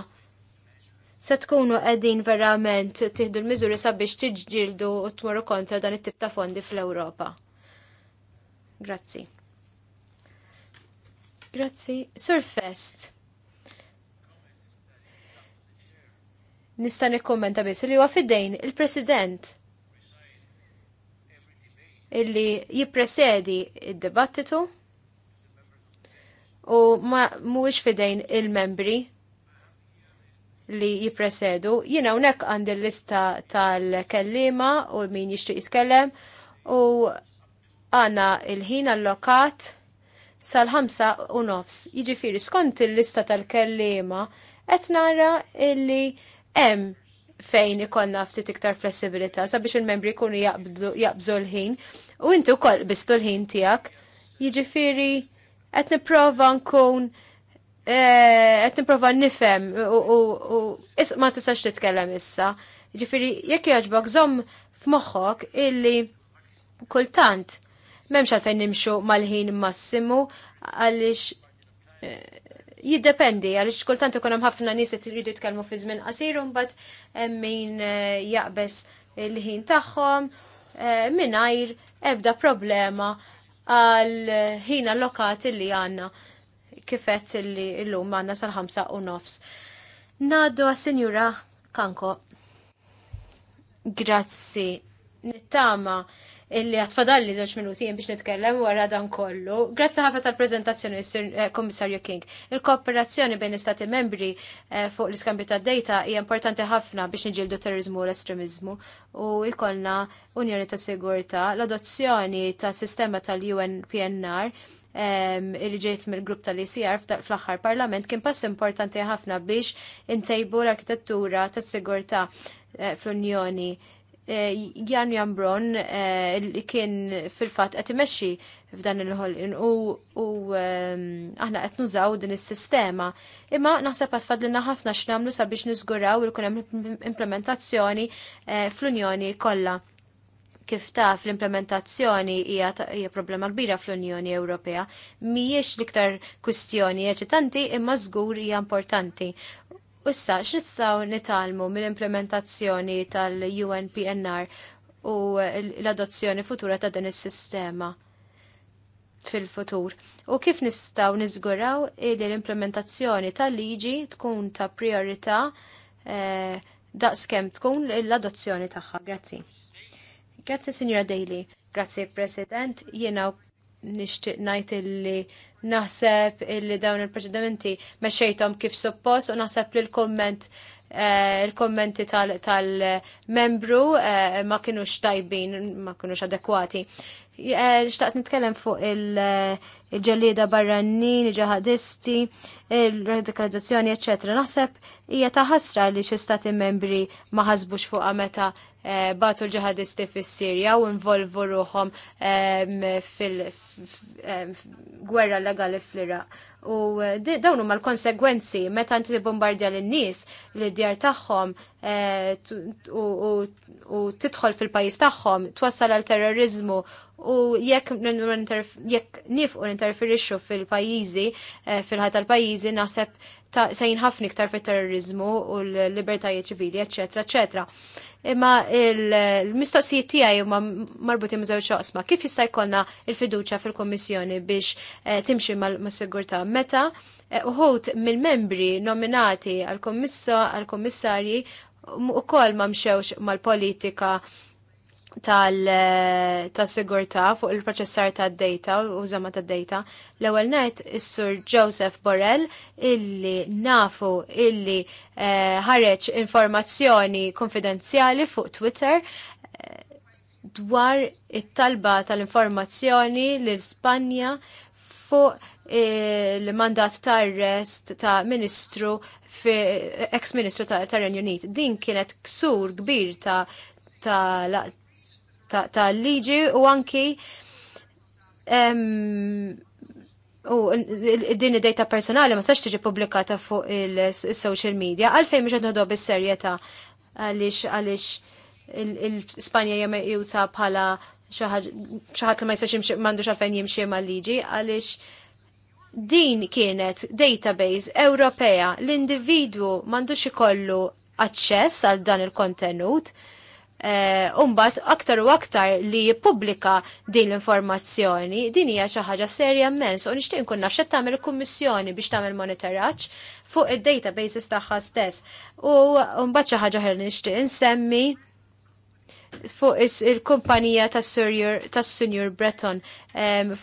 se tkunu qegħdin verament tieħdu l-miżuri sabiex tiġġildu u tmorru kontra dan it-tip ta' fondi fl-Ewropa. Grazzi. Grazzi. Surfest. Nista' ikkommenta biss li huwa fidejn il-President illi jippresedi id-dibattitu u ma mhuwiex fidejn il-membri li jipresedu. Jina unek għand il-lista tal-kellima u min jishtri jitkellem u għana il-ħin allokat sal-ħamsa u nofs. Jiġifieri skont il-lista tal-kellima qed nara illi hemm fejn ikollna ftit iktar flessibilità sabiex il-membri jkunu jaqbżu l-ħin u inti wkoll bistu l-ħin tiegħek. Jiġifieri qed nipprova nkun Eh, qed nipprova nifhem u ma tistax titkellem issa. Ġifieri jekk jogħġbok żomm f'moħħok illi kultant m'hemmx għalfejn nimxu mal-ħin massimu għaliex eh, jiddependi għaliex kultant ikun hemm ħafna nies qed iridu jitkellmu fi żmien qasir u mbagħad min eh, jaqbes il-ħin tagħhom mingħajr ebda problema għal ħin allokat li għandna kifet li illum għanna sal-ħamsa u nofs. Nadu għas-Sinjura Kanko. Grazzi. Nittama illi għatfadalli zoċ minuti biex nitkellem wara dan kollu. Grazzi ħafna tal-prezentazzjoni, eh, Komissarju King. Il-kooperazzjoni bejn l-Istati membri eh, fuq l-iskambju ta' data hija importanti ħafna biex niġildu terrorizmu u l-estremizmu u jkollna Unjoni ta' Sigurta, l-adozzjoni ta' sistema tal unpnr li ġejt mill-grupp tal-ICR fl-aħħar parlament kien pass importanti ħafna biex intejbu l-arkitettura tas-sigurtà eh, fl-Unjoni. Eh, Jan Jambron eh, li kien fil-fat qed imexxi f'dan il-ħolqin u aħna qed nużaw din is-sistema. Imma naħseb għad fadlina ħafna x'namlu sabiex niżguraw il kun hemm implementazzjoni fl-Unjoni kollha. Kif taf l-implementazzjoni hija problema kbira fl-Unjoni Ewropea, mhijiex l-iktar kwistjoni eċitanti imma żgur hija importanti. Issa x'nistgħu nitalmu mill-implementazzjoni tal-UNPNR u l-adozzjoni futura ta' din is-sistema fil-futur. U kif nistgħu niżguraw li l-implementazzjoni tal-liġi tkun ta' priorità eh, daqskem tkun l-adozzjoni tagħha. Grazzi. Grazzi, Signora Daly. Grazzi, President. Jiena nixtieq ngħid illi naħseb illi dawn il-proċedimenti meċċejtom kif suppost u naħseb li l-komment eh, il-kommenti tal-membru eh, ma kienux tajbin, ma kienux adekwati. Eh, xtaqt nitkellem fuq eh, il-ġellida barranin, il-ġahadisti, il-radikalizzazzjoni, ecc. Naħseb hija taħasra li xi stati membri ma ħasbux fuqha meta eh, batu l ġahadisti fis-Sirja u involvu ruhom ehm, fil-gwerra ehm, legali fl-Iraq. U dawn huma l-konsegwenzi meta inti bombardja lin-nies li djar tagħhom u tidħol fil-pajjiż tagħhom twassal għal terrorizmu u jekk jekk nifqu ninterferixxu fil-pajjiżi eh, fil-ħat tal-pajjiżi naħseb se jinħafni iktar fit-terrorizmu u l-libertajiet ċivili, eċetera, eċetera. Imma l-mistoqsijiet tiegħi huma marbuti ma' żewġ oqsma. Kif jista' jkollna l-fiduċja fil-Kummissjoni biex eh, timxi mas-sigurtà? Meta eh, uħut mill-membri nominati għal-kommissarji u kol ma mxewx mal-politika tal-sigurta eh, ta fuq il-proċessar ta' data u zama ta' data. L-ewwel net is-Sur Joseph Borrell illi nafu illi eh, ħareġ informazzjoni konfidenzjali fuq Twitter eh, dwar it-talba tal-informazzjoni l Spanja fuq il-mandat ta' arrest ta' ministru ex-ministru ta' Renju Unit. Din kienet ksur kbir ta' tal-liġi u anki u din id-data personali ma sax tiġi publikata fuq il-social media. Għalfejn miex qed bis-serjeta serjetà għaliex għaliex il-Spanja hija meqjusa bħala xi ħadd li ma jisaxim mandu xaħfen jimxie mal-liġi għaliex din kienet database Ewropea l-individwu m'għandux ikollu aċċess għal dan il-kontenut Eh, umbat aktar u aktar li jippubblika din l-informazzjoni, din hija xi ħaġa serja immens u nixtieq inkun naf x'qed tagħmel kummissjoni biex tagħmel monitoraġġ fuq id-databases tagħha stess. U mbagħad xi ħaġa oħra nixtieq insemmi fuq il-kumpanija tas-Sunjur Breton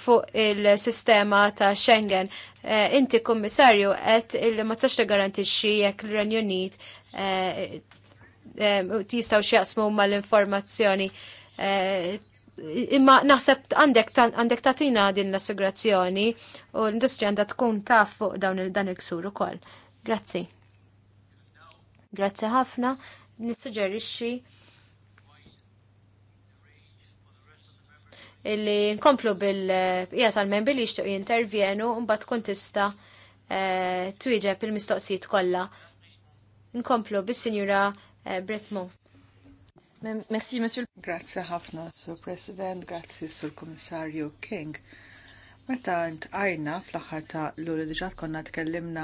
fuq il-sistema ta' Schengen. Eh, inti kummissarju qed il ma tistax tigarantixxi jekk l-Renju Unit eh, tistaw xieqsmu ma l-informazzjoni. Eh, imma naħseb għandek tatina din l-assigurazzjoni u l-industrija għandha tkun taf fuq dawn dan il-ksur ukoll. Grazzi. Grazzi ħafna. Nissuġġerixxi illi nkomplu bil-bqija eh, tal-membri li jixtieq jintervjenu mbagħad tkun tista' eh, twieġeb il-mistoqsijiet kollha.
Nkomplu bis-Sinjura Eh, Bretmo. Merci, Monsieur. Grazie ħafna, Sur President, grazie Sur Commissario King. Meta ntqajna fl-aħħar ta' l-uri diġà konna tkellimna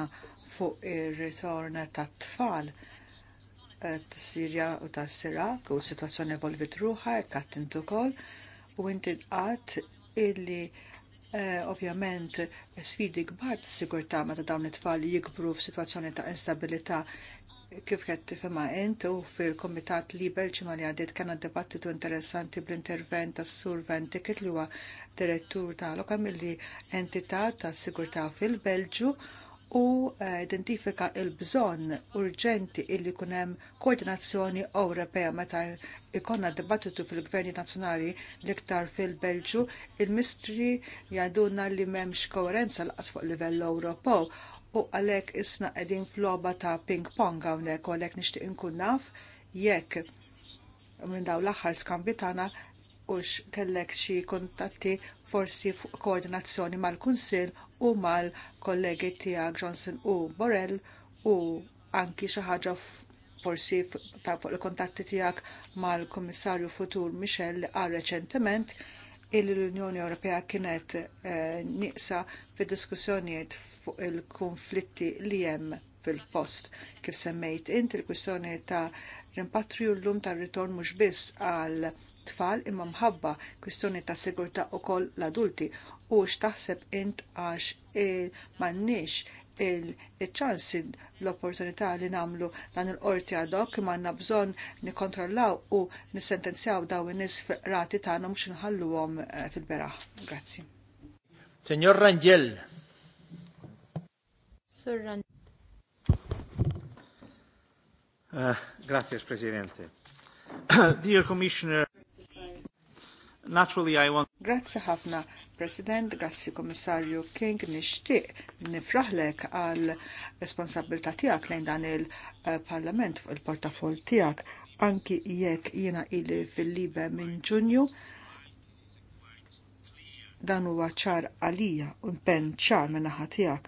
fuq ir-ritorn ta' tfal eh, ta' Sirja u ta' Sirak u situazzjoni evolvit ruħa, kattin ukoll u inti għat illi eh, ovvjament sfidi kbar ta' sigurtà meta dawn it-tfal jikbru f'sitwazzjoni ta' instabilità kif qed tifema' int u fil-Kumitat Libel ġimgħa li għaddiet kena dibattitu interessanti bl-intervent tas-Sur Van li huwa direttur ta' lokam li entità tas sigurtà fil-Belġu u eh, identifika il-bżonn urġenti illi jkun hemm koordinazzjoni Ewropea meta ikonna dibattitu fil-gverni nazzjonali l-iktar fil-Belġu, il-mistri jgħaduna li m'hemmx koerenza laqas fuq livell Ewropew u għalhekk isna qegħdin f'logħba ta' ping pong hawnhekk u għalek nixtieq inkun naf jekk minn dawn l-aħħar skambi tagħna u kellek xi kuntatti forsi fuq koordinazzjoni mal-Kunsill u mal-kollegi tiegħek Johnson u Borrell u anki xi ħaġa forsi ta' fuq il-kontatti tiegħek mal-Kummissarju Futur Michel li qal reċentement illi l-Unjoni Ewropea kienet eh, nieqsa fid diskussjonijiet fuq il-konflitti li hemm fil-post. Kif semmejt int il-kwistjoni ta' rimpatriju l-lum ta' ritorn mhux biss għal tfal imma mħabba kwistjoni ta' sigurtà wkoll l-adulti u x'taħseb int għax m'għandniex il-ċansi l-opportunità li namlu dan il-qorti għadok imma għanna bżonn nikkontrollaw u nissentenzjaw daw in-nies rati tagħna mhux nħalluhom eh, fil-beraħ. Grazzi.
Senjor Rangel,
Surran. Uh, eh, grazie, Presidente. [coughs] Dear Commissioner, naturally I want... Grazie ħafna, President, grazie Komissarju King, nishtiq nifraħlek għal responsabilta tijak lejn dan il-Parlament fuq il-portafol tijak, anki jekk jena ili fil-libe minn ġunju, dan huwa ċar għalija u pen ċar minn naħa tiegħek.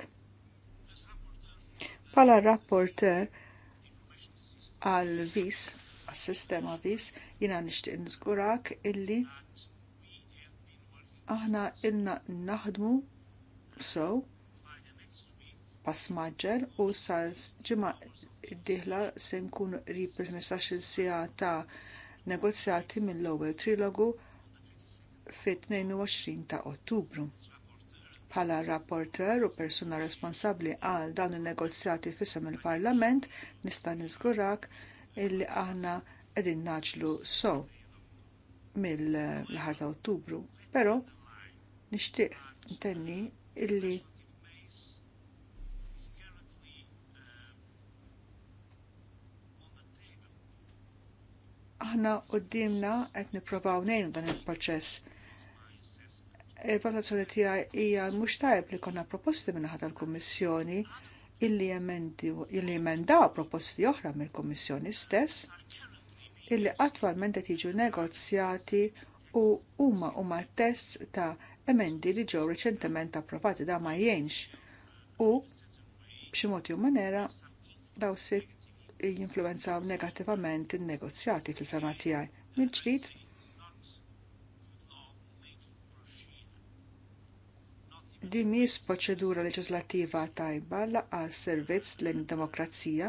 Pala rapporter għal vis, għal sistema vis, jina nishtiq nizgurak illi aħna inna naħdmu sow pass u sal ġimma diħla se nkun rib il-15 sija ta' negozjati mill-ewwel trilogu fit-22 ta' Ottubru. Bħala rapporter u persuna responsabbli għal dawn in-negozjati fisem il-Parlament nista' niżgurak illi aħna qegħdin naġlu so mill-ħar ta' Ottubru. Però nixtieq intenni illi aħna qoddimna qed nipprovaw ngħinu dan il-proċess il-valutazzjoni tiegħi hija mhux tajb li konna proposti minn ħadd tal-Kummissjoni illi illi emendaw proposti oħra mill-Kummissjoni stess illi attwalment qed jiġu negozjati u huma huma test ta' emendi li ġew riċentement approvati da ma jgħinx u b'xi mod jew manera daw se jinfluwenzaw negattivament in-negozjati fil-fema tiegħi. Mill-ġdid Din proċedura leġislattiva tajba laqas servizz lejn id-demokrazija.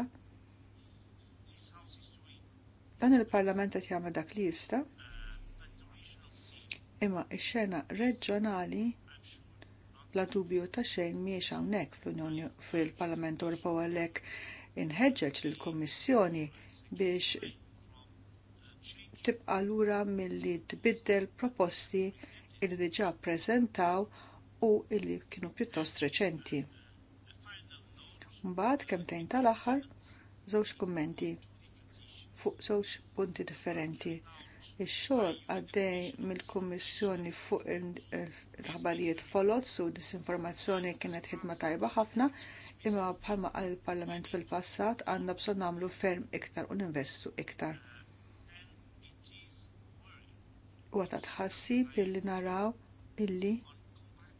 Dan il-Parlament qed jagħmel dak li jista' imma x-xena reġjonali bla dubju ta' xejn miex hawnhekk fl-Unjoni fil-Parlament Ewropew għalhekk inħeġġeġ lill-Kummissjoni biex tibqa' lura milli tbiddel proposti li diġà ppreżentaw u illi kienu pjuttost reċenti. Mbagħad kemtejn tal-aħħar żewġ kummenti fuq żewġ punti differenti. Ix-xogħol għaddej mill-Kummissjoni fuq il-ħabarijiet folot u disinformazzjoni kienet ħidma tajba ħafna imma bħalma qal il-Parlament fil-passat għandna bżonn nagħmlu ferm iktar u ninvestu iktar. U għata tħassib illi naraw illi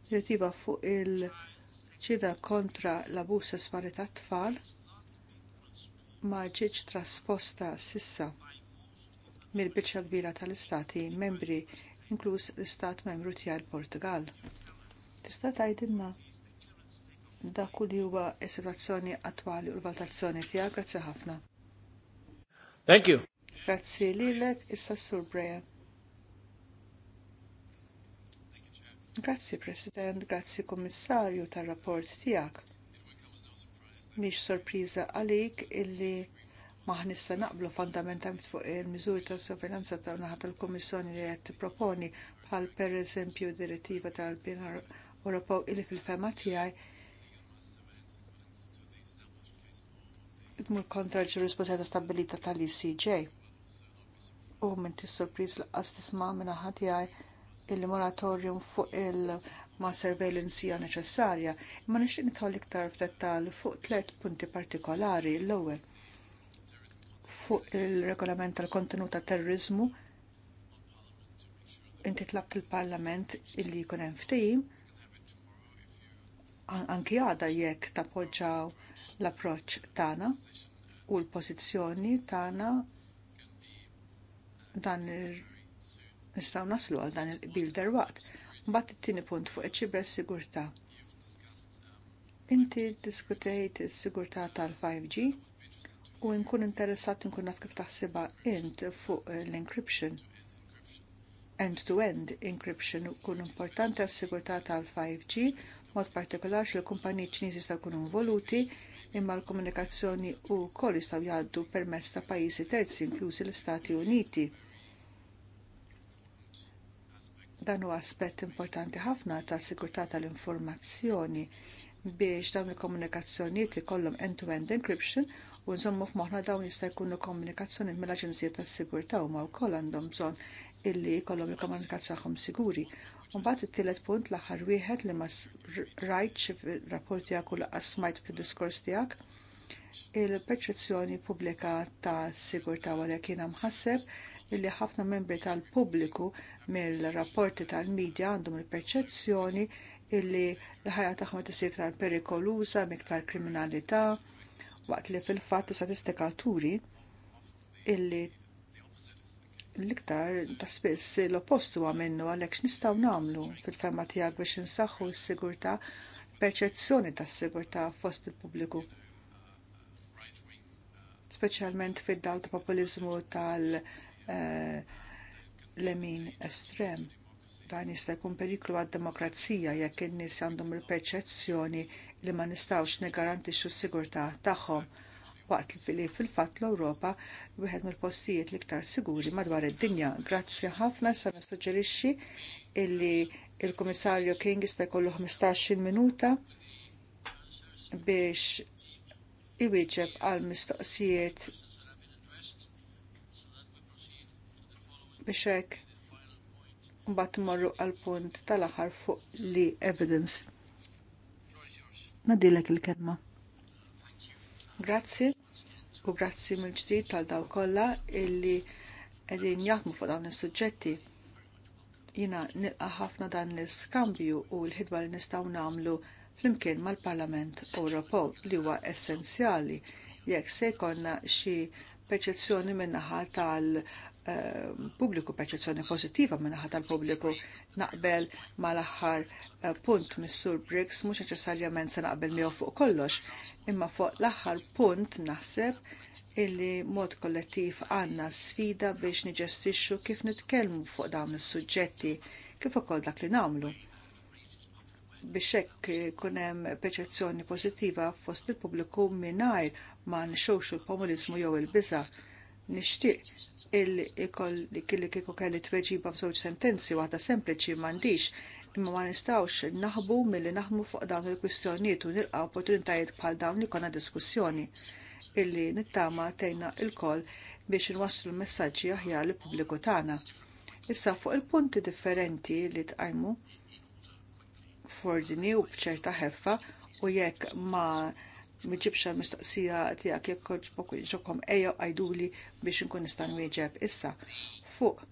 direttiva fuq il-ċida kontra l-abus sessuali ta' tfal ma ġietx trasposta sissa mill-biċċa kbira tal-istati membri, inkluż l-istat membru tijar Portugal. Tista' tgħidilna dak li huwa s-sitwazzjoni attwali u l-valutazzjoni tiegħek grazzi ħafna. Thank you. Grazzi lilek issa Sur Brea. Grazzi President, grazzi Kommissarju tar-rapport tiegħek. Mhix sorpriża għalik illi maħnissa naqblu fondamentament fuq il-miżuri ta' sorveljanza ta' naħat tal-Kommissjoni li qed tipproponi bħal pereżempju direttiva tal-Binar Ewropew illi fil-fema tiegħi idmur kontra l-ġurisprudenza ta' stabilita tal-ECJ. U minn t-sorpriz l laqqas tisma' minn aħħa tiegħi il-moratorium fuq il- ma' surveillance hija neċessarja, imma nixtieq nidħol iktar f'dettall fuq tliet punti partikolari l-ewwel. Fuq il-regolament tal-kontenut ta' terrorizmu inti tlab il-Parlament illi jkun hemm ftehim anki għada jekk tappoġġaw l-approċċ tagħna u l-pożizzjoni tagħna dan ir nistgħu naslu għal dan il-qbil derwaqt. Mbagħad it-tieni punt fuq iċ s sigurtà. Inti diskutejt is-sigurtà tal-5G u nkun interessat nkun naf kif taħsiba int fuq l-encryption. End-to-end encryption kun importanti għas-sigurtà tal-5G mod partikolarx l kumpaniji ċiniżi jistgħu jkunu involuti imma l-komunikazzjoni u kol jistgħu jgħaddu permezz ta' pajjiżi terzi inklużi l-Istati Uniti. Dan huwa aspett importanti ħafna ta' sigurtà tal-informazzjoni biex dawn il-komunikazzjonijiet li kollum end-to-end encryption u nżommu f'moħħna dawn jista' jkunu komunikazzjoni mill-Aġenzija tas-Sigurtà huma wkoll għandhom bżonn illi jkollhom il-komunikazzjoni siguri. Mbagħad it-tielet punt l-aħħar wieħed li ma rajtx fir-rapport tiegħek u smajt fid-diskors tiegħek il-perċezzjoni pubblika ta' sigurtà għalhekk jiena mħasseb illi ħafna membri tal-pubbliku mill-rapporti tal-medja għandhom il-perċezzjoni illi l-ħajja tagħhom tisir iktar perikoluża, miktar kriminalità, waqt li fil-fatt statistika turi illi l-iktar ta' spiss l-oppostu għamennu għalhekk x'nistgħu nagħmlu fil-fema tiegħek biex insaħħu s-sigurtà perċezzjoni tas-sigurtà fost il-pubbliku. Speċjalment fid-dawl ta' populiżmu tal- Eh, l-emin estrem dan jista' jkun periklu għad-demokrazija jekk in-nies għandhom il-perċezzjoni li ma nistgħux negarantixxu s-sigurtà tagħhom waqt li fil-fatt l-Ewropa wieħed mill-postijiet l-iktar siguri madwar id-dinja. Grazzi ħafna sa nissuġġerixxi illi il-Kummissarju King jista' jkollu 15-il minuta biex iwieġeb għal mistoqsijiet biex hekk mbagħad tmorru għal punt tal-aħħar fuq li evidence. Nadilek il-kelma. Grazzi u grazzi mill-ġdid tal daw kollha illi qegħdin jaħdmu fuq dawn is-suġġetti. Jina nilqa' ħafna dan l-iskambju u l ħidwa li nistgħu nagħmlu flimkien mal-Parlament Ewropew li huwa essenzjali jekk se jkollna xi perċezzjoni min-naħa tal Eh, pubbliku perċezzjoni pozittiva minn naħa tal-pubbliku naqbel ma l-aħħar eh, punt mis-sur Briggs mhux neċessarjament se naqbel miegħu fuq kollox, imma fuq l-aħħar punt naħseb illi mod kollettiv għandna sfida biex niġestixxu kif nitkellmu fuq dawn is-suġġetti kif ukoll dak li nagħmlu biex hekk ikun hemm perċezzjoni pożittiva fost il-pubbliku mingħajr ma nxewx il-populiżmu jew il-biża' nixtieq illi ikolli kelli kieku kelli tweġiba f'żewġ sentenzi waħda sempliċi m'għandix imma ma nistawx naħbu milli naħmu fuq dawn il-kwistjonijiet u nilqa' opportunitajiet bħal dawn li konna diskussjoni illi nittama tejna il-koll biex nwasslu l-messagġi aħjar li pubbliku tagħna. Issa fuq il-punti differenti li tqajmu f'ordini u bċerta ħeffa u jekk ma miġibx għal-mistaqsija tijak jek koġbok ġokom ejo għajduli biex nkun nistan weġeb Issa, fuq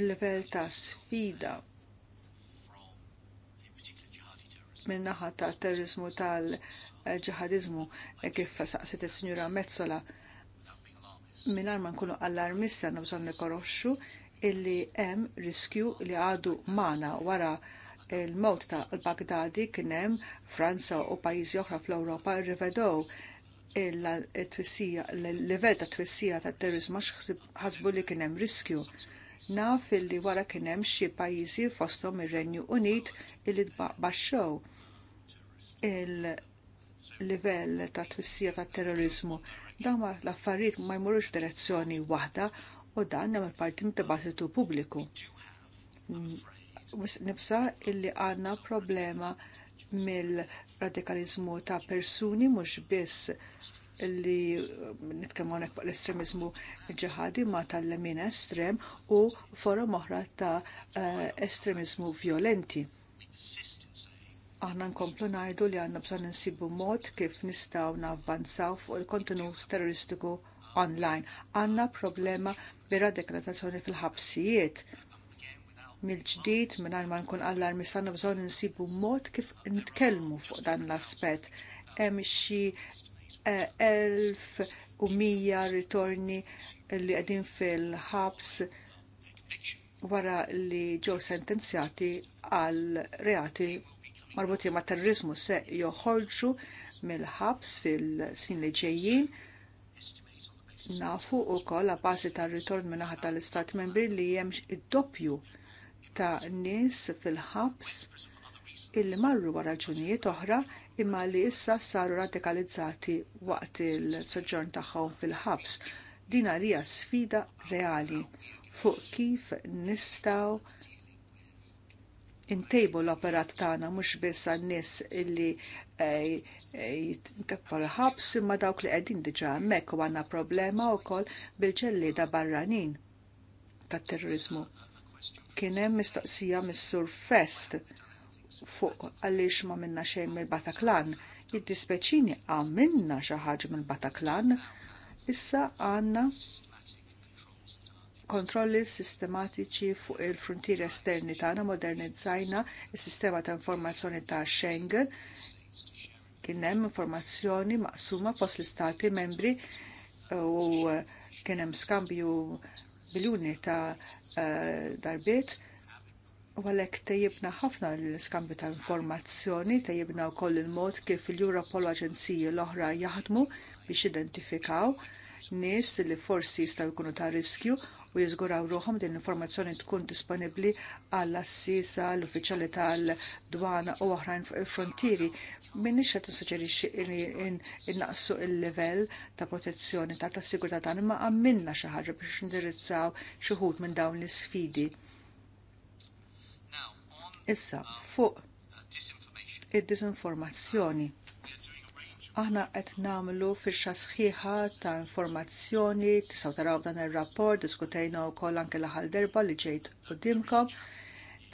il-level ta' sfida minnaħa ta' terrorizmu tal-ġihadizmu e kif saqsit il-Sinjura Mezzola minnar ma nkunu allarmista għanna bżon nikoroxxu illi hemm riskju li għadu mana wara il-mod ta' l-Bagdadi kien hemm Franza u pajjiżi oħra fl-Ewropa rivedow il level ta' twissija ta' terrorizmu ħasbu li kien hemm riskju. Naf li wara kien hemm xi pajjiżi fosthom ir-Renju Unit li baxxow il-livell ta' twissija ta' terrorizmu. Dawn l-affarijiet ma jmurux direzzjoni waħda u dan hemm il-partim ta' dibattitu pubbliku nibsa illi għandna problema mill-radikalizmu ta' persuni mhux biss li nitkemmonek hawnhekk fuq l-estremizmu ġihadi ma tal-lemin estrem u forum oħra ta' estremiżmu eh, estremizmu violenti. Aħna nkomplu ngħidu li għandna bżonn insibu mod kif nistgħu navvanzaw fuq il-kontenut terroristiku online. Għandna problema bi radikalizzazzjoni fil-ħabsijiet mill-ġdid mingħajr ma nkun allar mistanna bżonn insibu mod kif nitkellmu fuq dan l-aspett. Hemm xi eh, elf u mija ritorni li qegħdin fil-ħabs wara li ġew sentenzjati għal reati marbuti ma' terrorizmu se joħorġu mill-ħabs fil-sin li ġejjin. Nafu u koll bazi tar-ritorn minnaħat tal-Istat membri li jemx id-doppju ta' nies fil-ħabs illi marru wara raġunijiet oħra imma li issa saru radikalizzati waqt il-soġġorn tagħhom fil-ħabs. Din għalija sfida reali fuq kif nistgħu intejbu l-operat tagħna mhux biss għan-nies illi eh, jittepa l-ħabs imma dawk li qegħdin diġà hemmhekk u għandna problema wkoll bil-ġellieda barranin tat-terrorizmu Kien hemm mistoqsija mis-sur fest fuq għaliex ma minna xejn mill-Bataklan. Jiddispeċini għamilna xi ħaġa mill-Bataklan, issa għandna kontrolli sistematiċi fuq il-frontieri esterni tagħna modernizzajna is-sistema ta' informazzjoni ta' Schengen. Kien hemm informazzjoni maqsuma fost l-istati membri u kien hemm skambju biljuni ta' Eh, darbiet u għalek tejjibna ħafna l skambi ta' informazzjoni, tajibna u koll il-mod kif l-Europol aġenziji l-oħra jaħdmu biex identifikaw nis li forsi jistaw jkunu ta' riskju u jiżguraw ruħom din l-informazzjoni tkun disponibbli għall-assisa l-uffiċjali tal-dwana u oħrajn fuq il-frontieri t qed nissuġġerixxi innaqsu il-livell ta' protezzjoni ta' ta' sigurtà tagħna ma għamminna xi ħaġa biex indirizzaw xi ħud minn dawn l-isfidi. Issa fuq uh, id-disinformazzjoni. Aħna qed nagħmlu firxa sħiħa ta' informazzjoni, tistgħu taraw dan ir-rapport, diskutejna wkoll anke l aħħar darba li ġejt qudiemkom.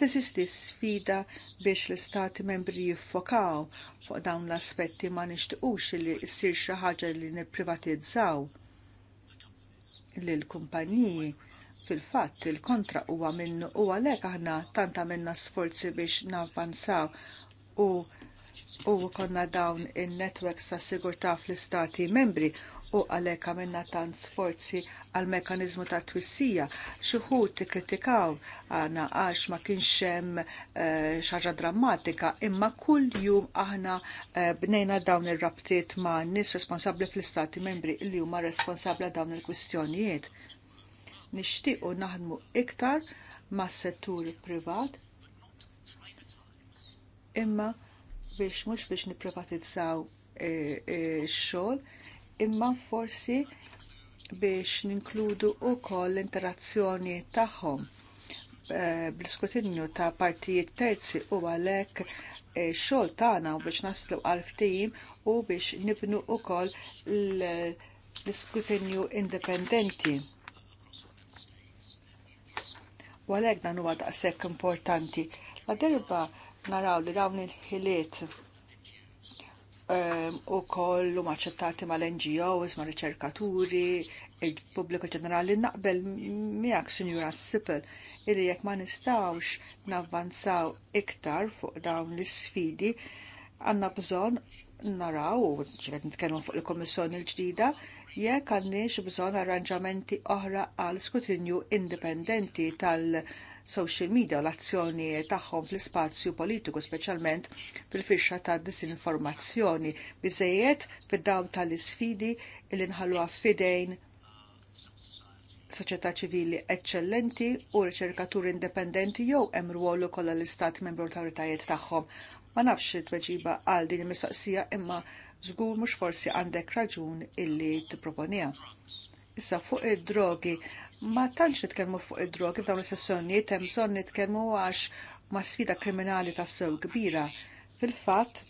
Teżisti sfida biex l-istati membri jiffokaw fuq dawn l-aspetti ma nixtiqux li ssir xi ħaġa li nipprivatizzaw lill kumpaniji fil-fatt il-kontra huwa minnu u għalhekk aħna tant għamilna sforzi biex navvanzaw u u konna dawn in-netwerks ta' sigurtà fl-istati membri u għalhekk għamilna tant sforzi għal mekanizmu ta' twissija. Xi wħud tikkritikaw għana għax ma kienx hemm eh, xi ħaġa drammatika, imma kull jum aħna eh, bnejna dawn ir-rabtiet ma' nies responsabbli fl-istati membri li huma responsabbli dawn il-kwistjonijiet. Nixtiequ naħdmu iktar mas settur privat imma biex mhux biex nipprivatizzaw ix-xogħol, e, e, imma forsi biex ninkludu wkoll l-interazzjoni tagħhom e, bl skutinju ta' partijiet terzi u għalhekk x-xogħol tagħna biex naslu għal ftehim u biex nibnu wkoll l-iskrutinju indipendenti. U għalhekk dan huwa daqshekk importanti. La derba naraw li dawn il-ħiliet ehm, u kollu maċċettati mal-NGOs, ma' riċerkaturi, il-pubbliku ġenerali naqbel miegħek Sinjura Sipel illi jekk ma nistawx navvanzaw iktar fuq dawn l-sfidi għandna bżonn naraw u ġivet nitkellmu fuq il-Kommissjoni l-ġdida jekk għandniex bżonn arranġamenti oħra għal skutinju indipendenti tal- social media u l-azzjoni tagħhom fl-ispazju politiku speċjalment fil fisċa ta' disinformazzjoni biżejjed fid daw tal-isfidi li nħalluha f'idejn soċjetà ċivili eċċellenti u riċerkaturi indipendenti jew hemm rwolu kollha l-istat membru awtoritajiet tagħhom. Ma nafx it-tweġiba għal din il-mistoqsija imma żgur mhux forsi għandek raġun illi tipproponiha. Issa fuq id-drogi, ma tantx nitkellmu fuq id-drogi f'dawn is-sessjonijiet hemm bżonn nitkellmu għax ma' sfida kriminali ta' sew kbira. Fil-fatt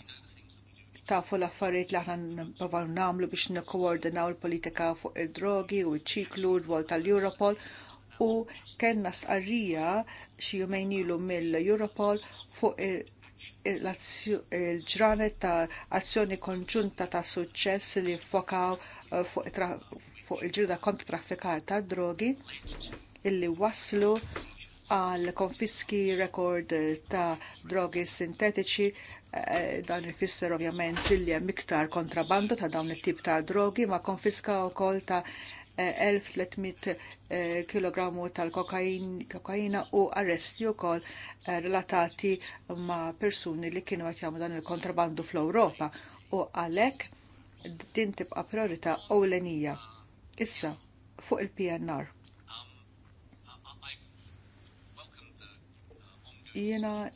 tafu l-affarijiet li aħna nipprovaw nagħmlu biex nikkoordinaw il-politika fuq id-drogi u ċ-ċiklu l-wol tal-Europol u kellna stqarrija xi jumejn ilu mill-Europol fuq il-ġranet ta' azzjoni konġunta ta' suċċess li ffokaw eh, fuq it-traħu fuq il ġruda kont traffikar ta' drogi illi waslu għal konfiski rekord ta' drogi sintetiċi eh, dan ifisser ovvjament illi hemm iktar kontrabandu ta' dawn it-tip ta' drogi ma' konfiska wkoll ta' 1300 kg tal-kokaina u arresti wkoll eh, relatati ma' persuni li kienu qed jagħmlu dan il-kontrabandu fl-Ewropa u għalhekk din tibqa' priorità ewlenija Issa, fuq il-PNR. Jiena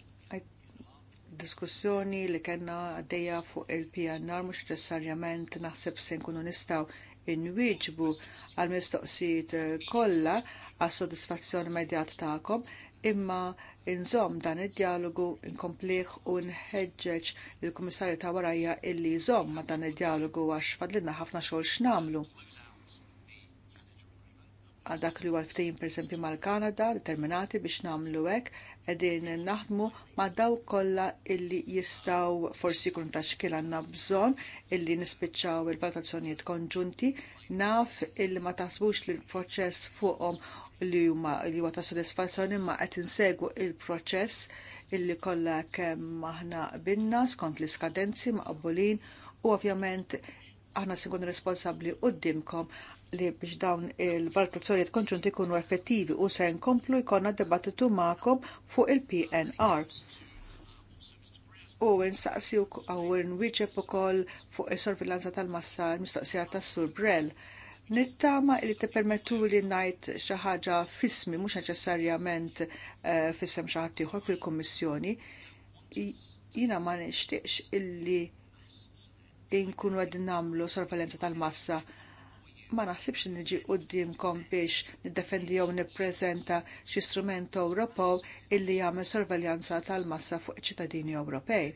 diskussjoni li kena għaddeja fuq il-PNR mux ċessarjament naħseb se nkunu nistaw inwieġbu għal mistoqsijiet kollha għas sodisfazzjoni medjat tagħkom, imma inżomm dan id-dialogu inkompliħ u nħeġġeġ il-Kummissarju ta' warajja illi jżomm ma' dan id-dialogu għax fadlinna ħafna xogħol x'namlu għal dak li huwa per esempio mal-Kanada determinati biex nagħmlu hekk qegħdin naħdmu ma' daw kollha illi jistgħu forsi jkun ta' xkil għandna bżonn illi nispiċċaw il-valutazzjonijiet konġunti naf illi ma taħsbux li l-proċess fuqhom li huma li huwa ta' sodisfazzjoni ma qed insegwu il-proċess illi kollha kemm aħna binna skont l-iskadenzi maqbulin u ovvjament aħna se nkunu responsabbli qudiemkom li biex dawn il-valutazzjonijiet konċunti ikunu effettivi u se nkomplu jkollna dibattitu magħkom fuq il-PNR. U nsaqsi u nwieġeb ukoll fuq is sorvillanza tal-massa l-mistoqsija tas-Sur Brell. Nittama li tippermettu li ngħid xi ħaġa fismi mhux neċessarjament eh, fissem xi ħadd ieħor fil-Kummissjoni. Jiena ma nixtieqx illi inkunu għedin namlu sorvalenza tal-massa ma naħsibx niġi qudiemkom biex niddefendi jew nippreżenta xi strument Ewropew illi jagħmel sorveljanza tal-massa fuq ċittadini Ewropej.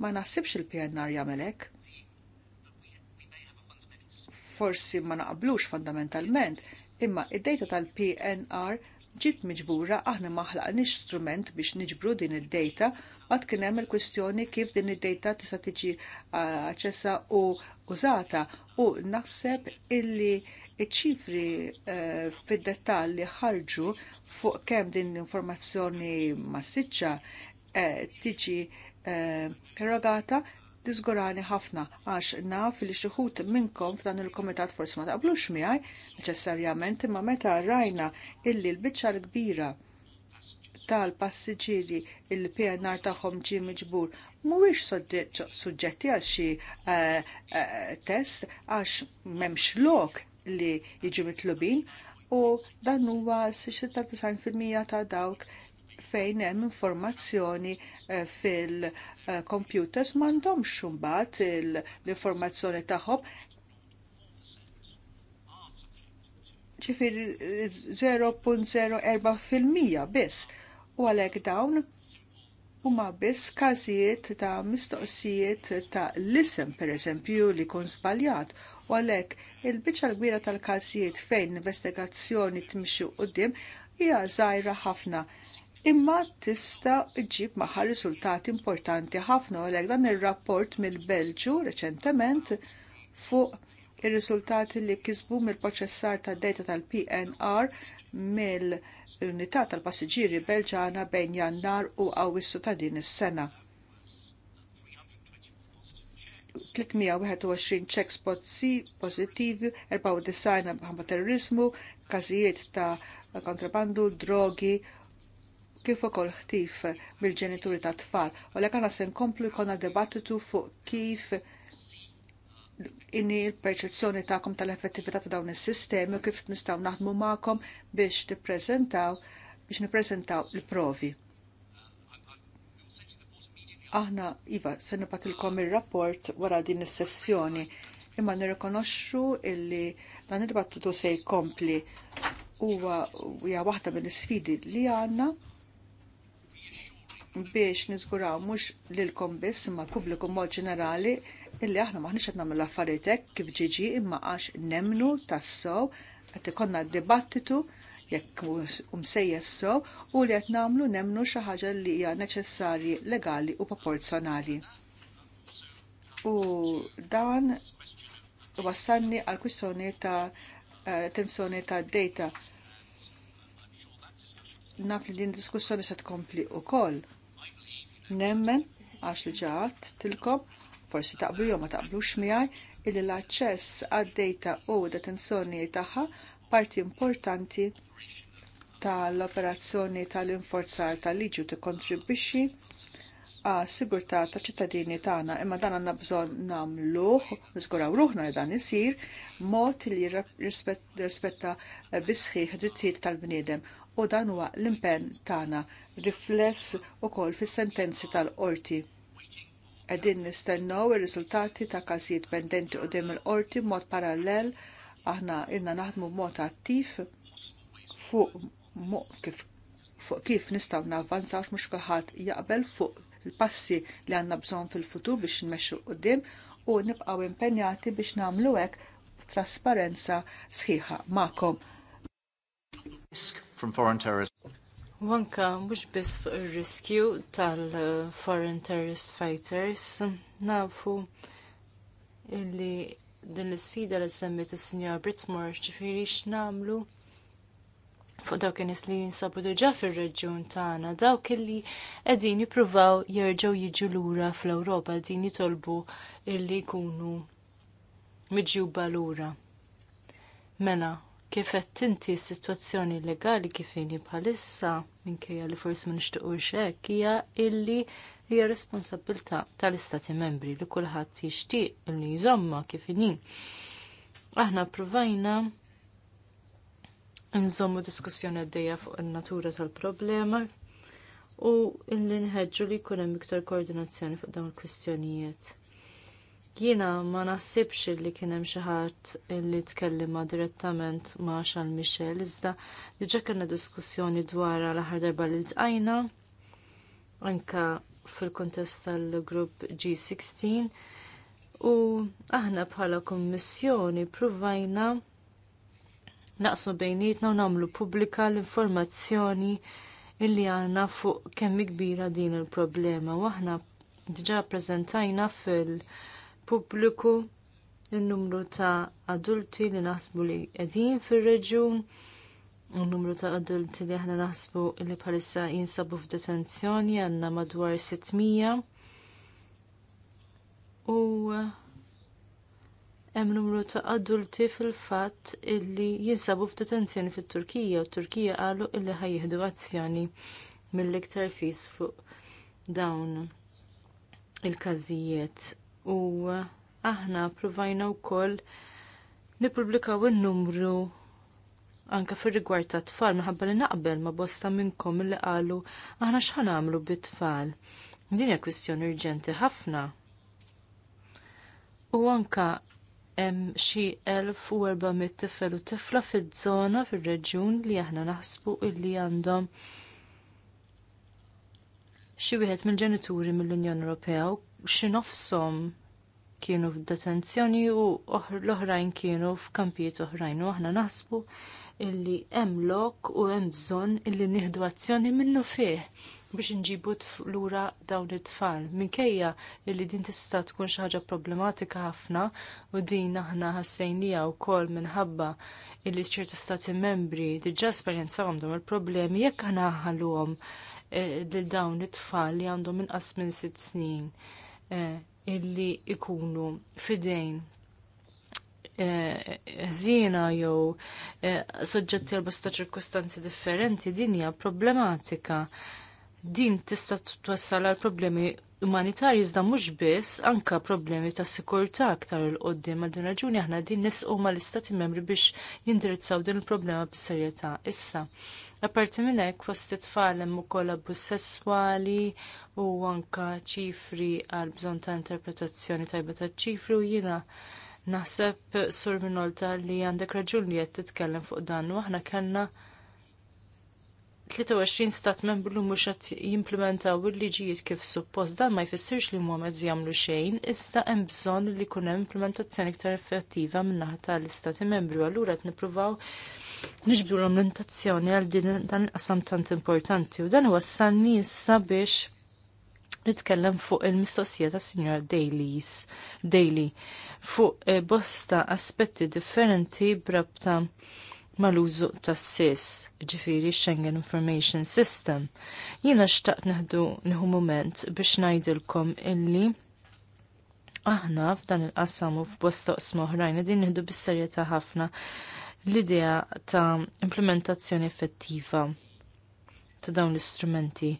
Ma naħsibx il-PNR jagħmel hekk. Forsi ma naqblux fundamentalment, imma id-dejta tal-PNR ġiet miġbura aħna maħlaqniex strument biex niġbru din id-dejta Għad kien hemm il-kwistjoni kif din id dejta tista' tiġi aċċessa u użata u naħseb illi iċ-ċifri e, fid-dettall li ħarġu fuq kemm din l-informazzjoni massiċċa e, tiġi e, erogata uh, diżgurani ħafna għax naf fil xuħut minnkom f'dan il-komitat forsi ma taqblux miegħi neċessarjament imma meta rajna illi l-biċċa l-kbira tal-passiġġieri il-PNR tagħhom ġie miġbur mhuwiex suġġetti għal xi eh, eh, test għax m'hemmx lok li jiġu mitlubin u dan huwa 96% ta' dawk fejn hemm informazzjoni eh, fil-computers m'għandhomx imbagħad l-informazzjoni tagħhom ċifir 0.04% biss u għalhekk dawn huma biss każijiet ta' mistoqsijiet ta' l-isem pereżempju li jkun żbaljat u għalhekk il-biċċa l-kbira tal-każijiet fejn investigazzjoni tmixxu quddiem hija żgħira ħafna imma tista' ġib magħha riżultati importanti ħafna għalhekk dan ir-rapport mill-Belġu reċentement fuq ir-riżultati li kisbu mill-proċessar ta' data tal-PNR mill-unità tal-passiġġieri Belġana bejn Jannar u Awwissu ta' din is-sena. 321 checks pozittivi, 94 bħamba terrorizmu, każijiet ta' kontrabandu, drogi, kif ukoll ħtif mill-ġenituri ta' tfal. U l għana se nkomplu jkollna debattitu fuq kif inni l-perċezzjoni ta'kom tal-effettività ta' dawn is-sistemi u kif nistgħu naħdmu magħkom biex tippreżentaw biex nippreżentaw il-provi. Aħna iva se nibatilkom ir-rapport wara din is-sessjoni imma nirrikonoxxu illi dan id-dibattitu se jkompli huwa hija waħda mill-isfidi li għandna biex niżguraw mhux lilkom biss imma l-pubbliku mod ġenerali illi aħna maħniċ qed nagħmlu l hekk kif ġiġi imma għax nemnu tas-sow qed ikollna dibattitu jekk umsejja s-sow u li qed nagħmlu nemnu xi ħaġa li hija neċessarji legali u proporzjonali. U dan wassanni għal kwistjoni ta' eh, tensjoni ta' data. Naf li din diskussjoni se tkompli u koll. Nemmen, għax li ġaħat tilkom, forsi taqblu jew ma taqblux miegħi illi l-aċċess għad-data u detenzjoni tagħha parti importanti tal-operazzjoni tal-inforzar tal-liġu tikkontribwixxi għas sigurtà ta' ċittadini tagħna imma dan għandna bżonn nagħmluh, niżguraw ruħna li dan isir mod li jirrispetta bisħiħ drittijiet tal-bniedem u dan huwa l-impenn tagħna rifless ukoll fis-sentenzi tal-qorti Għedin nistennaw ir-riżultati ta' każijiet pendenti dim il-qorti mod parallel aħna inna naħdmu mod attiv fuq kif fuq kif nistgħu navvanzaw f'mhux kulħadd jaqbel fuq il-passi li għandna bżonn fil-futur biex nmexxu qudiem u nibqaw impenjati biex nagħmlu hekk trasparenza sħiħa magħkom.
Wanka, anka mhux biss fuq ir-riskju tal-foreign terrorist fighters nafu illi din l-isfida li semmet is-Sinjor Britmore ċifiri x'namlu fuq dawk in li jinsabu diġà fir-reġjun tagħna, dawk illi qegħdin jippruvaw jerġgħu jiġu lura fl-Ewropa din jitolbu illi jkunu miġjuba lura. Mela, kif qed tinti s-sitwazzjoni legali kif inhi bħalissa, minkejja li forsi ma nixtiequx hekk hija illi hija responsabilità tal-istati membri li kulħadd jixtieq li jżomma kif inhi. Aħna provajna nżommu diskussjoni għaddejja fuq in-natura tal-problema u illi nħeġġu li jkun hemm iktar koordinazzjoni fuq dawn il-kwistjonijiet. Jiena ma naħsibx li kien hemm xi ħadd li tkellima direttament ma' Charles Michel, iżda diġà kellna diskussjoni dwar l-aħħar darba li tqajna anka fil-kontest tal-grupp G16 u aħna bħala kommissjoni provajna naqsmu bejnietna u nagħmlu pubblika l-informazzjoni illi għandna fuq kemm kbira din il-problema. U aħna diġà ppreżentajna fil- pubbliku il-numru ta' adulti li naħsbu li qegħdin fir-reġjun, il-numru ta' adulti li aħna naħsbu li bħalissa jinsabu f'detenzjoni għandna madwar 600 u hemm numru ta' adulti fil-fatt illi jinsabu f'detenzjoni fit-Turkija u Turkija qalu illi ħajjieħdu azzjoni mill-iktar fis fuq dawn il-każijiet u aħna provajna wkoll nipublikaw in-numru anka fir rigward ta' tfal minħabba li naqbel ma' bosta minnkom li qalu aħna x'ħan għamlu bit-tfal. Din hija kwistjoni urġenti ħafna. U anka hemm xi 1400 tifel u tifla fiż-żona fir-reġjun li aħna naħsbu illi għandhom xi wieħed mill-ġenituri mill-Unjoni Ewropea u nofshom kienu f'detenzjoni u l-oħrajn kienu f'kampijiet oħrajn u aħna naħsbu illi hemm lok u hemm bżonn illi nieħdu azzjoni minnu fih biex nġibu lura dawn it-tfal. Minkejja illi din tista' tkun xi ħaġa problematika ħafna u din aħna ħassejnija wkoll minħabba illi ċertu stati membri diġà esperjenzawhom dawn il-problemi jekk aħna ħalluhom Eh, lil dawn it-tfal li għandhom inqas minn sitt snin eh, illi ikunu fidejn eh, ħżiena jew soġġetti għal bosta ċirkustanzi differenti din hija problematika. Din tista' twassal għal problemi umanitarji iżda mhux biss anka problemi ta' sikurtà aktar il qoddim għal din raġuni aħna din nisqu mal istati membri biex jindirizzaw din il-problema b'serjetà issa. Apparti minn hekk fost it-tfal hemm ukoll abbuż sesswali u anka ċifri għal bżonn ta' interpretazzjoni tajba taċ-ċifri u jiena naħseb sur minolta li għandek raġun li qed titkellem fuq dan u aħna kellna 23 stat membru li mhux qed jimplementaw il-liġijiet kif suppost dan ma jfissirx li huma qed jagħmlu xejn, issa hemm bżonn li jkun hemm implementazzjoni iktar effettiva min-naħa tal-istati membru. Allura qed nippruvaw nixbdu l-omentazzjoni għal din dan qasam tant importanti u dan wassalni issa biex nitkellem fuq il-mistoqsija ta' Signora Dailies, Daily, fuq eh, bosta aspetti differenti brabta mal-użu ta' SIS, ġifiri Schengen Information System. Jina xtaqt neħdu nħu moment biex najdilkom illi aħna f'dan il-qasam u f'bosta oqsma oħrajn din neħdu bis-serjetà ħafna l-idea ta' implementazzjoni effettiva ta' dawn l-istrumenti.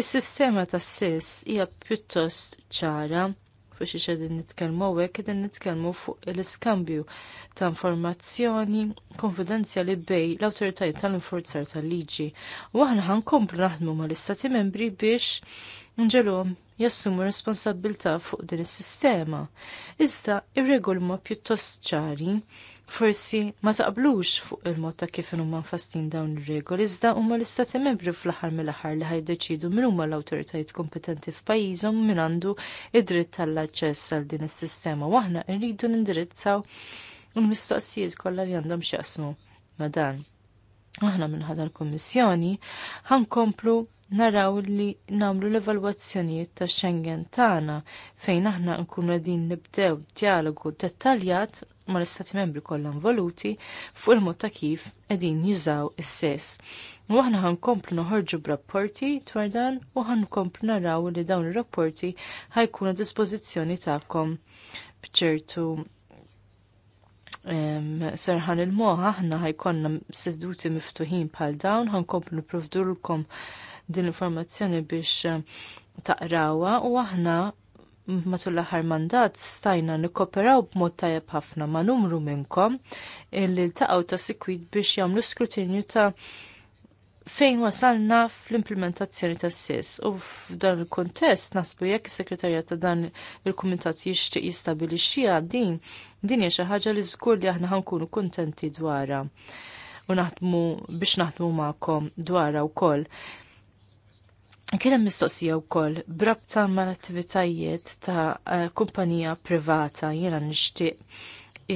Is-sistema ta' SIS hija pjuttost ċara fuq xi qegħdin nitkellmu hekk qegħdin nitkellmu fuq l-iskambju ta' informazzjoni konfidenzjali bej l-awtoritajiet tal-infurzar tal-liġi. U aħna ħankomplu naħdmu mal-Istati Membri biex nġelhom jassumu responsabilità fuq din is-sistema. Iżda ir-regoli ma pjuttost ċari forsi ma taqblux fuq il-mod ta' kif huma nfastin dawn ir-regoli, iżda huma l-istati membri fl-aħħar mill-aħħar li ħajdeċidu min huma l-awtoritajiet kompetenti f'pajjiżhom min għandu id-dritt tal-aċċess għal din is-sistema u aħna rridu nindirizzaw il-mistoqsijiet kollha li għandhom x'jaqsmu ma' dan. Aħna minħadha l-Kummissjoni ħankomplu naraw li namlu l-evalwazzjonijiet ta' Schengen tagħna fejn aħna nkunu qegħdin nibdew dialogu dettaljat ma l-istati membri kollha involuti fuq il-mod ta' kif qegħdin jużaw is-sess. U aħna ħankomplu noħorġu b'rapporti dwar dan u ħankomplu naraw li dawn ir-rapporti ħajkunu dispożizzjoni tagħkom bċertu Um, serħan il-moħ aħna ħajkonna seduti miftuħin bħal dawn, ħankomplu provdurkom din l-informazzjoni biex taqrawa u aħna matul l-aħħar mandat stajna nikkoperaw b'mod tajjeb ħafna ma' numru minnkom illi ltaqgħu ta' sikwit biex jagħmlu skrutinju ta' fejn wasalna fl-implementazzjoni ta' SIS. U f'dan il-kontest nasbu jekk is-sekretarjat ta' dan il-kumitat jixtieq jistabilixxiha din din hija xi ħaġa li żgur li aħna ħankunu kuntenti dwarha u naħdmu biex naħdmu magħkom dwarha wkoll. Kien hemm mistoqsija wkoll brabta mal-attivitajiet ta' eh, kumpanija privata jiena nixtieq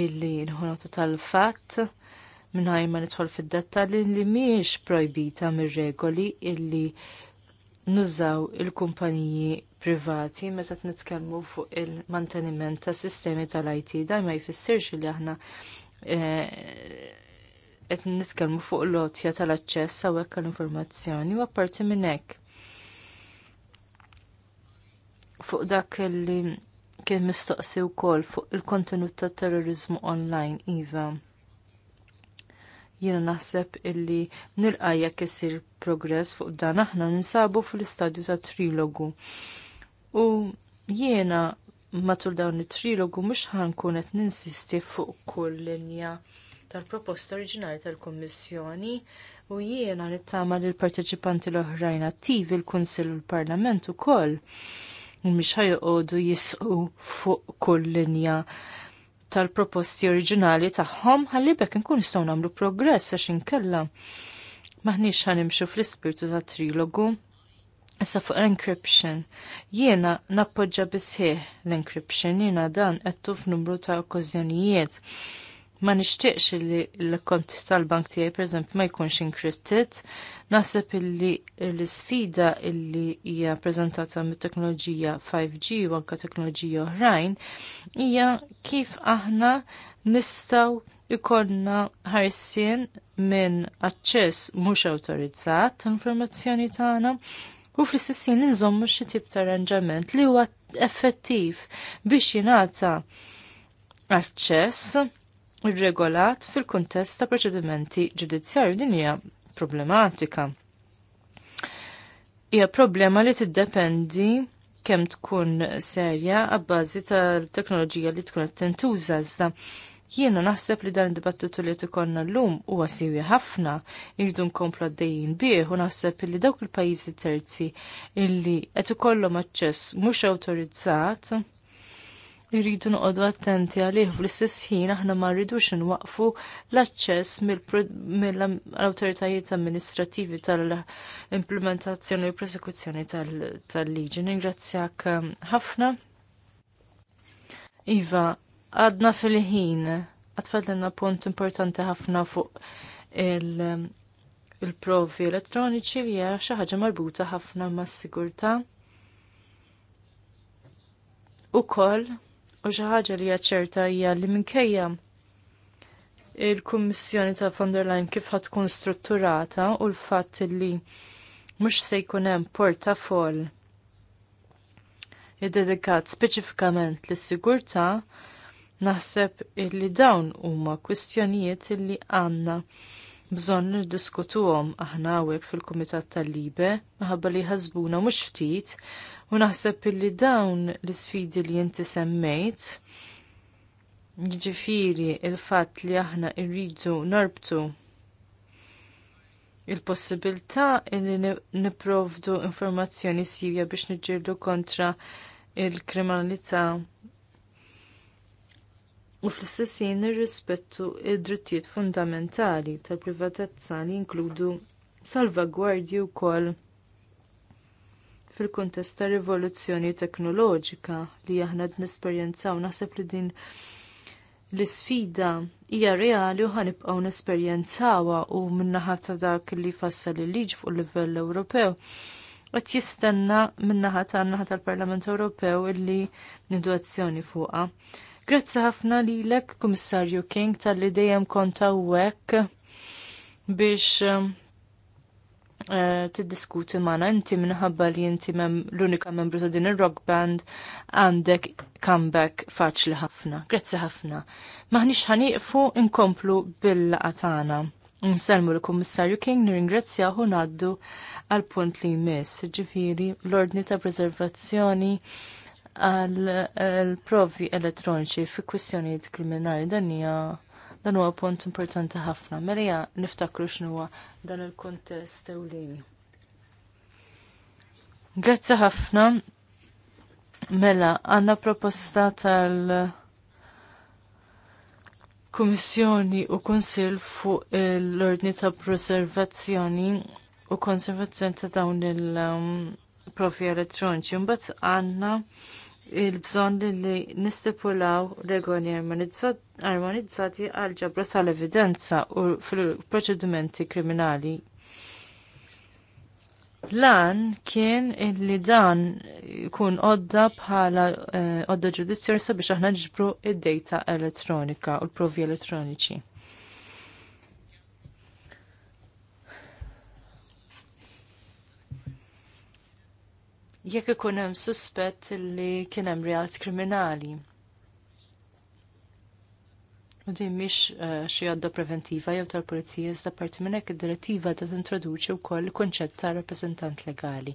illi nħonota tal-fatt minnaj ma nidħol fid-dettalji li mhijiex projbita mir-regoli illi nużaw il-kumpaniji privati meta nitkellmu fuq il-manteniment ta' sistemi tal-IT daj ma jfissirx li aħna eh, qed nitkellmu fuq l-lotja tal-aċċess hawnhekk għall-informazzjoni u apparti minn hekk fuq dak li kien mistoqsi wkoll fuq il-kontenut ta' terrorizmu online, Iva. Jiena naħseb illi nilqajja kessir progress fuq dan aħna ninsabu fl-istadju ta' trilogu. U jiena matul dawn it-trilogu mhux ħan qed ninsisti fuq kull linja tal-proposta oriġinali tal-Kommissjoni u jiena nittama li l-parteċipanti l-oħrajn attivi l-Kunsill u l-Parlament ukoll. koll mhix ħajqogħdu jisqu fuq kull linja tal-proposti oriġinali tagħhom ħalli bekk nkun nistgħu nagħmlu progress għax inkella maħniex ħanimxu fl-ispirtu ta' trilogu. Issa fuq l-encryption, jiena nappoġġa bisħieħ l-encryption, jiena dan qed f'numru ta' okkażjonijiet ma nixtieqx li l-kont tal-bank tiegħi pereżempju ma jkunx inkriptit. Naħseb illi l-sfida illi hija prezentata mit-teknoloġija 5G u anke teknoloġija oħrajn hija kif aħna nistgħu ikonna ħarsien minn aċċess mhux awtorizzat ta' informazzjoni tagħna u fl-istessin nżommu xi tip ta' arranġament li huwa effettiv biex jingħata aċċess irregolat fil-kuntest ta' proċedimenti ġudizzjarju din hija problematika. Hija problema li tiddependi kemm tkun serja għabbażi tal-teknoloġija li tkun qed tintuża iżda jiena naħseb li dan id-dibattitu li tkollna llum huwa siwi ħafna irridu nkomplu għaddejjin bih u naħseb li dawk il-pajjiżi terzi illi qed ikollhom aċċess mhux awtorizzat irridu noqogħdu attenti għalih fl-istess ħin aħna ma rridux nwaqfu l-aċċess mill-awtoritajiet amministrativi tal-implementazzjoni u prosekuzzjoni tal-liġi. Ningrazzjak um, ħafna. Iva, għadna fil-ħin għatfadlenna punt importanti ħafna fuq um, il-provi elettroniċi li hija xi ħaġa marbuta ħafna mas-sigurtà. Ukoll U xi ħaġa li jaċċerta ċerta hija li minkejja il-Kummissjoni ta' von der Leyen kif tkun strutturata u l-fatt li mhux se jkun hemm portafoll iddedikat speċifikament lis-sigurtà, naħseb illi dawn huma kwistjonijiet illi għandna bżonn niddiskutuhom aħna hawnhekk fil-Kumitat tal-Libe minħabba li ħasbuna mhux ftit U naħseb illi dawn l-sfidi li inti semmejt, ġifiri il-fat li aħna irridu narbtu il-possibilità li niprovdu informazzjoni sivja biex niġġieldu kontra il-kriminalità u fl-istessin nirrispettu id-drittijiet fundamentali tal-privatezza li jinkludu salvagwardji wkoll fil-kuntest ta' rivoluzzjoni teknoloġika li aħna d-nesperjenzaw naħseb li din l-isfida hija reali u ħanibqgħu nesperjenzawha u minnaħa ta' dak li fassal il-liġ fuq livell Ewropew. Qed jistenna minnaħa tan tal-Parlament Ewropew illi nidu azzjoni fuqha. Grazzi ħafna lilek, Kummissarju King, tal-li dejjem konta hawnhekk biex Eh, tiddiskuti mana inti minħabba li inti l-unika membru ta' din ir-rock band għandek comeback faċli ħafna. Grazzi ħafna. Maħniex fu inkomplu bil-qatana. Nselmu l-Kummissarju King hu naddu għal punt li jmiss, ġifiri l-ordni ta' preservazzjoni għal eh, provi elettroniċi fi kwistjonijiet kriminali dan Dan huwa punt importanti ħafna. Melija niftakru x'nuwa dan il-kuntest ewlieni. Grazzi ħafna. Mela, għanna proposta tal- Kummissjoni u Kunsill fuq l-ordni ta' preservazzjoni u konservazzjoni ta' dawn il-profi elettroniċi. Mbagħad għandna il-bżonn li nistipulaw regoli armonizzat armonizzati għal ġabra tal-evidenza u fil-proċedimenti kriminali. Lan kien li dan kun odda bħala eh, odda ġudizzjorsa biex aħna ġbru id-data elettronika u l-provi elettroniċi. jekk ikun hemm suspett li kien hemm reat kriminali. U din mhix eh, xi għadda preventiva jew tal-pulizija iżda parti minn hekk id-direttiva ta' tintroduċi wkoll kunċett ta' rappreżentant legali.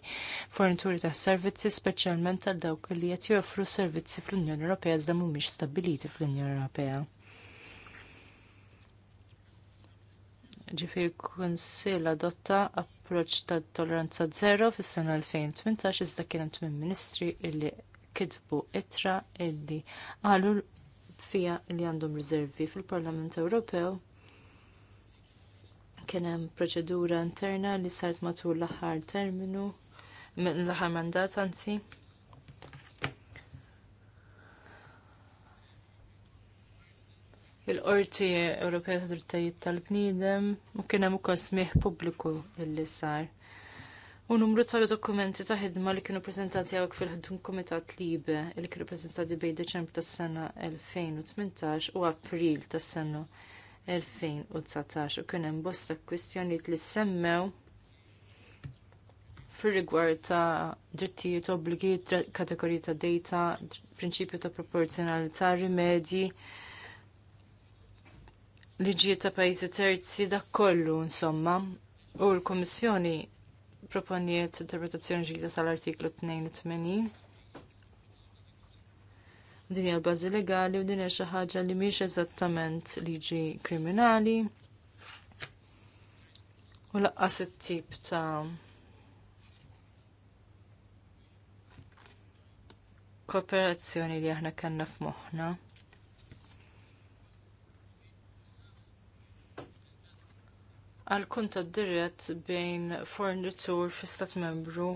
Fornituri ta' servizzi speċjalment għal dawk li qed joffru servizzi fl-Unjoni Ewropea iżda mhumiex stabbiliti fl-Unjoni Ewropea. Ġifir kunsill adotta approċċ ta' toleranza zero fis-sena 2018 iżda kienet minn ministri illi kitbu itra illi għalu fija li għandhom riservi fil-Parlament Ewropew kien hemm proċedura interna li sart matul l-aħħar terminu l-aħħar mandat anzi. Il-Qorti Ewropea ta' Drittajiet tal-Bniedem u kien hemm ukoll smih pubbliku illi sar u numru ta' dokumenti ta' ħidma li kienu prezentati għawek fil-ħdun komitat libe li kienu prezentati bej deċembru tas sena 2018 u april tas sena 2019 u kien hemm bosta kwistjonijiet li semmew fir-rigward ta' drittijiet obbligi, kategoriji ta' data, prinċipju ta' proporzjonalità, rimedji, liġijiet ta' pajjiżi terzi dak kollu insomma. U l-Kummissjoni proponiet interpretazzjoni ġdida tal-artiklu 82. Din hija l-bażi legali u din hija xi ħaġa li mhix eżattament liġi kriminali. U laqqas it-tip ta' kooperazzjoni li aħna kellna f'moħħna. għal kuntat dirett bejn fornitur fi stat membru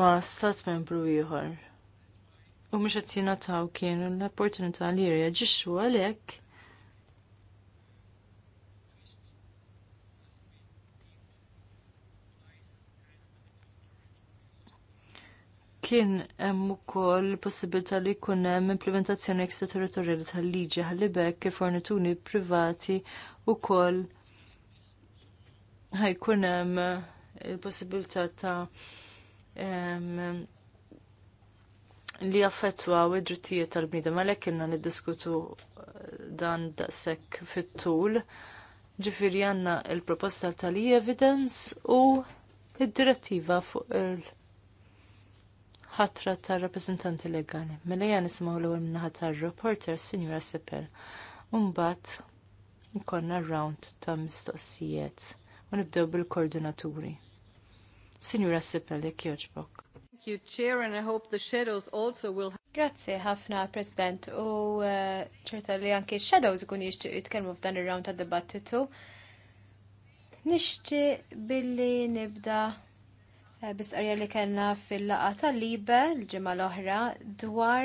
ma stat membru ieħor. U mhux qed jingħataw kienu l-opportunità li jirreġixxu għalhekk kien hemm ukoll possibilità li jkun hemm implementazzjoni ekstraterritorjali tal-liġi ħallibek kif il-fornituri privati ukoll ħajkun hemm il-possibilità ta' em, li jaffettwaw id-drittijiet tal-bniedem għalhekk kienna niddiskutu eh, dan daqshekk fit-tul. Ġifieri għandna l proposta tal-evidence u id-direttiva fuq il- ħatra tar rappresentanti legali. Mela nisimgħu l-ewwel minnaħa tar-reporter Sinjura Sipel. Umbat, nkollna round ta' mistoqsijiet u nibdew bil-koordinaturi. Sinjura Sipel, jekk jogħġbok.
Thank you, Chair, and I
hope the shadows also will Grazzi ħafna President u uh, ċerta li anki shadows kun jixtieq jitkellmu f'dan ir-round ta' dibattitu. Nishti billi nibda Eh, bisqarja li kellna fil-laqa tal-Libe l-ġimgħa l-oħra dwar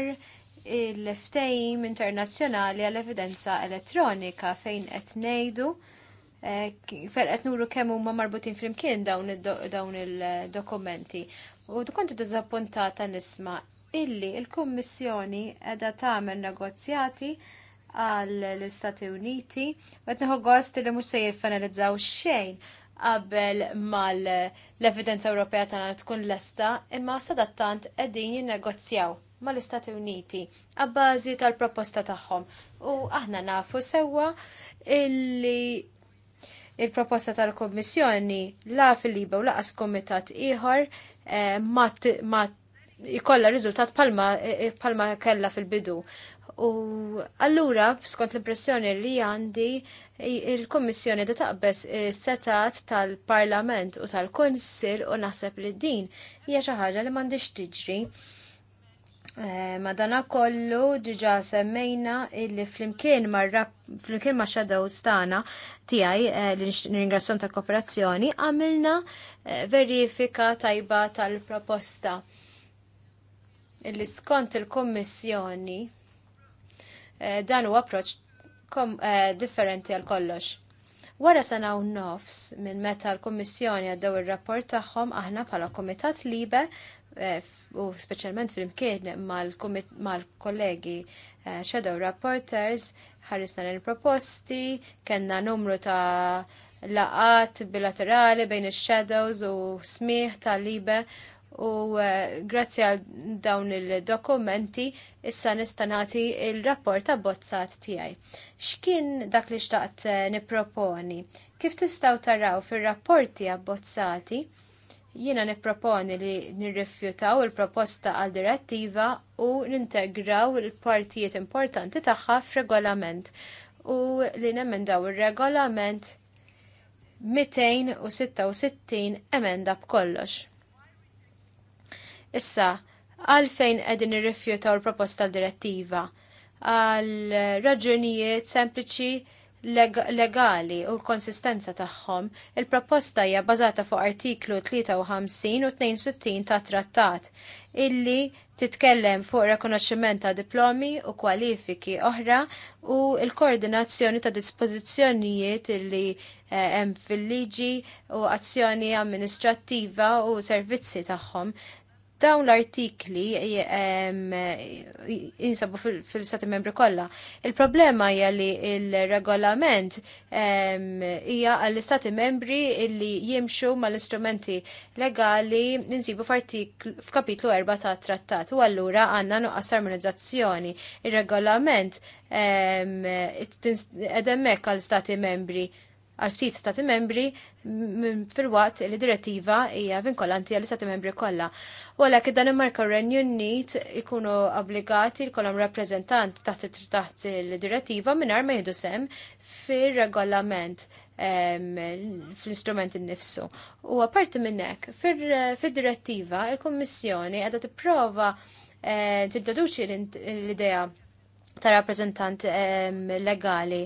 il-ftejim internazzjonali għall-evidenza elettronika fejn qed ngħidu eh, fejn qed nuru kemm huma marbutin flimkien dawn il-dokumenti. U kont diżappuntata nisma illi il-Kummissjoni qiegħda tagħmel negozjati għall istati Uniti u qed nieħu gost li mhux se jiffinalizzaw xejn qabel mal-evidenza Ewropea tagħna tkun lesta imma sadattant qegħdin jinnegozjaw mal-Istati Uniti għabbażi tal-proposta tagħhom. U aħna nafu sewwa illi il-proposta tal-Kommissjoni la fil-liba u laqas komitat ieħor eh, ma jkollha riżultat palma, eh, palma kella fil-bidu. U allura, skont l-impressjoni li għandi, il-Kommissjoni da taqbes eh, setat tal-Parlament u tal-Konsil u naħseb li din hija xi ħaġa li m'għandix tiġri. Eh, Madana kollu diġa semmejna illi flimkien flimkien ma' xadaw Stana tiegħi eh, li ringrazzjom tal-kooperazzjoni għamilna verifika tajba tal-proposta. Illi skont il-Kommissjoni Eh, dan huwa approċċ eh, differenti għal kollox. Wara sena u nofs minn meta l-Kommissjoni għaddew ir-rapport tagħhom aħna bħala Komitat Libe eh, u speċjalment fil-imkien mal-kollegi Shadow Rapporters ħarisna l-proposti, kellna numru ta' laqat bilaterali bejn ix-shadows u smieħ tal-libe u eh, grazzi għal dawn il-dokumenti issa nistanati il-rapport bozzat tiegħi. X'kien dak li xtaqt eh, nipproponi? Kif tistgħu taraw fir-rapporti abbozzati? Jiena nipproponi li nirrifjutaw il-proposta għal direttiva u nintegraw il-partijiet importanti tagħha f'regolament u li nemmendaw ir-regolament 266 emenda b'kollox Issa, għalfejn qegħdin irrifjutaw l-proposta direttiva għal raġunijiet sempliċi leg legali u l-konsistenza tagħhom, il-proposta hija bażata fuq artiklu 53 u 62 ta' trattat illi titkellem fuq rekonoxximent ta' diplomi u kwalifiki oħra u l-koordinazzjoni ta' dispożizzjonijiet illi eh, hemm fil-liġi u azzjoni amministrattiva u servizzi tagħhom Dawn l-artikli jinsabu fil-stati membri kollha. Il-problema hija li il-regolament hija għall-istati membri li jimxu mal-istrumenti legali ninsibu f'kapitlu 4 ta' trattat u allura għandna nuqqas armonizzazzjoni. Ir-regolament edemmek għall stati membri għal ftit stati membri fil-waqt li direttiva hija vinkolanti għal stati membri kollha. Wala kif dan immarka r-Renju Unit ikunu obbligati jkollhom rappreżentant taħt taħt il-direttiva mingħajr ma jieħdu sem fir-regolament fl-istrument innifsu. U apparti minn hekk, fid-direttiva il-Kummissjoni qiegħda tipprova eh, tiddeduċi l-idea ta' rappreżentant legali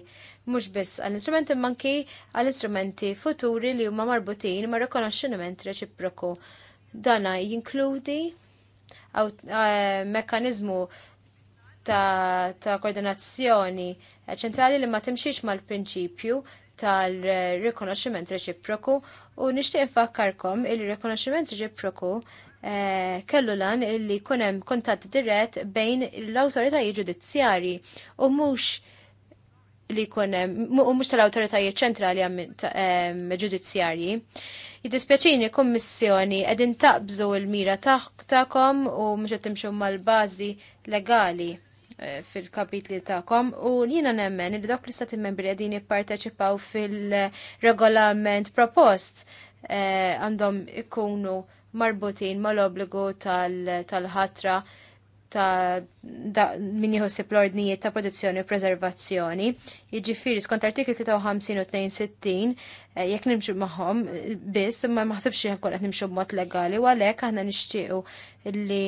mhux biss għall-instrumenti manki għall-instrumenti futuri li huma marbutin ma' rikonoxximent reċiproku. Dana jinkludi eh, mekanizmu ta', ta koordinazzjoni ċentrali li ma timxiex mal-prinċipju tal-rikonoxximent reċiproku u nixtieq infakkarkom il-rikonoxximent reċiproku eh, kellu lan illi kunem kontat dirett bejn l-autoritajiet ġudizzjari u mhux li kunem, eh, u mux tal-autoritajiet ċentrali eh, ġudizzjarji. Jiddispjaċini kommissjoni edin taqbżu l mira taħkom u mux timxu mal-bazi legali eh, fil-kapitli ta'kom u jina nemmen li dok l-istati membri għedin jipparteċipaw fil-regolament propost għandhom ikunu marbutin mal-obligu tal-ħatra tal ħatra ta' min jħossib l-ordnijiet ta' produzzjoni u preservazzjoni. Jiġifieri skont artikli 53 u 62 eh, jekk nimxu magħhom eh, biss ma maħsibx li ħkun nimxu b'mod legali u għalhekk aħna nixtiequ li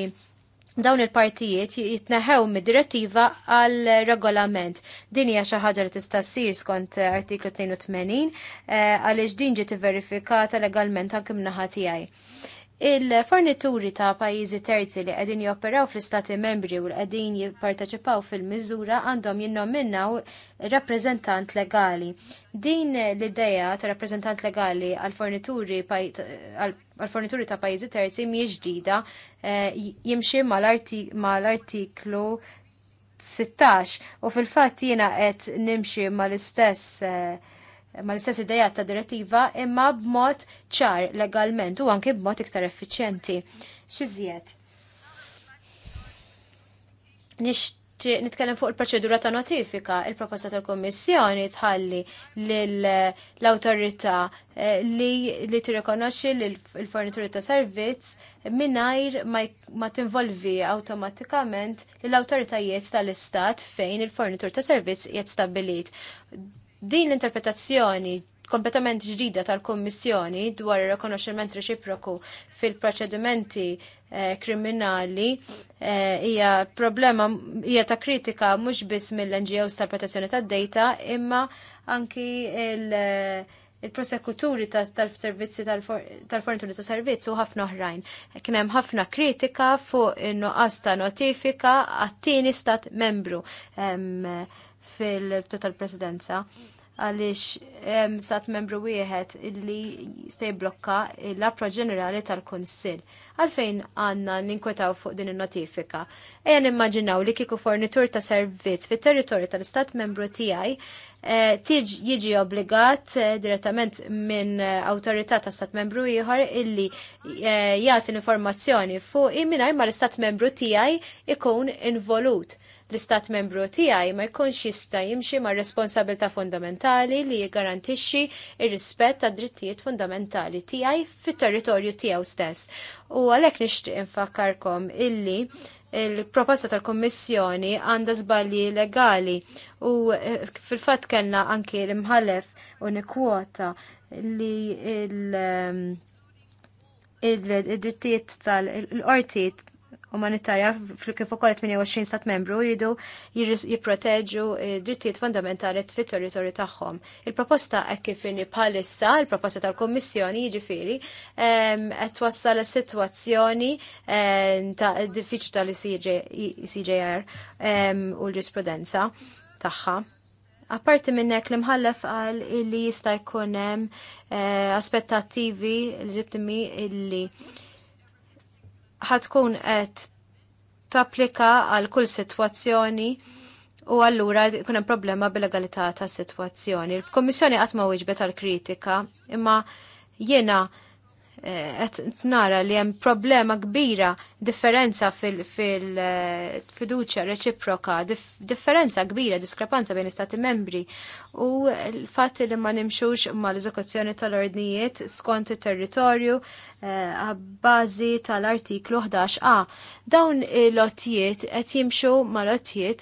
dawn il-partijiet jitneħew mid-direttiva għal regolament. Din hija xi ħaġa li tista' ssir skont artiklu 82 eh, għaliex din ġiet verifikata legalment anke mnaħa tiegħi. Il-fornituri ta' pajjiżi terzi li qegħdin joperaw fl-istati membri u l qegħdin jipparteċipaw fil-miżura għandhom jinnominaw rappreżentant legali. Din l-idea ta' rappreżentant legali għal-fornituri ta' pajjiżi terzi mhijiex ġdida eh, jimxi mal-artiklu 16 u fil-fatt jiena qed nimxi mal-istess eh, ma l-istess ideja ta' direttiva imma b'mod ċar legalment u anke b'mod iktar effiċjenti. Xiżjed. Nixtieq nitkellem fuq il-proċedura ta' notifika, il-proposta tal-Kommissjoni tħalli l-awtorità eh, li li tirrikonoxxi l-fornituri ta' servizz mingħajr ma tinvolvi awtomatikament l-awtoritajiet tal-istat fejn il-fornitur ta' servizz jiet stabbilit Din l-interpretazzjoni kompletament ġdida tal-Kommissjoni dwar ir-rekonoxximent reċiproku fil-proċedimenti eh, kriminali eh, hija problema hija ta' kritika mhux biss mill-NGOs tal-protezzjoni tad-data imma anki il- eh, il-prosekuturi tal-servizzi tal-fornituri ta' servizz u ħafna oħrajn. Kien hemm ħafna kritika fuq in-nuqqas ta' notifika għat-tieni stat membru ehm, fil-total presidenza għaliex hemm sat membru wieħed illi se jblokka l-appro ġenerali tal-Kunsill. Għalfejn għandna ninkwetaw fuq din in-notifika. Ejja nimmaġinaw li kieku fornitur ta' servizz fit-territorju tal-istat membru tiegħi eh, tiġ jiġi obbligat eh, direttament minn autorità ta' stat membru ieħor illi eh, jagħti informazzjoni fuq imminar ma l-istat membru tiegħi ikun involut l-istat membru tiegħi ma jkunx jista' jimxi ma' responsabilità fundamentali li jgarantixxi ir-rispett tad drittijiet fundamentali tiegħi fit-territorju tiegħu stess. U għalhekk nixtieq infakkarkom illi il-proposta tal-Kommissjoni għandha żbalji legali u eh, fil-fatt kellna anki l-imħallef unikwota li il- eh, drittijiet tal-qortijiet umanitarja kif ukoll 28 stat membru jridu jipproteġu eh, drittijiet fundamentali fit-territorju tagħhom. Il-proposta hekk kif inhi bħalissa, il-proposta tal-Kummissjoni jiġifieri ehm, qed twassal is-sitwazzjoni ehm, ta' diffiċli tal-CJR ehm, u l ġisprudenza tagħha. Apparti minnek l mħallef għal illi jista' jkun hemm eh, aspettattivi leġittimi illi ħatkun qed tapplika għal kull sitwazzjoni u allura kun hemm problema bil-legalità ta' sitwazzjoni. il kummissjoni qatt ma wieġbet għal kritika, imma jiena Eh, qed nara li hemm problema kbira, differenza fil-fiduċja eh, reċiproka, differenza kbira, diskrepanza bejn istati membri u l fat li ma nimxux mal-eżekuzzjoni tal-ordnijiet skont it-territorju għabbazi eh, tal-artiklu 11a. Dawn il-lottijiet qed jimxu mal-lottijiet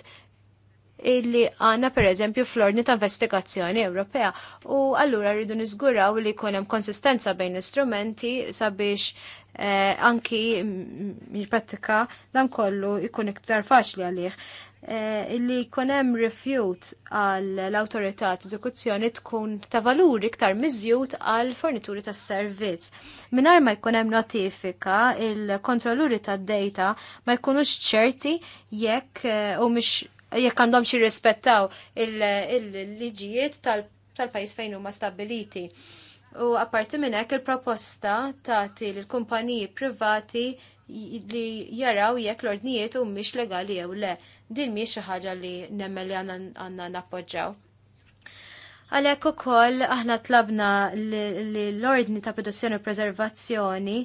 illi għanna per eżempju ordni ta' investigazzjoni Ewropea. U allura rridu niżguraw li jkun hemm konsistenza bejn istrumenti sabiex eh, anki jippratika mm, dan kollu jkun iktar faċli għalih. Eh, illi jkun hemm rifjut għall awtorità ta' eżekuzzjoni tkun ta' valuri iktar miżjut għall fornituri tas servizz. Minar ma jkun hemm notifika, il-kontrolluri tad data ma jkunux ċerti jekk eh, u eh, jekk għandhom xi rispettaw il-liġijiet tal-pajjiż fejn huma stabiliti. U apparti minn hekk il-proposta tagħti lill kumpaniji privati li jaraw jekk l-ordnijiet mhumiex legali jew le. Din mhijiex xi ħaġa li nemmel li għandna nappoġġaw. Għalhekk ukoll aħna tlabna li l-ordni ta' produzzjoni u preservazzjoni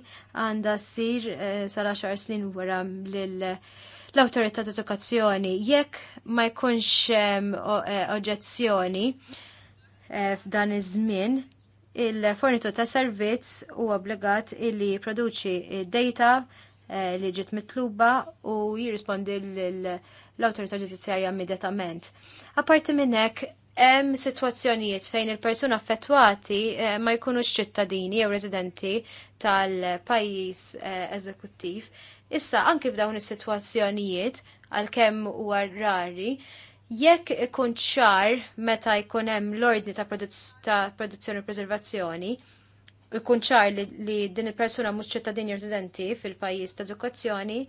għandha ssir eh, sal-10 snin wara lil l-autorità ta' edukazzjoni. Jekk ma jkunx oġezzjoni e, e, f'dan iż-żmien, il-fornitur ta' servizz u obbligat illi jipproduċi data e, li ġiet mitluba u jirrispondi l-autorità ġudizzjarja immedjatament. Apparti minn hekk, hemm sitwazzjonijiet fejn il-persuna affettwati ma jkunux ċittadini jew residenti tal-pajjiż eżekuttiv Issa, anki f'dawn is-sitwazzjonijiet, għal kem u rari, jekk ikun ċar meta jkun hemm l-ordni ta', produzzjoni u preservazzjoni, ikun ċar li, li din il-persuna mhux ċittadini residenti fil-pajjiż ta' edukazzjoni,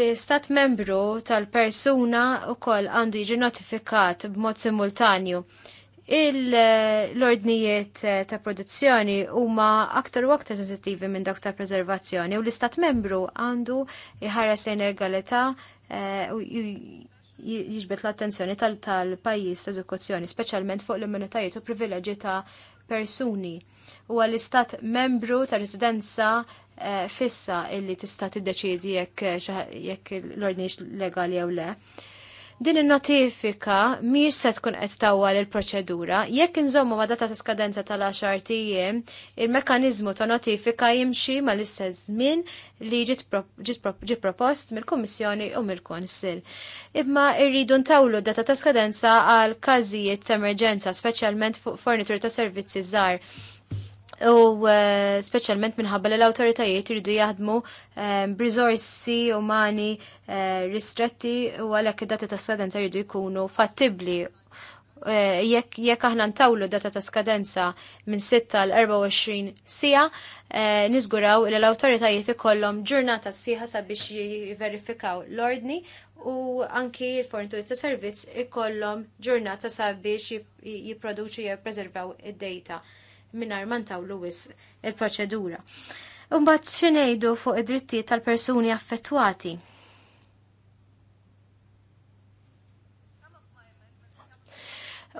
li stat membru tal-persuna u koll għandu jiġi notifikat b'mod simultanju l-ordnijiet eh, ta' produzzjoni huma aktar u aktar sensittivi minn dawk ta' preservazzjoni u l-istat membru għandu iħares lejn regalità eh, u jiġbet l-attenzjoni tal-pajjiż ta' zukkozzjoni, speċjalment fuq l-immunitajiet u privileġġi ta' persuni. U għal istat membru ta' residenza eh, fissa illi tista' tiddeċiedi jekk jekk l-ordnijiet legali jew le. Din il-notifika miex se tkun qed tawwa lill proċedura Jekk inżommu ma' data ta' skadenza tal-10 tiem, il-mekkaniżmu ta' notifika jimxi ma' l-istess żmien li ġi propost mill-Kummissjoni u mill-Konsil. Imma rridu ntawlu data ta' skadenza għal każijiet ta' emerġenza, speċjalment fuq fornitur ta' servizzi żgħar u eh, specialment minħabba li l-autoritajiet jridu jaħdmu eh, b'rizorsi umani eh, ristretti u għalhekk id data ta' skadenza jridu jkunu fattibbli jekk aħna ntawlu data ta' skadenza minn 6 l 24 sija, niżguraw li l-awtoritajiet ikollhom ġurnata sieħa sabiex jiverifikaw l-ordni u anki l-fornitur ta' servizz ikollhom ġurnata sabiex jipproduċu jew jirpreservaw id-data mingħajr ma ntawlu wis il-proċedura. Imbagħad xinejdu fuq id-drittijiet tal-persuni affettwati.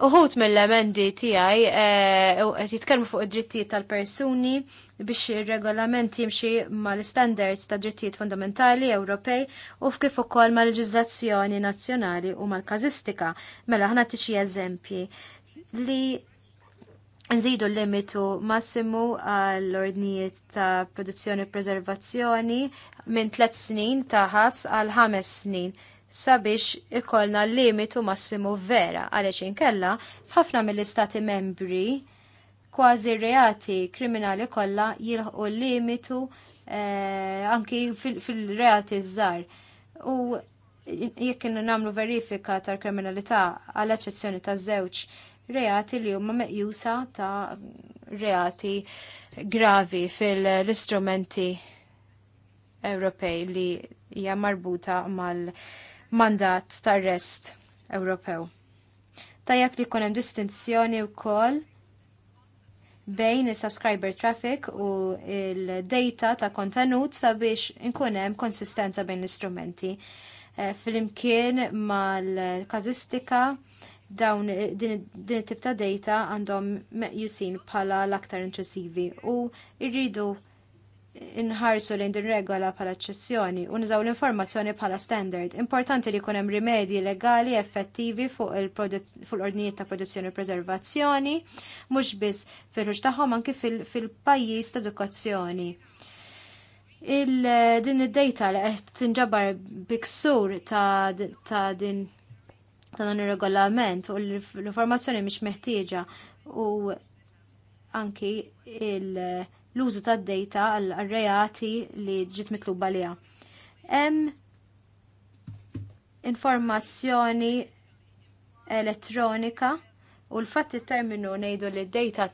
Uħut mill-emendi tiegħi eh, qed jitkellmu fuq id-drittijiet tal-persuni biex ir-regolament jimxi mal-standards ta' drittijiet fundamentali Ewropej u f'kif ukoll mal-leġiżlazzjoni nazzjonali u mal-każistika. Mela ħna tixi eżempji li nżidu l-limitu massimu għall-ordnijiet ta' produzzjoni u preservazzjoni minn 3 snin ta' ħabs għal 5 snin sabiex ikollna l-limitu massimu vera għaliex inkella f'ħafna mill-istati membri kważi reati kriminali kollha jilħqu l-limitu eh, anki fil-reati fil żgħar. U jekk namlu verifika tal-kriminalità għall eċċezzjoni taż żewġ reati li huma meqjusa ta' reati gravi fil-istrumenti Ewropej li hija marbuta mal-mandat ta' arrest Ewropew. Tajjeb li jkun hemm distinzjoni wkoll bejn il-subscriber traffic u il-data ta' kontenut sabiex inkunem konsistenza bejn l-istrumenti. Eh, flimkien mal-kazistika dawn eh, din it-tip ta' data għandhom meqjusin bħala l-aktar intrusivi u irridu inħarsu lejn din regola bħala ċessjoni u nżaw l-informazzjoni bħala standard. Importanti li jkun hemm rimedji legali effettivi fuq l-ordnijiet ta' produzzjoni u preservazzjoni, mhux biss fil-ħux tagħhom anki fil-pajjiż ta' edukazzjoni. Il eh, din id-data li qed tinġabar biksur ta' din ta' dan ir-regolament u l-informazzjoni mhix meħtieġa u anki l-użu ta' data għal reati li ġiet mitluba liha. Hemm informazzjoni elettronika u l-fatt terminu ngħidu li d-data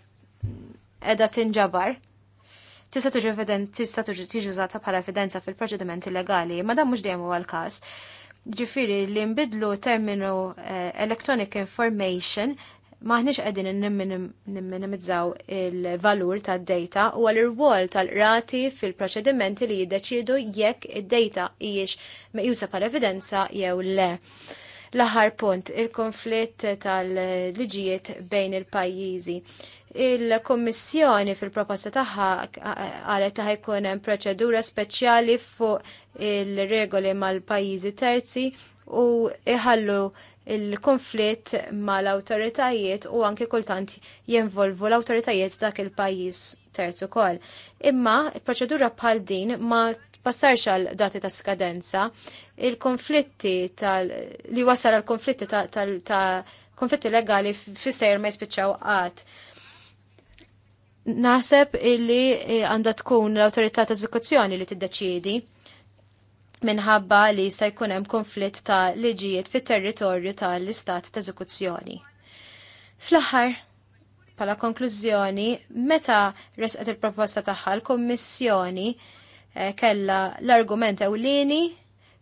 qiegħda tinġabar tista' tiġi tista' tiġi użata bħala evidenza fil-proċedimenti legali, ma dan mhux dejjem huwa l-każ. Ġifiri li nbidlu terminu eh, electronic information maħniċ għedin nimminimizzaw il-valur ta' data u għal rwol tal-rati fil-proċedimenti li jiddeċidu jekk id-data hijiex meqjusa pal evidenza jew le. L-aħħar punt, il-konflitt tal-liġijiet bejn il-pajjiżi. Il-Kommissjoni fil-proposta tagħha qalet li jkun hemm proċedura speċjali fuq il-regoli mal-pajjiżi terzi u iħallu il-konflitt mal-awtoritajiet u anke kultant jinvolvu l-awtoritajiet dak il-pajjiż terzi kol. Imma proċedura bħal din ma passarx għal dati ta' skadenza, il-konflitti tal li wasal għal konflitti ta', konflitti legali fissajr ma jispiċċaw għat naħseb illi eh, għandha tkun l-autorità ta' eżekuzzjoni li tiddeċiedi minħabba li jista' jkun hemm konflitt ta' liġijiet fit-territorju tal-istat ta' eżekuzzjoni. Fl-aħħar, pala konklużjoni, meta resqet il-proposta tagħha l-Kommissjoni eh, kella l-argument ewlieni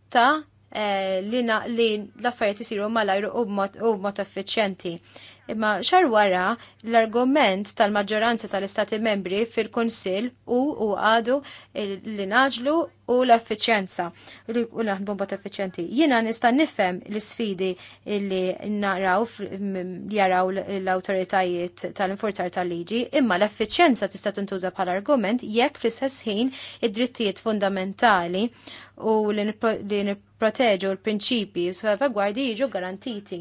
ta' eh, li, l-affarijiet isiru malajr u b'mod uffiċjenti. Imma xar wara l-argument tal-maġġoranza tal-Istati membri fil-Kunsill u u għadu li naġlu u l-effiċjenza u naħdmu bot effiċjenti. Jiena nista' nifhem l-sfidi li naraw jaraw l-awtoritajiet tal-infurzar tal-liġi, imma l-effiċjenza tista' tintuża bħala argument jekk fl-istess ħin id-drittijiet fundamentali u li proteġu l-prinċipi u salvagwardi jiġu garantiti.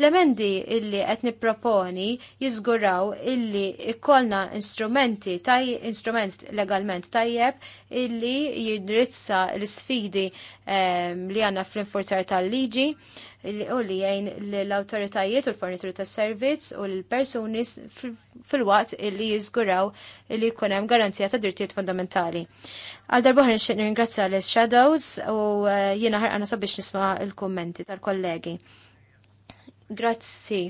L-emendi illi qed nipproponi jiżguraw illi ikollna instrumenti taj instrument legalment tajjeb illi jidrizza l-sfidi ehm, li għanna fl-infurzar tal-liġi u li jgħin l-autoritajiet u l fornitur tas servizz u l-persuni fil-waqt illi jizguraw li kunem garanzija ta' drittijiet fundamentali. Għal darbohra nxieq ringrazzja l shadows u eh, jina ħarqa tagħna sabiex nisma' il-kummenti tal-kollegi. Grazzi.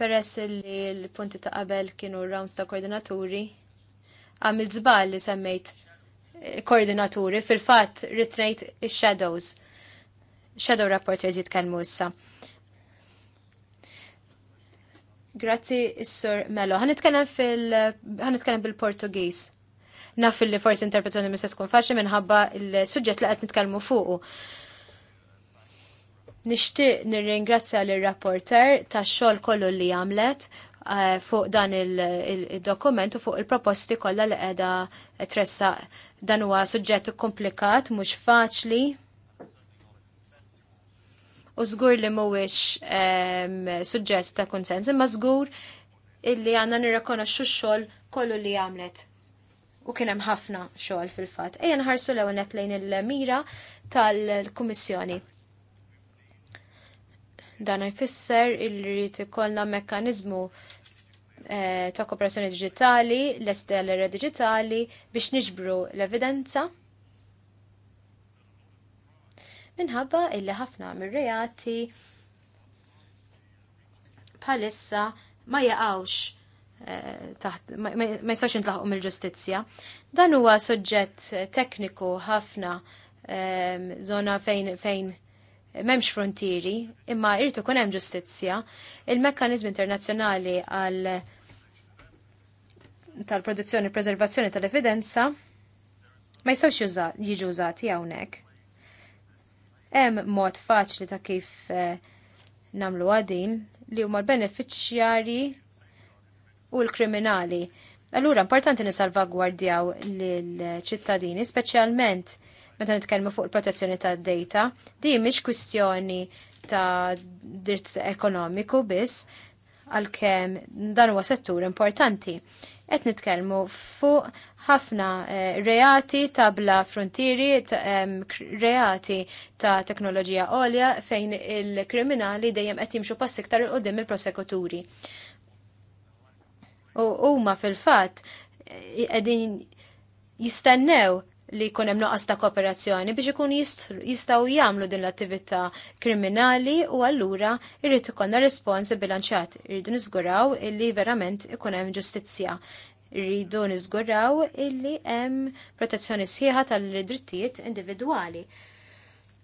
Peress li l-punti ta' qabel kienu rounds ta' koordinaturi, għam il zbal li semmejt eh, koordinaturi, fil-fat ritnejt il-shadows. Shadow rapporters jitkellmu issa. Grazzi, Is-Sur Melo. Għanitkellem bil-Portugis. Naf li forsi interpretazzjoni mista tkun faċli minħabba il-suġġett li qed nitkellmu fuqu. Nixtieq nirringrazzja lir-rapporter tax-xogħol kollu li għamlet eh, fuq dan il-dokument u fuq il-proposti kollha li qiegħda tressa dan huwa suġġett komplikat mhux faċli u żgur li mhuwiex ehm, suġġett ta' konsens imma żgur illi għandna nirrekonoxxu x-xogħol kollu li għamlet u kienem ħafna xogħol fil-fatt. Ejja nħarsu l ewwel lejn il-mira tal-Kummissjoni. Dan jfisser il rit ikollna mekkaniżmu eh, ta' kooperazzjoni digitali, l estellera digitali biex niġbru l-evidenza minħabba illi ħafna mir-reati bħalissa ma jaqawx taħt ma jistax intlaħqu mill-ġustizzja. Dan huwa soġġett tekniku ħafna zona fejn fejn memx frontieri, imma irtu kun hemm ġustizzja. Il-mekkanizmi internazzjonali għal tal-produzzjoni e preservazzjoni tal-evidenza ma jistgħux jiġu użati hawnhekk. Hemm mod faċli ta' kif eh, namlu għadin li huma l-beneficjari u l-kriminali. Allura, importanti nisalvagwardjaw l-ċittadini, specialment meta nitkellmu fuq il-protezzjoni ta' data, di mhix kwistjoni ta' dirt ekonomiku biss, għalkemm dan huwa settur importanti. Qed nitkellmu fuq ħafna eh, reati ta' bla frontieri, ta, reati ta' teknoloġija għolja fejn il-kriminali dejjem qed jimxu pass iktar il-qudiem il-prosekuturi. U huma fil-fatt eh, qegħdin jistennew li jkun hemm noqas ta' kooperazzjoni biex ikun jistgħu jagħmlu din l-attività kriminali u allura irrid ikollna respons bilanċat. Irridu niżguraw illi verament ikun hemm ġustizzja. Irridu niżguraw illi hemm protezzjoni sħiħa tal-drittijiet individwali.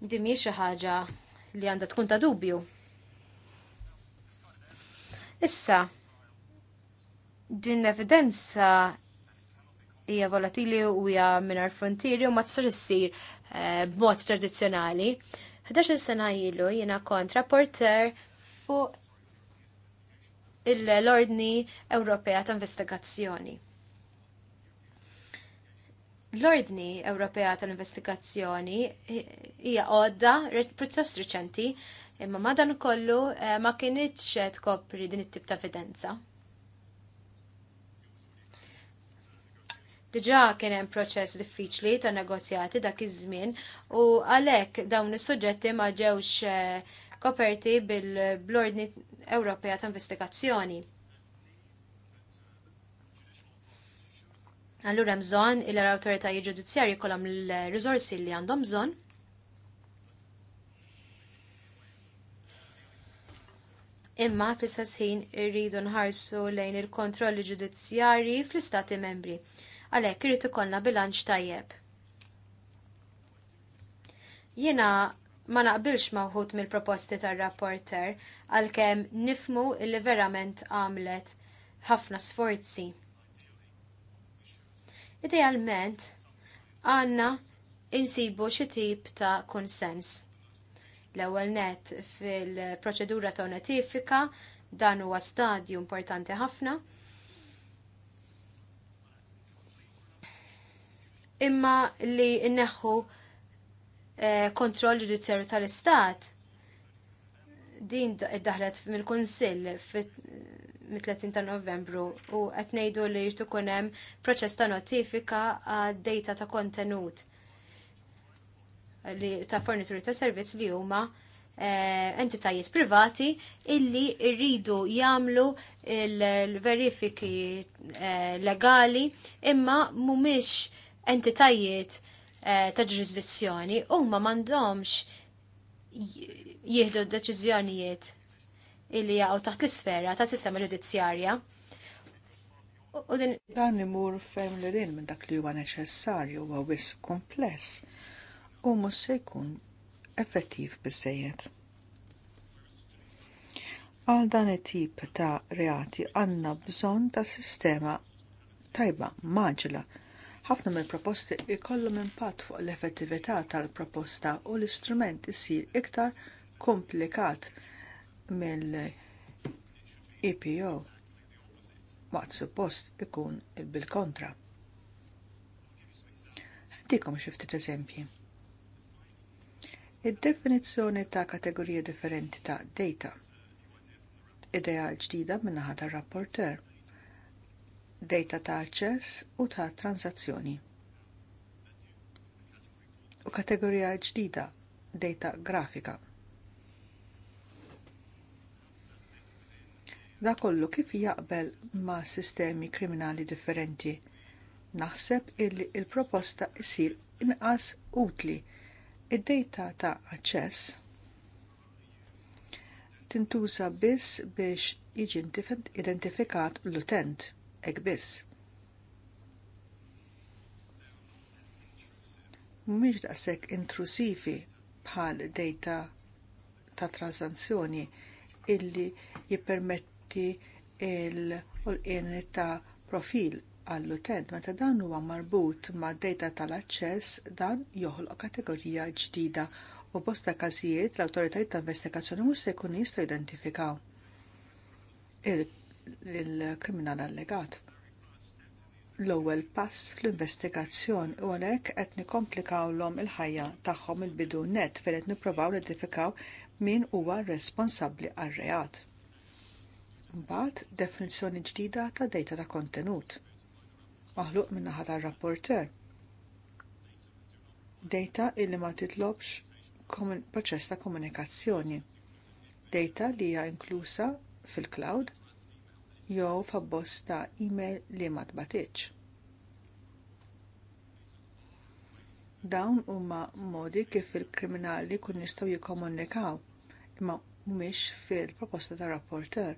Din mhijiex xi ħaġa li għandha tkun ta' dubju. Issa, din l-evidenza hija volatili u hija mingħajr frontieri u ma tistax issir eh, b'mod tradizzjonali. 11 sena ilu jiena kont rapporter fuq l-Ordni Ewropea ta' Investigazzjoni. L-Ordni Ewropea ta' Investigazzjoni hija għodda proċess riċenti imma eh, ma dan kollu ma kienitx tkopri din it-tip ta' evidenza. Diġà kien hemm proċess diffiċli ta' negozjati dak iż-żmien u għalhekk dawn is-suġġetti ma ġewx eh, koperti bil-Ordni Ewropea ta' Investigazzjoni. Allura hemm bżonn il awtoritajiet ġudizzjarji jkollhom l-riżorsi li għandhom bżonn imma fl-istess ħin irridu nħarsu lejn il-kontrolli ġudizzjarji fl-istati membri għalhekk irid ikollna bilanċ tajjeb. Jiena ma naqbilx maħut mill-proposti tar-rapporter għalkemm nifmu li verament għamlet ħafna sforzi. Idealment, għanna insibu xi tip ta' konsens. L-ewwel net fil-proċedura ta' notifika dan huwa stadju importanti ħafna imma li neħu eh, kontroll ġudizzjarju tal-Istat din id-daħlet mill-Kunsill mit-30 ta' Novembru u qed ngħidu li jirtu kunem hemm proċess ta' notifika għad data ta' kontenut li ta' fornituri ta' servizz li huma eh, entitajiet privati illi rridu jagħmlu l verifiki eh, legali imma mhumiex entitajiet eh, ta' ġurisdizzjoni huma m'għandhomx jieħdu deċiżjonijiet illi jaqgħu taħt l-isfera ta' sistema ġudizzjarja.
Dan imur ferm li din minn dak li huwa neċessarju huwa wis kompless u mhux se jkun effettiv biżejjed. Għal dan it-tip ta' reati għandna bżonn ta' sistema tajba maġla ħafna mill proposti jkollhom impatt fuq l-effettività tal-proposta u l-istrument isir iktar komplikat mill-EPO waqt suppost ikun bil-kontra. Ħaddikom xi ftit eżempji. Id-definizzjoni ta' kategorija differenti ta' data. Idea ġdida min-naħa tar rapporter data ta' aċċess u ta' transazzjoni. U kategorija ġdida, data grafika. Da kollu kif jaqbel ma' sistemi kriminali differenti. Naħseb illi il-proposta isir inqas utli. Id-data ta' aċċess tintuża biss biex jiġi identifikat l-utent ek biss. Mhumiex daqsek intrusivi bħal data ta' transazzjoni illi jippermetti il-qolqien ta' profil għall-utent meta dan huwa marbut ma' data tal-aċċess dan joħloq kategorija ġdida u bosta każijiet l-awtoritajiet ta' investigazzjoni mhux se jkunu jistgħu jidentifikaw lill kriminal allegat. L-ewwel pass fl-investigazzjon u għalhekk qed nikomplikawlhom il-ħajja tagħhom il-bidu net fejn qed nippruvaw nidifikaw min huwa responsabbli għar-reat. Mbagħad definizzjoni ġdida ta' data ta' kontenut. Maħluq min-naħa tar-rapporter. Data illi ma titlobx proċess ta' komunikazzjoni. Data li hija inklusa fil-cloud jew f'abbosta email li ma tbatiċ. Dawn huma modi kif il-kriminali kun nistgħu jikkomunikaw imma mhumiex fil-proposta tar rapporter.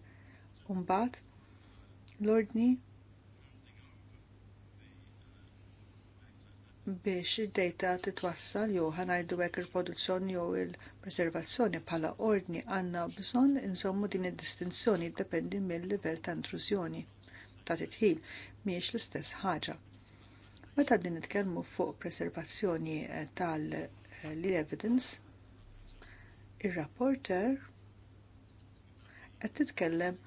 Mbagħad l-ordni biex id-data titwassal jew ħanajdu hekk il-produzzjoni jew il-preservazzjoni bħala ordni għandna bżonn insommu din id-distinzjoni ddependi mill-livell ta' intrużjoni ta' titħil mhijiex l-istess ħaġa. Meta din nitkellmu fuq preservazzjoni eh, tal-evidence, ir-rapporter qed titkellem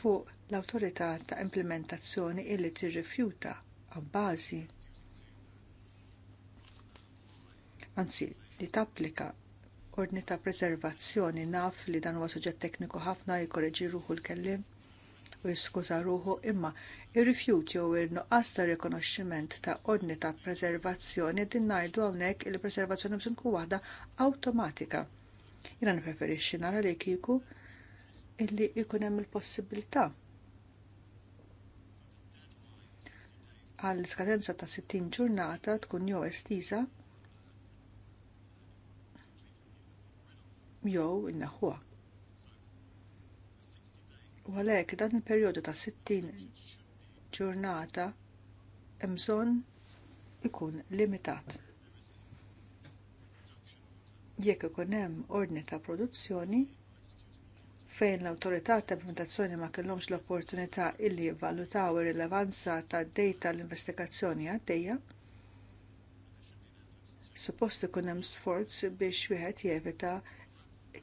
fuq l-awtorità ta' implementazzjoni illi tirrifjuta għabbażi anzi li tapplika ordni ta' preservazzjoni naf li dan huwa suġġett tekniku ħafna jkorreġi ruħu l-kellim u jiskuża ruħu imma ir-rifjut jew ir nuqqas ta' rikonoxximent ta' ordni ta' preservazzjoni din ngħidu hawnhekk il-preservazzjoni bżonn tkun waħda awtomatika. Jiena nipreferixxi nara li kieku illi jkun hemm il-possibilità għal skadenza ta' 60 ġurnata tkun jew estiża jew inneħħuha. U għalhekk dan il-perjodu ta' 60 ġurnata hemm bżonn ikun limitat. Jekk ikun hemm ordni ta' produzzjoni fejn l-autorità ta' implementazzjoni ma kellhomx l-opportunità illi jivvalutaw ir-rilevanza tad dejta l-investigazzjoni għaddejja, suppost ikun hemm sforz biex wieħed jevita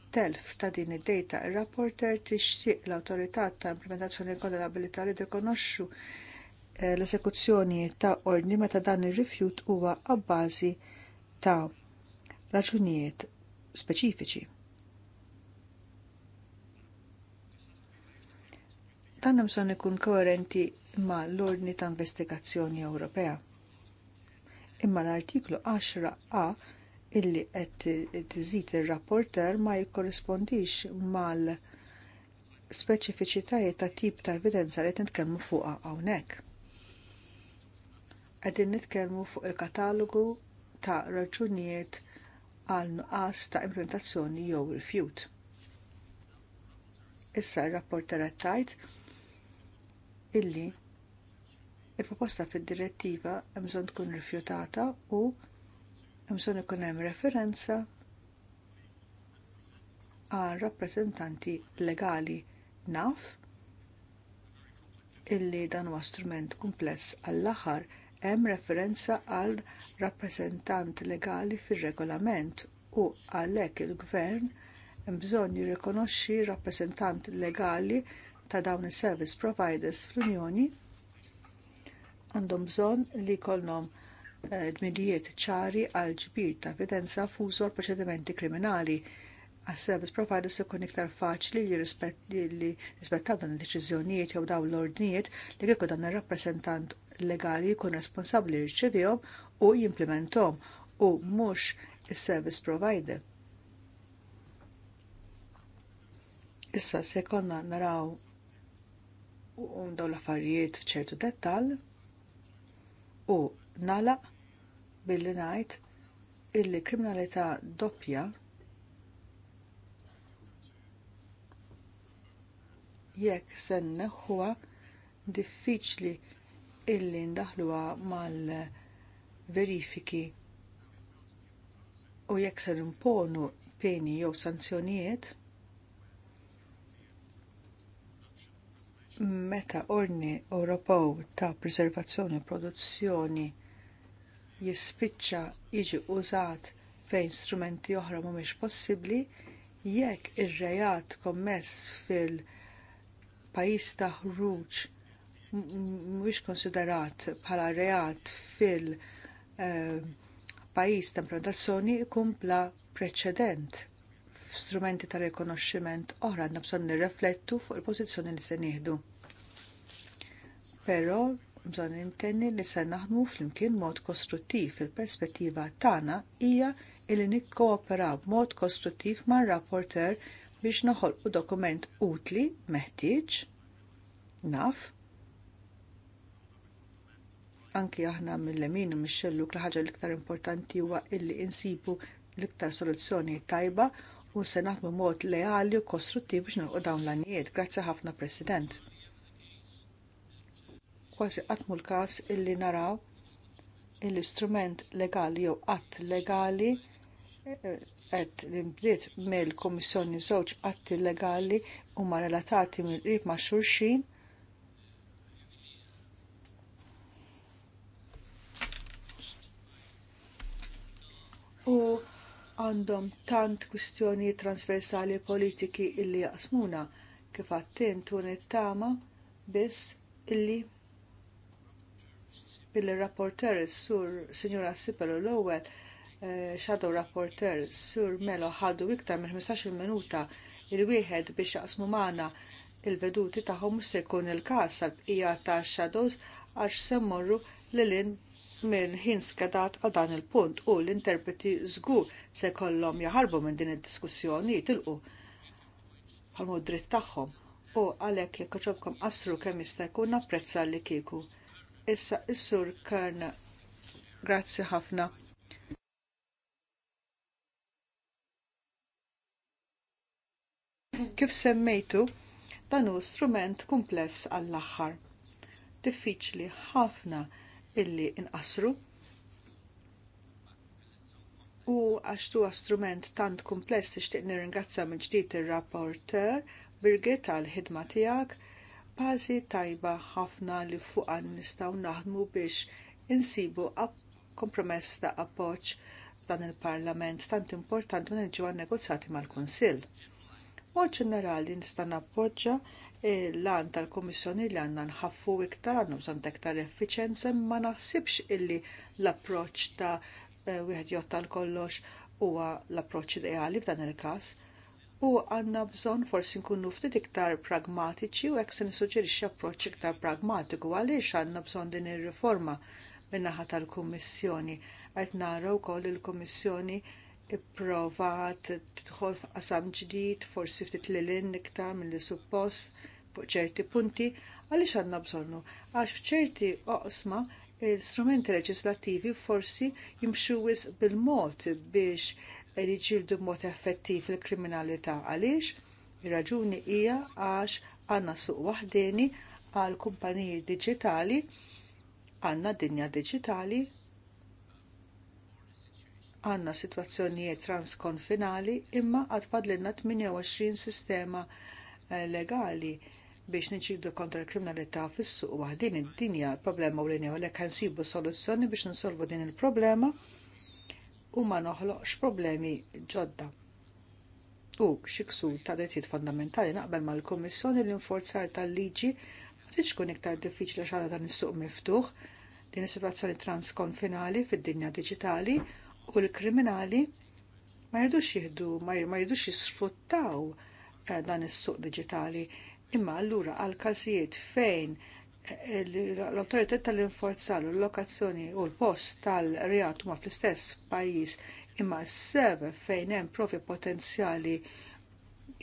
telf ta' din id-data, ir-rapporter tixtieq l-awtorità ta' implementazzjoni kollabilità li tikonoxxu eh, l-eżekuzzjoni ta' ordni meta dan ir-rifjut huwa abbażi ta' raġunijiet speċifiċi. Dan hemm bżonn ikun koerenti ma' l-ordni ta' investigazzjoni Ewropea. Imma l-artiklu 10a illi qed tiżid ir-rapporter ma jikkorrispondix mal speċifiċitajiet ta' tip ta' evidenza li nitkellmu fuqha hawnhekk. Qegħdin nitkellmu fuq il-katalogu ta' raġunijiet għal nuqqas ta' implementazzjoni jew il-fjut. Issa r-rapporter qed tgħid illi il-proposta fid-direttiva hemm bżonn tkun rifjutata u Imson ikun hemm referenza għal rappreżentanti legali naf illi dan huwa strument kumpless għall-aħħar hemm referenza għal rappreżentant legali fir-regolament u għalhekk il-gvern hemm bżonn jirrikonoxxi rappreżentant legali ta' dawn is-service providers fl-Unjoni għandhom bżonn li jkollhom Eh, dmirijiet ċari għal ġbir ta' evidenza fużu għal proċedimenti kriminali. Għas service providers ikun iktar faċli li rispettaw dan id-deċiżjonijiet jew dawn l-ordnijiet li kieku dan ir-rappreżentant legali jkun responsabbli jirċevihom u jimplementom u mhux is-service provider. Issa se konna naraw dawn l-affarijiet f'ċertu dettall u nala billi najt illi kriminalità doppja jekk sen huwa diffiċli illi ndaħluha mal-verifiki u jekk se imponu peni jew sanzjonijiet meta orni Ewropew ta' preservazzjoni u produzzjoni jispiċċa jiġi użat fejn strumenti oħra mhumiex possibbli jekk ir-rejat kommess fil pajjiż ta' ħruġ mhuwiex konsiderat bħala reat fil eh, pajjiż ta' implantazzjoni ikun bla preċedent f'strumenti ta' rikonoxximent oħra għandna bżonn nirreflettu fuq il-pożizzjoni li se nieħdu. Però bżon intenni li se naħdmu flimkien mod kostruttiv fil-perspettiva tagħna hija li nikkooperaw b'mod kostruttiv mar rapporter biex noħolqu dokument utli meħtieġ naf anki aħna mill-lemin u mixxellu xellu ħaġa l-iktar importanti huwa illi insibu l-iktar soluzzjoni tajba u se naħdmu mod leali u kostruttiv biex nilqu dawn l-għanijiet. Grazzi ħafna President kważi qatt mhu l-każ illi naraw l-istrument legali jew qatt legali qed l mill-Kummissjoni żewġ atti legali huma relatati mill qrib ma' xulxin u għandhom tant kwistjoni transversali e politiki illi jaqsmuna kif għattint u nittama biss illi billi rapporter sur Signora u l-ewwel eh, shadow rapporter sur Melo ħadu iktar minn 15 minuta il-wieħed biex jaqsmu magħna il-veduti tagħhom se jkun il-każ għall-bqija ta' shadows għax se mmorru lilin minn ħin skedat għal dan il-punt u l-interpreti żgur se jkollhom jaħarbu minn din id-diskussjoni tilqu bħal mod dritt tagħhom u għalhekk jekk ġobkom qasru kemm jista' jkun napprezza li kieku Issa is-sur Karna, Grazzi ħafna. Kif semmejtu, dan hu strument kumpless għall-aħħar. Diffiċli ħafna illi inqasru u għax huwa strument tant kumpless tixtieq nirringrazzja minn ġdid ir-rapporter Birgit għall ħidma tiegħek bażi tajba ħafna li fuqha nistgħu naħdmu biex insibu kompromess ta' appoġġ f'dan il-Parlament tant importanti minn ġewwa negozjati mal-Kunsill. Mod ġenerali nista' nappoġġa l-għan tal-Komissjoni li għandna nħaffu iktar għannu bżon iktar effiċenza ma naħsibx illi l-approċċ ta' eh, wieħed jott kollox huwa l-approċċ ideali f'dan il-każ u għanna bżon forsi nkunu ftit iktar pragmatiċi u hekk se nisuġġerixxi approċċ iktar pragmatiku għaliex għandna bżonn din ir-riforma min-naħa tal-Kummissjoni. Qed nara wkoll il-Kummissjoni ipprovat tidħol f'qasam ġdid, forsi ftit lilin iktar milli suppost fuq ċerti punti għaliex għandna bżonnu għax f'ċerti oqsma l strumenti leġislattivi forsi jimxu wisq bil-mod biex li ġildu mod effettiv il-kriminalità għaliex, ir-raġuni hija għax għandna suq waħdeni għal kumpaniji diġitali, għandna dinja diġitali, għandna sitwazzjonijiet transkonfinali imma għad fadlinna 28 sistema eh, legali biex niġibdu kontra l-kriminalità fis-suq waħdin id-dinja l-problema u l-inja u l-ek nsibu soluzzjoni biex nsolvu din il-problema. il problema u ma noħloqx problemi ġodda. U xiksu ta' dritt fondamentali naqbel mal-Kommissjoni l inforzar tal-liġi ma tiġ kun iktar diffiċli xara dan is-suq miftuħ din is-sitwazzjoni transkonfinali fid-dinja diġitali u l-kriminali ma jridux jihdu, ma jridux jisfruttaw eh, dan is-suq diġitali imma allura għal każijiet fejn l-autorità tal-inforzar l-lokazzjoni u l-post tal-reat ma fl-istess pajjiż imma s-server fejn hemm provi potenzjali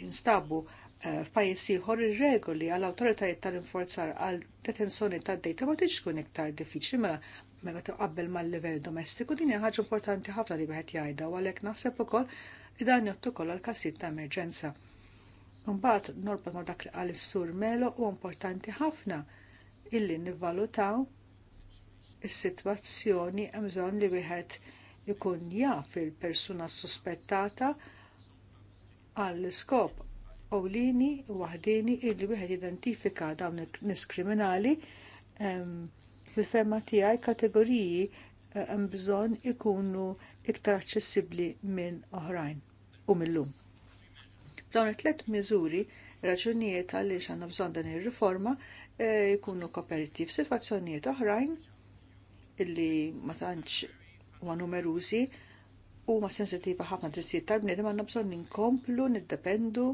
jinstabu eh, f'pajjiż ieħor ir-regoli għall awtoritajiet tal-inforzar għal detenzjoni tad-dejta ma tiġ tkun iktar diffiċli mela meta tqabbel mal-livell domestiku din hija ħaġa importanti ħafna li wieħed jgħidha u għalhekk naħseb ukoll li dan jottu ukoll għal każijiet ta' emerġenza. Mbagħad norbod ma' dak li qal is-sur Melo u importanti ħafna illi nivvalutaw is-sitwazzjoni hemm bżonn li wieħed ikun jaf il-persuna suspettata għall skop ewlieni waħdini illi wieħed identifika dawn nies kriminali fil-ferma tiegħi kategoriji eh, hemm bżonn ikunu iktar aċċessibbli minn oħrajn u millum. Dawn it-tliet miżuri raġunijiet għaliex għandna bżonn dan ir-riforma E, jkunu koperti f'sitwazzjonijiet oħrajn illi ma tantx huwa numerużi huma sensittiva ħafna drittijiet tal-bniedem għandna bżonn ninkomplu niddependu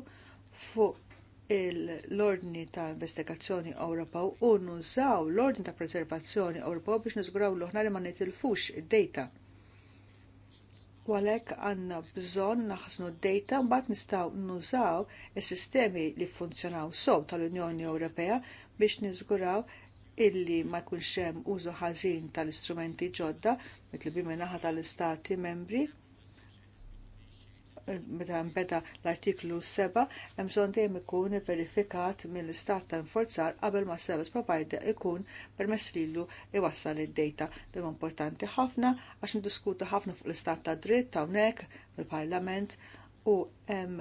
fuq l-ordni ta' investigazzjoni Ewropew u nużaw l-ordni ta' preservazzjoni Ewropew biex niżguraw l-oħna li ma nitilfux id-dejta U għalek għandna bżonn naħsnu d-data mbagħad nistgħu nużaw il sistemi li funzjonaw sob tal-Unjoni Ewropea biex niżguraw illi ma jkunx hemm użu ħażin tal-istrumenti ġodda mitlubi naħa tal-istati membri meta nbeda l-artiklu 7 hemm bżonn dejjem ikun verifikat mill-istat ta' inforzar qabel ma' service provider ikun permess lilu iwassal id-data. huma importanti ħafna għax niddiskutu ħafna fuq l-istat ta' dritt hawnhekk mill-Parlament u hemm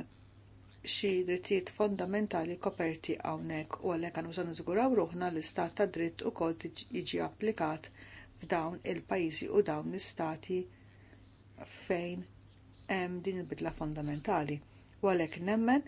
xi drittijiet fondamentali koperti hawnhekk u għalhekk għandna bżonn niżguraw ruħna l-istat ta' dritt ukoll jiġi applikat f'dawn il-pajjiżi u dawn l-istati fejn hemm din il-bidla fondamentali. U għalhekk nemmen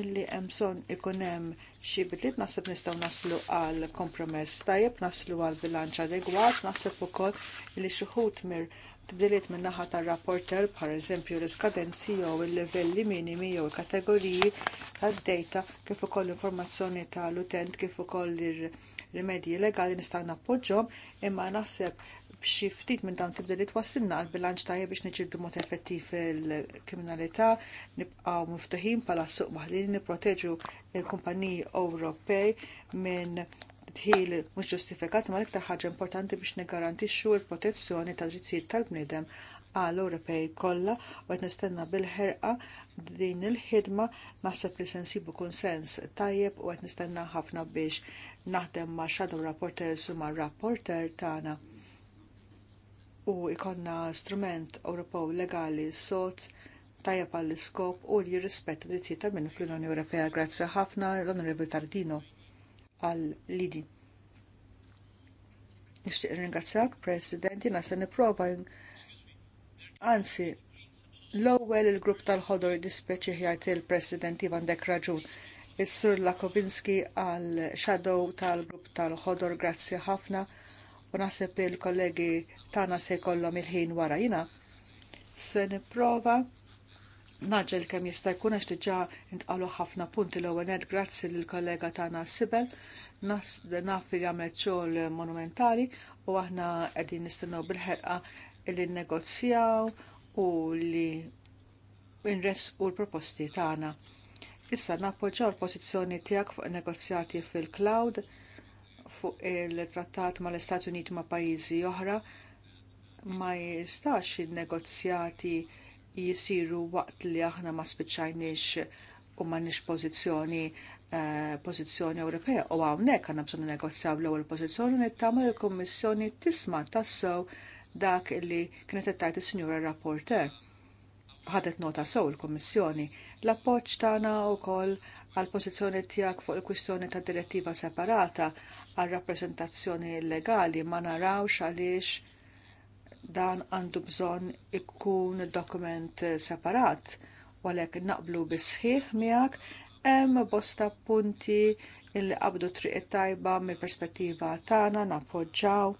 illi hemm bżonn ikun hemm xi bidliet naħseb nistgħu naslu għal kompromess tajjeb, naslu għal bilanċ adegwat, naħseb ukoll li xi ħut mir tibdiliet min naħa tar-rapporter bħal eżempju l-iskadenzi jew il-livelli minimi jew il-kategoriji tad-data kif ukoll informazzjoni tal-utent kif ukoll ir-rimedji legali nistgħu nappoġġhom imma naħseb b'xi ftit minn dawn tibda li twassilna għal bilanċ tajjeb biex niġġieldu mod effettiv il-kriminalità, nibqgħu miftuħin bħala suq waħdin nipproteġu l-kumpaniji Ewropej minn tħil mhux ġustifikat ma l-iktar ħaġa importanti biex niggarantixxu l-protezzjoni ta' drittijiet tal-bniedem għal Ewropej kollha u qed nistenna bil-ħerqa din il-ħidma naħseb li se nsibu konsens tajjeb u qed nistenna ħafna biex naħdem ma' shadow rapporters u ma' rapporter tagħna u ikonna strument Ewropew legali sot tajjeb għall iskop u li jirrispetta dritti tal-minn fl-Unjoni Ewropea. Grazzi ħafna l-Onorevoli Tardino għal lidi. Nixtieq ringrazzjak, Presidenti nasa se nipprova anzi l-ewwel il-grupp tal-ħodor dispeċi ħjajt il-President Ivan dek raġun. Is-Sur Lakovinski għal shadow tal-grupp tal-ħodor grazzi ħafna u naħseb il-kollegi tagħna se jkollhom il-ħin wara jina. Se nipprova naġel kemm jista' jkun għax diġà intqalu ħafna punti l-ewwel nett grazzi lill kollega Tana Sibel naf li għamlet xogħol monumentali u aħna qegħdin nistennew bil-ħerqa li nnegozjaw u li nres u l-proposti tagħna. Issa nappoġġaw l-pożizzjoni tiegħek fuq negozjati fil-cloud fuq il-trattat mal istati Uniti ma' pajjiżi oħra ma jistax il-negozjati jisiru waqt li aħna ma spiċċajniex u m'għandniex pożizzjoni eh, pożizzjoni Ewropea u hawnhekk għanna bżonn negozjaw l-ewwel pożizzjoni nittama l-Kummissjoni tisma' tassew dak li kienet qed tajt is-Sinjura Rapporter. Ħadet nota sow il-Kummissjoni. L-appoġġ tagħna wkoll għal pozizjoni tiegħek fuq il-kwistjoni tad direttiva separata għal rappresentazzjoni legali ma narawx għaliex dan għandu bżonn ikun dokument separat u għalhekk naqblu bisħiħ miegħek hemm bosta punti illi qabdu triq tajba mill perspettiva tagħna nappoġġaw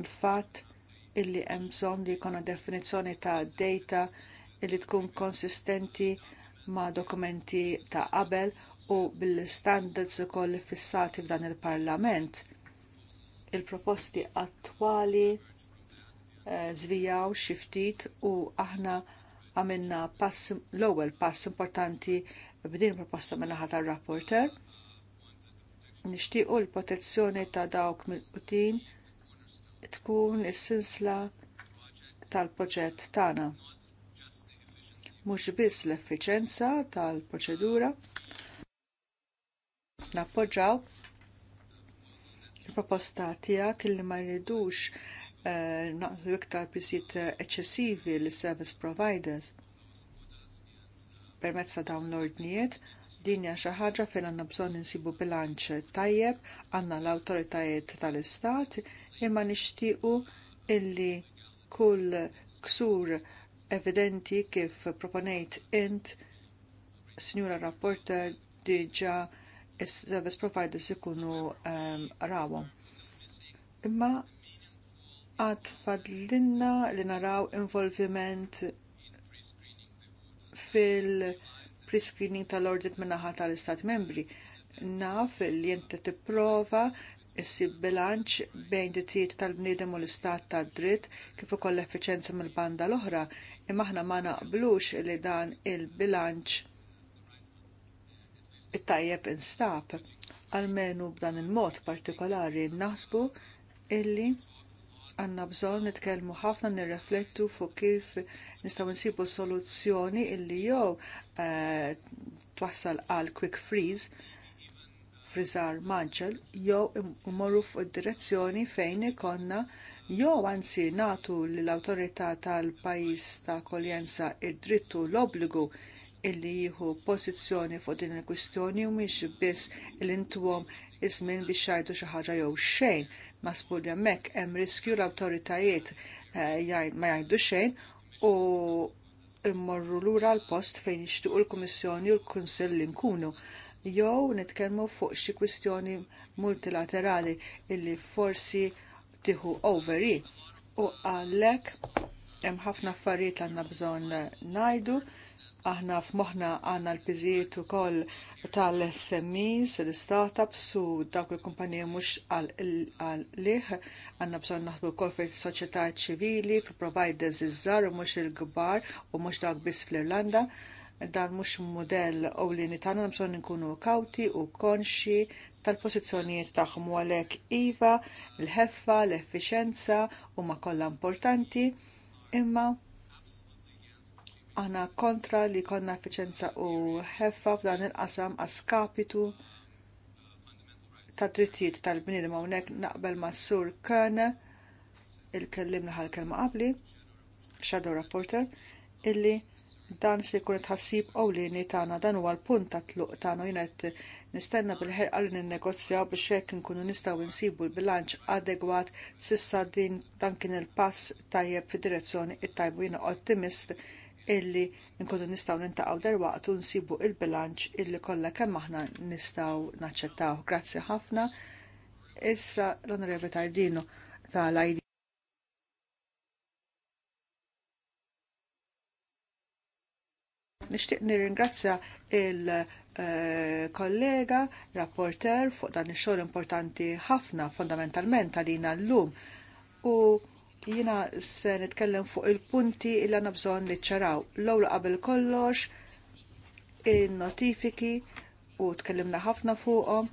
il-fatt illi hemm bżonn li jkollna definizzjoni ta' data illi tkun konsistenti ma' dokumenti ta' qabel u bil-standards ukoll fissati f'dan il-Parlament. Il-proposti attwali eh, żvijaw xi ftit u aħna għamilna pass l-ewwel pass importanti b'din proposta min-naħa tar-rapporter nixtiequ l-protezzjoni ta' dawk mill-qutin tkun is-sinsla tal-proġett tagħna mhux biss l-effiċenza tal-proċedura. Nappoġġaw il-proposta tiegħek li ma jridux eh, naqdu iktar pisijiet eċċessivi lis service providers permezz ta' dawn l-ordnijiet din hija xi ħaġa fejn għandna bżonn insibu bilanċ tajjeb għandna l-awtoritajiet tal-istat imma nixtiequ illi kull ksur evidenti kif proponejt int, snjura Rapporter, diġa service providers ikunu um, ehm, rawhom. Imma għad fadlinna li naraw involviment fil-prescreening tal-ordit minnaħa tal-Istat membri. Naf li t tipprova issib bilanċ bejn dittijiet tal-bniedem u l-istat tad dritt kif ukoll l-effiċenza mill-banda l-oħra imma aħna ma naqblux li dan il-bilanċ it-tajjeb instab għalmenu b'dan il-mod partikolari naħsbu illi għanna bżon nitkellmu ħafna nirreflettu fuq kif nistgħu nsibu soluzzjoni illi jew eh, twassal għal quick freeze friżar maġġel jew imorru fuq id-direzzjoni fejn ikonna jew anzi natu l-autorità tal-pajis ta' koljenza id-drittu l-obbligu illi jieħu pożizzjoni fuq din il-kwistjoni u mhix biss l-intuhom iż-żmien biex jgħidu xi ħaġa jew xejn. Masbud hemmhekk hemm riskju l-awtoritajiet eh, ma jgħidu xejn u immorru lura l-post fejn ixtiqu l-Kummissjoni u l-Kunsill li nkunu jew nitkellmu fuq xi kwistjoni multilaterali illi forsi tieħu overi u għalhekk hemm ħafna affarijiet li għandna bżonn ngħidu aħna f'moħħna għandna l-piżijiet ukoll tal-SMEs, l-startups u dawk il-kumpaniji mhux għal-liħ għandna bżonn naħdmu wkoll fejn soċjetà ċivili, fi providers iż żgħar u mhux il-kbar u mhux dawk biss fl-Irlanda dan mhux mudell ewlieni tagħna bżonn inkunu kawti u konxi tal-pożizzjonijiet tagħhom u iva, l-ħeffa, l-effiċenza huma kollha importanti, imma għana kontra li konna effiċenza u ħeffa f'dan il-qasam għaskapitu ta' drittijiet tal-bniedem hawnhekk naqbel ma' Sur Körne il-kellim l-ħal kelma qabli, Shadow Rapporter, illi dan se jkun tħassib ewlieni tagħna dan huwa l-punt ta' tluq tagħna jien qed nistenna bil-ħerqa li ninnegozjaw biex hekk inkunu nistgħu nsibu l-bilanċ adegwat sissa din dan kien il-pass tajjeb fid-direzzjoni it-tajbu jiena ottimist illi nkunu nistgħu nintaqgħu derwaqt u nsibu l bilanċ illi kollha kemm aħna nistgħu naċċettaw. Grazzi ħafna. Issa l-Onorevoli Tardino tal-ID. Nixtieq nirringrazzja il-kollega, rapporter fuq dan ix-xogħol importanti ħafna fondamentalment għalina llum. U jiena se nitkellem fuq il-punti illi għandna bżonn li ċaraw. L-ewwel qabel kollox in-notifiki u tkellimna ħafna fuqhom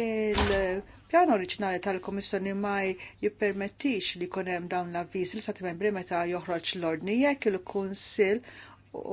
il-pjan oriġinali tal-Komissjoni ma jippermettix li jkun hemm dawn l avviżi li stati membri meta joħroġ l-ordni jekk il-Kunsill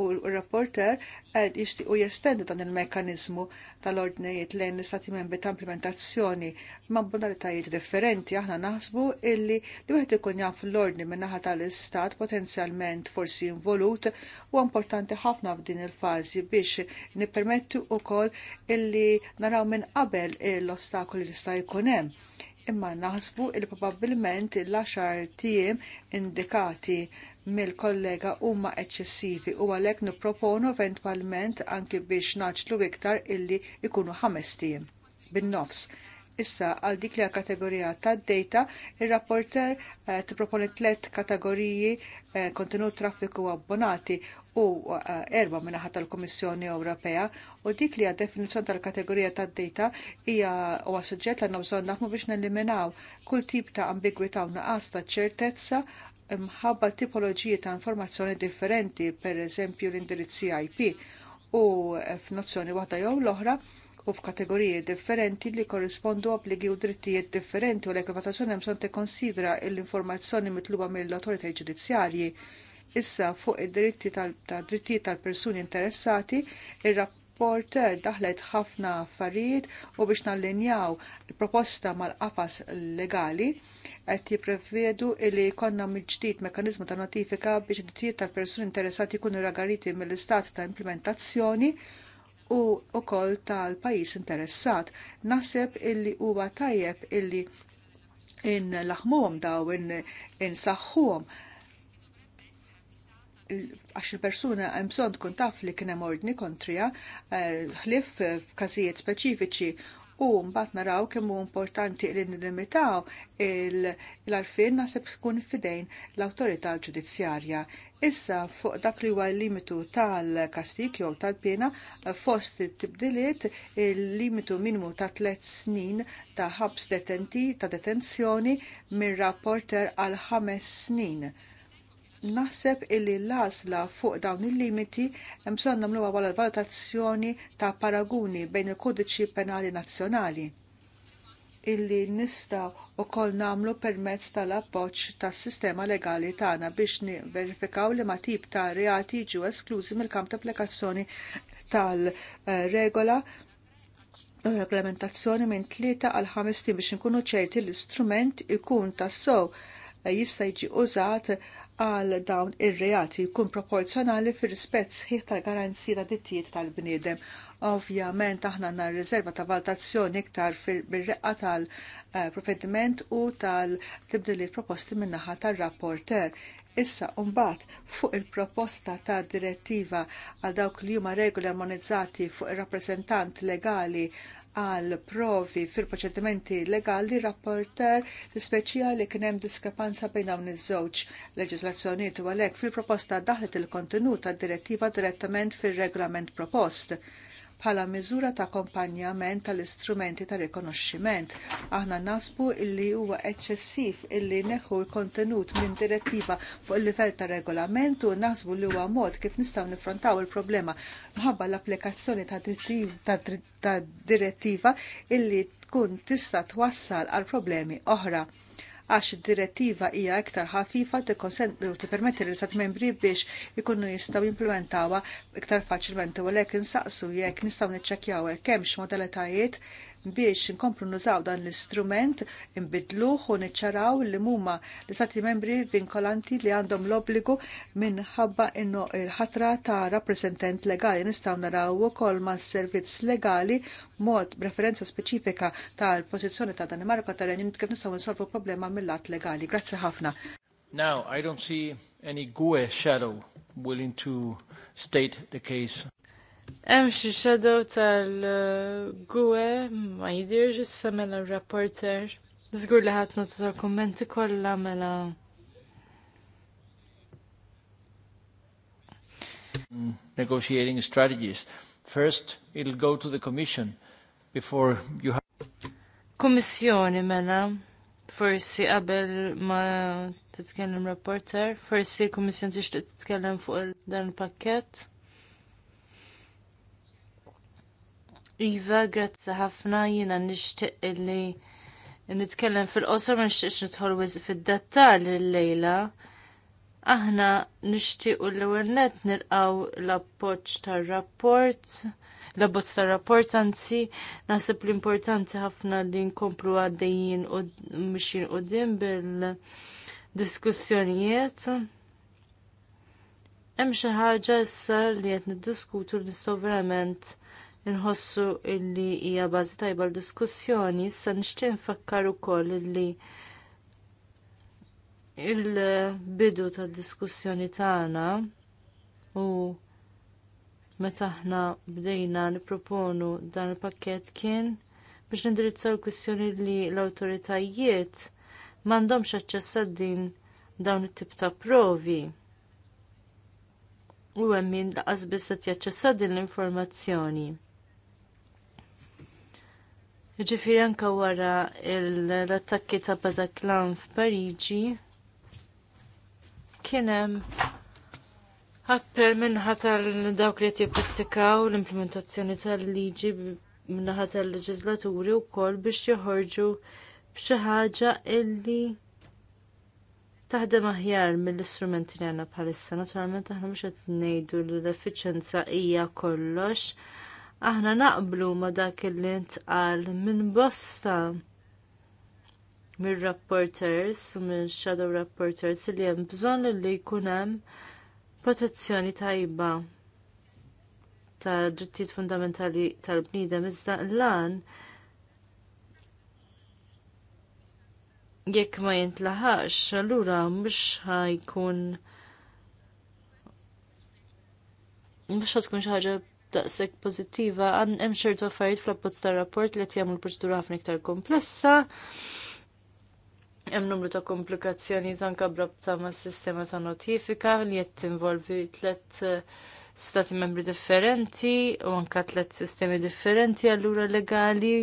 u r-rapporter qed jixtiequ jestendi dan il mekanizmu tal-ordnijiet lejn l-istati membri ta' implementazzjoni ma' modalitajiet differenti aħna naħsbu illi li wieħed ikun jaf l-ordni min-naħa tal-istat potenzjalment forsi involut u importanti ħafna f'din il-fażi biex nippermettu wkoll illi naraw minn qabel l-ostakoli li sta' jkun hemm imma naħsbu il probabbilment il-laxar tiem indikati mill-kollega huma eċċessivi u għalhekk nipproponu eventwalment anki biex naġlu iktar illi ikunu ħames tiem bin-nofs Issa, għal dik li kategorija ta' data, il-rapporter eh, t-proponi t-let kategoriji eh, kontenut traffiku abbonati u eh, erba minna ħata l-Komissjoni Ewropea u dik li definizjon tal-kategorija ta' data hija u għasġġet l bżon naħmu biex neliminaw kull tip ta' ambigwita u naqas ta' ċertezza mħabba tipoloġiji ta' informazzjoni differenti, per eżempju l-indirizzi IP u f'nozzjoni waħda jew l-oħra, u f'kategoriji differenti li korrispondu obbligi u drittijiet differenti u l-ekvatazzjoni hemm konsidra l-informazzjoni mitluba mill-autorità ġudizzjarji. Issa fuq id-dritti tal-drittijiet tal-persuni interessati, ir-rapporter daħlet ħafna affarijiet u biex nallinjaw il-proposta mal-qafas legali qed jipprevedu li jkollna mill-ġdid mekkaniżmu ta' notifika biex id-drittijiet tal-persuni interessati jkunu ragariti mill-istat ta' implementazzjoni u wkoll tal-pajjiż interessat. Naħseb illi huwa tajjeb illi in laħmuhom daw in insaħħuhom għax il-persuna hemm bżonn tkun taf li kien hemm ordni kontrija eh, ħlif f'każijiet speċifiċi u mbagħad naraw kemm hu importanti li nilimitaw l-arfin naħseb tkun fidejn l-awtorità ġudizzjarja. Issa fuq dak li huwa l limitu tal-kastik jew tal-pena fost it-tibdiliet il-limitu minimu ta' tliet snin ta' ħabs detenti ta' detenzjoni mir rapporter għal ħames snin Naħseb illi l-għażla fuq dawn il-limiti hemm bżonn nagħmluha l-valutazzjoni ta' paraguni bejn il-kodiċi penali nazzjonali illi nista kol nagħmlu permezz tal-appoġġ tas-sistema legali tagħna biex niverifikaw li ma tip ta' reati ġu esklużi mill-kamp ta' applikazzjoni tal-regola reglamentazzjoni minn tlieta għal ħames biex nkunu ċerti l-istrument ikun tassow jista' jiġi użat għal dawn ir-reati jkun proporzjonali fir-rispett sħiħ tal-garanzija ta' dittijiet tal-bniedem. Ovvjament aħna għandna riserva ta' valutazzjoni iktar fir reqqa tal-provvediment u tal-tibdiliet proposti min-naħa tar-rapporter. Issa umbat fuq il-proposta ta' direttiva għal dawk li huma regoli armonizzati fuq ir rappreżentant legali għal provi fil-proċedimenti legali rapporter speċjali kien hemm diskrepanza bejn dawn iż-żewġ leġislazzjonijiet u għalhekk fil-proposta daħlet il-kontenut tad-direttiva direttament fir-regolament propost bħala miżura ta' kompanjament tal-istrumenti ta' rikonoxximent. Aħna nasbu illi huwa eċċessiv illi neħu l-kontenut minn direttiva fuq il-livell ta' regolament u naħsbu li huwa mod kif nistgħu nifrontaw il-problema mħabba l-applikazzjoni ta' direttiva illi tkun tista' twassal għal problemi oħra għax id-direttiva hija iktar ħafifa u tippermetti lil sat membri biex ikunu jistgħu jimplementawha iktar faċilment u għalhekk insaqsu jekk nistgħu niċċekkjaw hekk hemmx modalitajiet biex inkomplu nużaw dan l-istrument inbidluh u niċċaraw li huma l-istati membri vinkolanti li għandhom l-obbligu minħabba inno il-ħatra ta' rappresentant legali nistgħu naraw ukoll ma' servizz legali mod referenza speċifika tal-pożizzjoni ta' Danimarka ta' Renju kif nistgħu nsolvu problema mill-lat legali. Grazzi ħafna.
Now, I don't see any GUE shadow willing to state the case.
Hemm xi shadow tal-gwe ma jidirx issa mela reporter. Żgur li ħadd nota tal-kummenti kollha mela.
Negotiating strategies. First, it'll go to the Commission before you have.
Kummissjoni mela, forsi qabel ma titkellem reporter, forsi l-Kummissjoni tixtieq titkellem fuq dan il-pakkett. Iva, grazzi ħafna jiena nixtieq illi nitkellem fil-qosor ma nixtieqx nidħol fid-dettal lejla. Aħna u l-ewwel net nilqgħu l-appoġġ tar-rapport, l-abbozz tar-rapport anzi naħseb l-importanti ħafna li nkomplu għaddejjin u u din bil-diskussjonijiet. Hemm xi ħaġa issa li qed niddiskutu li nistgħu nħossu illi hija bażi tajba l-diskussjoni, issa nixtieq nfakkar ukoll illi il-bidu tad diskussjoni tagħna u meta aħna bdejna nipproponu dan il-pakkett kien biex nindirizzaw kwistjoni li l-awtoritajiet m'għandhomx aċċess din dawn it-tip ta' provi. U hemm min laqas biss qed jaċċessa din l-informazzjoni. Ġifiri anka wara l-attakki ta' Bataclan f'Pariġi kienem appell minnaħa tal-dawk li jippratikaw l-implementazzjoni tal-liġi min-naħa tal-leġislaturi u biex joħorġu b'xi ħaġa illi taħdem aħjar mill-istrumenti li għandna bħalissa. Naturalment aħna mhux qed ngħidu li l-effiċenza hija kollox aħna naqblu ma dak li ntqal minn bosta mir rapporters u minn shadow rapporters li hemm bżonn li jkun hemm protezzjoni tajba ta' drittijiet fundamentali tal-bniedem iżda lan jekk ma jintlaħax, allura mhux ħajkun mhux tkun xi ħaġa daqshekk pożittiva hemm xertu affarijiet fl tar-rapport li qed jagħmlu l-proċedura ħafna iktar komplessa. Hemm numru ta' komplikazzjonijiet anke brabta mas-sistema ta' notifika li qed tinvolvi tliet eh, stati membri differenti u anke tliet sistemi differenti allura legali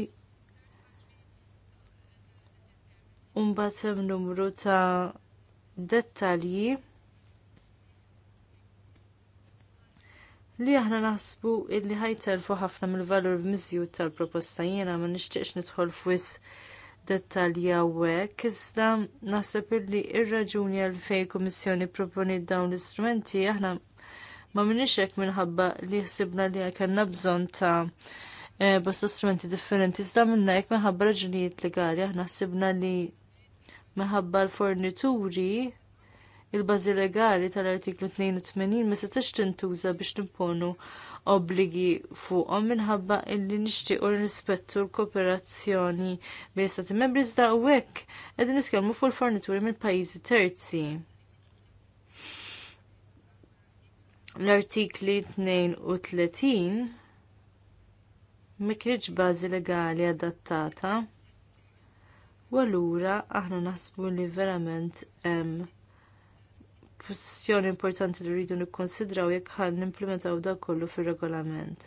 Umbat hemm numru ta' dettalji li aħna naħsbu illi ħajtelfu ħafna mill-valur miżjud tal-proposta jiena ma nixtieqx nidħol f'wis dettalji hawnhekk, iżda naħseb illi ir-raġuni għal fejn il-Kummissjoni proponi dawn l-istrumenti aħna ma minix hekk minħabba li ħsibna li kellna bżonn ta' e, bosta strumenti differenti, iżda minna hekk minħabba raġunijiet legali aħna ħsibna li minħabba l-fornituri il-bażi legali tal-artiklu 82 ma setax tintuża biex timponu obbligi fuqhom minħabba illi nixtiequ rispettu l-kooperazzjoni bejn stati membri iżda hekk qegħdin nitkellmu fuq il-fornituri minn pajjiżi terzi. L-artikli 32 ma kienx bażi legali adattata u allura aħna naħsbu li verament hemm kwestjoni importanti li rridu nikkonsidraw jekk ħan nimplementaw dak kollu fir-regolament.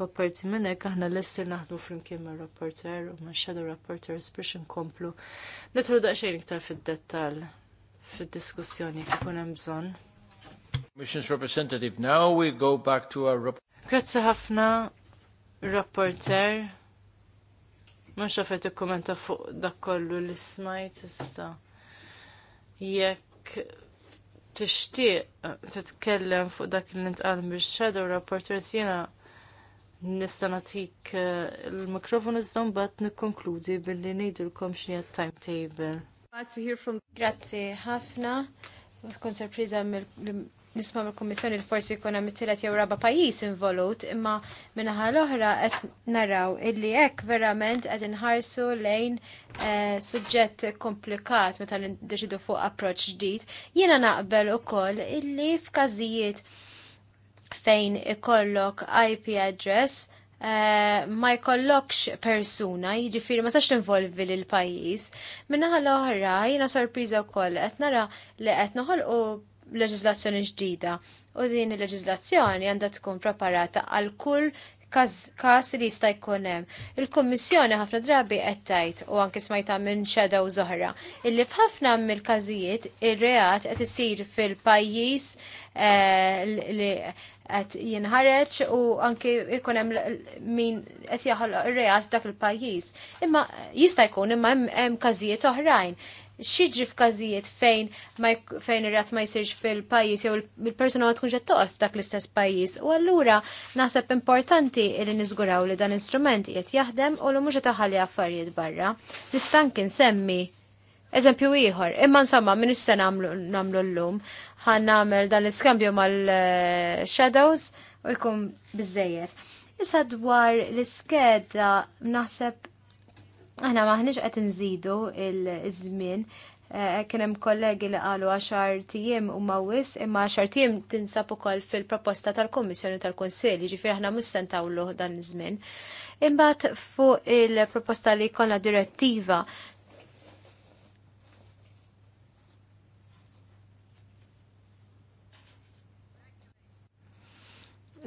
U apparti minn hekk aħna lesti naħdmu flimkien mar-rapporter u ma' shadow rapporters biex inkomplu nidħlu daqsxejn iktar fid-dettall fid-diskussjoni jekk ikun hemm bżonn.
Commission's representative, now we go back to our
Grazzi ħafna, rapporter. Ma xafet ikkumenta fuq dak kollu li smajt Jekk tixtieq eh, titkellem fuq dak li nitqal biex shadow rapporters jiena nista' nagħtik eh, il-mikrofon iżdom bat nikkonkludi billi ngħidulkom x'inhi timetable
Nice Grazzi ħafna. Tkun sorpriża nisma' mill kommissjoni li forsi jkun hemm it-tielet jew raba' pajjiż involut, imma minnaħa l-oħra qed naraw illi hekk verament qed inħarsu lejn eh, suġġett komplikat meta niddeċidu fuq approċċ ġdid. Jiena naqbel ukoll illi f'każijiet fejn ikollok IP address eh, ma jkollokx persuna, jiġifieri ma sax tinvolvi lil pajjiż. Minnaħa l-oħra jiena sorpriża wkoll qed nara li qed noħolqu leġislazzjoni ġdida u din il-leġislazzjoni għandha tkun preparata għal kull kas li jista' jkun hemm. Il-Kummissjoni ħafna drabi qed tgħid u anke smajta minn u zoħra illi f'ħafna mill-każijiet ir-reat qed isir fil-pajjiż eh, li qed jinħareġ u anke jkun hemm min qed jaħol ir-reat f'dak il-pajjiż. Imma jista' jkun imma hemm każijiet oħrajn xieġi f'każijiet fejn fejn irrat ma jsirx fil-pajjiż jew il-persuna ma tkunx qed toqgħod f'dak l-istess pajjiż. U allura naħseb importanti li niżguraw li dan instrument qiegħed jaħdem u li mhux qed taħalli affarijiet barra. Nista' nsemmi Eżempju ieħor, imma insomma minn issa nagħmlu llum, ħan nagħmel dan l-iskambju mal-shadows u jkun biżejjed. Issa dwar l-iskeda naħseb Aħna maħniġ qed nżidu il-żmien eh, kien hemm kollegi li qalu għaxar tiem u mawis, imma għaxar tiem tinsab ukoll fil-proposta tal-Kommissjoni tal-Kunsill, jiġifieri aħna mhux sentawlu dan iż-żmien. Imbagħad fuq il-proposta li jkollna direttiva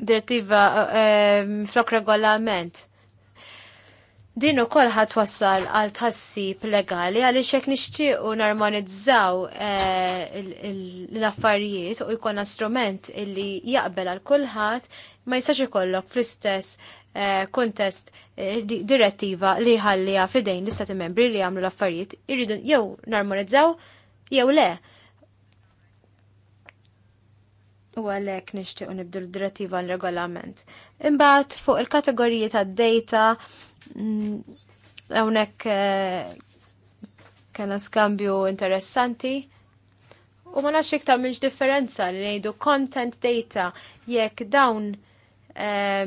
Direttiva eh, eh, flok regolament Din ukoll ħadd wassal għal tassib legali għaliex hekk nixtiequ narmonizzaw eh, l-affarijiet u jkollna strument illi jaqbel għal kulħadd ma jistax ikollok fl-istess eh, kontest eh, direttiva li ħallija fidejn l-istati membri li jagħmlu l-affarijiet irridu jew narmonizzaw jew le. U għalek nishtiq nibdu l-direttiva l-regolament. Imbagħad fuq il-kategoriji tad-data Mm, hawnhekk eh, kena skambju interessanti. U ma nafx iktar minx differenza li ngħidu content data jekk dawn eh,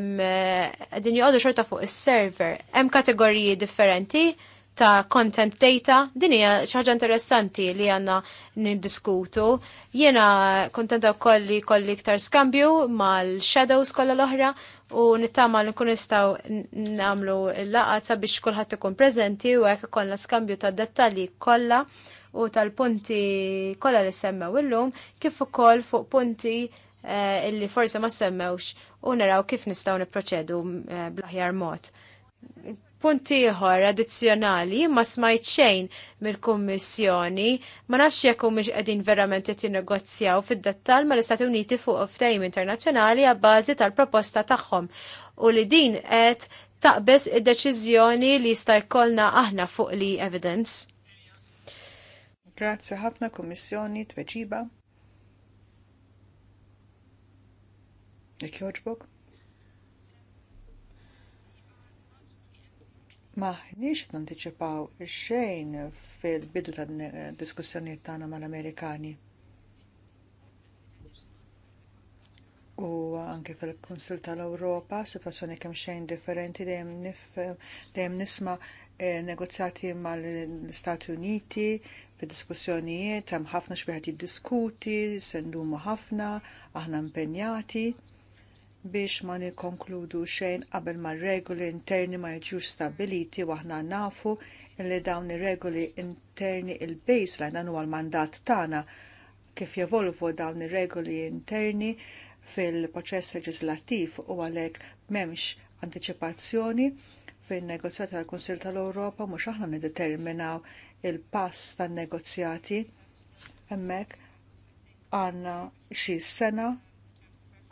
din joqogħdu xorta fuq is-server. Hemm kategoriji differenti ta' content data, din hija xi ħaġa interessanti li għandna niddiskutu. Jiena kontenta wkoll li kolli iktar skambju mal-shadows kollha l-oħra u nittama li nkun nistaw namlu laqata biex kulħadd ikun preżenti u hekk ikollna skambju ta' dettalji kollha u tal-punti kollha li semmew illum kif ukoll fuq punti eh, illi forsi ma semmewx u naraw kif nistgħu nipproċedu eh, bl-aħjar mod Punti ieħor addizzjonali ma smajt xejn mill-Kummissjoni ma nafx jekk mhux qegħdin verament qed jinnegozjaw fid-dettall mal-Istati Uniti fuq ftehim internazzjonali bażi tal-proposta tagħhom u li din qed taqbes id-deċiżjoni li jista' jkollna aħna fuq li
evidence. Grazzi ħafna Kummissjoni tweġiba. Jekk joġbok? maħniex nanticipaw xejn fil-bidu ta' diskussjoniet tagħna mal-Amerikani. U anke fil-Kunsil tal-Ewropa, situazzjoni kemm xejn differenti dejjem nisma eh, negozjati mal-Stati Uniti fid-diskussjonijiet hemm ħafna xi wieħed jiddiskuti, senduma ħafna, aħna impenjati biex ma nikkonkludu xejn qabel ma regoli interni ma jiġux stabiliti waħna nafu li dawn ir-regoli interni il-baseline dan huwa l-mandat tagħna kif jevolvu dawn ir-regoli interni fil-proċess leġislattiv u għalhekk m'hemmx antiċipazzjoni fin-negozjati tal-Kunsill tal-Ewropa mhux aħna niddeterminaw il-pass tan-negozjati hemmhekk għandna xi sena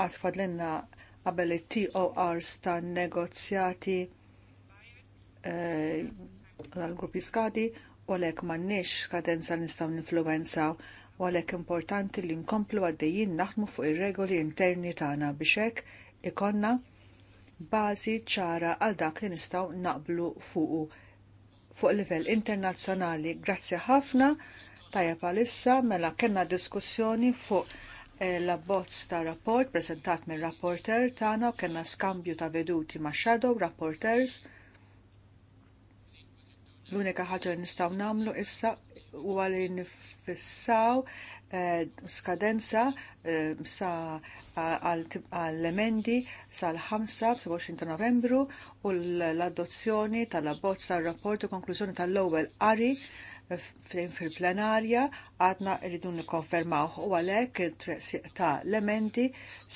għad qabel it-TORs tan negozjati eh, għal-gruppi skadi u għalhekk m'għandniex skadenza nistgħu ninfluwenzaw u għalhekk importanti li nkomplu għaddejjin naħdmu fuq ir-regoli interni tagħna biex hekk ikonna bażi ċara għal dak li nistgħu naqblu fuqu fuq livell internazzjonali. Grazzi ħafna tajja palissa mela kellna diskussjoni fuq Eh, l-abbozz ta' rapport preżentat mir rapporter tagħna u kellna skambju ta' veduti ma' shadow rapporters. L-unika ħaġa li nistgħu nagħmlu issa huwa li nfissaw eh, skadenza eh, sa għall-emendi sal-5 ta' novembru u l-adozzjoni tal-abbozz tal-rapport u konklużjoni tal-ewwel qari fil-plenarja għadna rridu nikkonfermaw u għalhekk it-treqsiq ta' l-emendi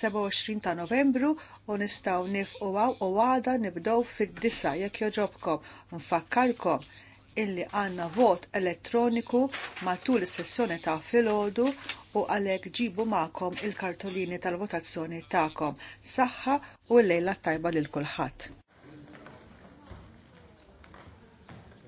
27 ta' Novembru u nistgħu nifqu u għada nibdew fil disa jekk joġobkom. Nfakkarkom illi għanna vot elettroniku matul is-sessjoni ta' filgħodu u għalhekk ġibu ma'kom il-kartolini tal-votazzjoni tagħkom. Saħħa u l-lejla tajba lil kulħadd.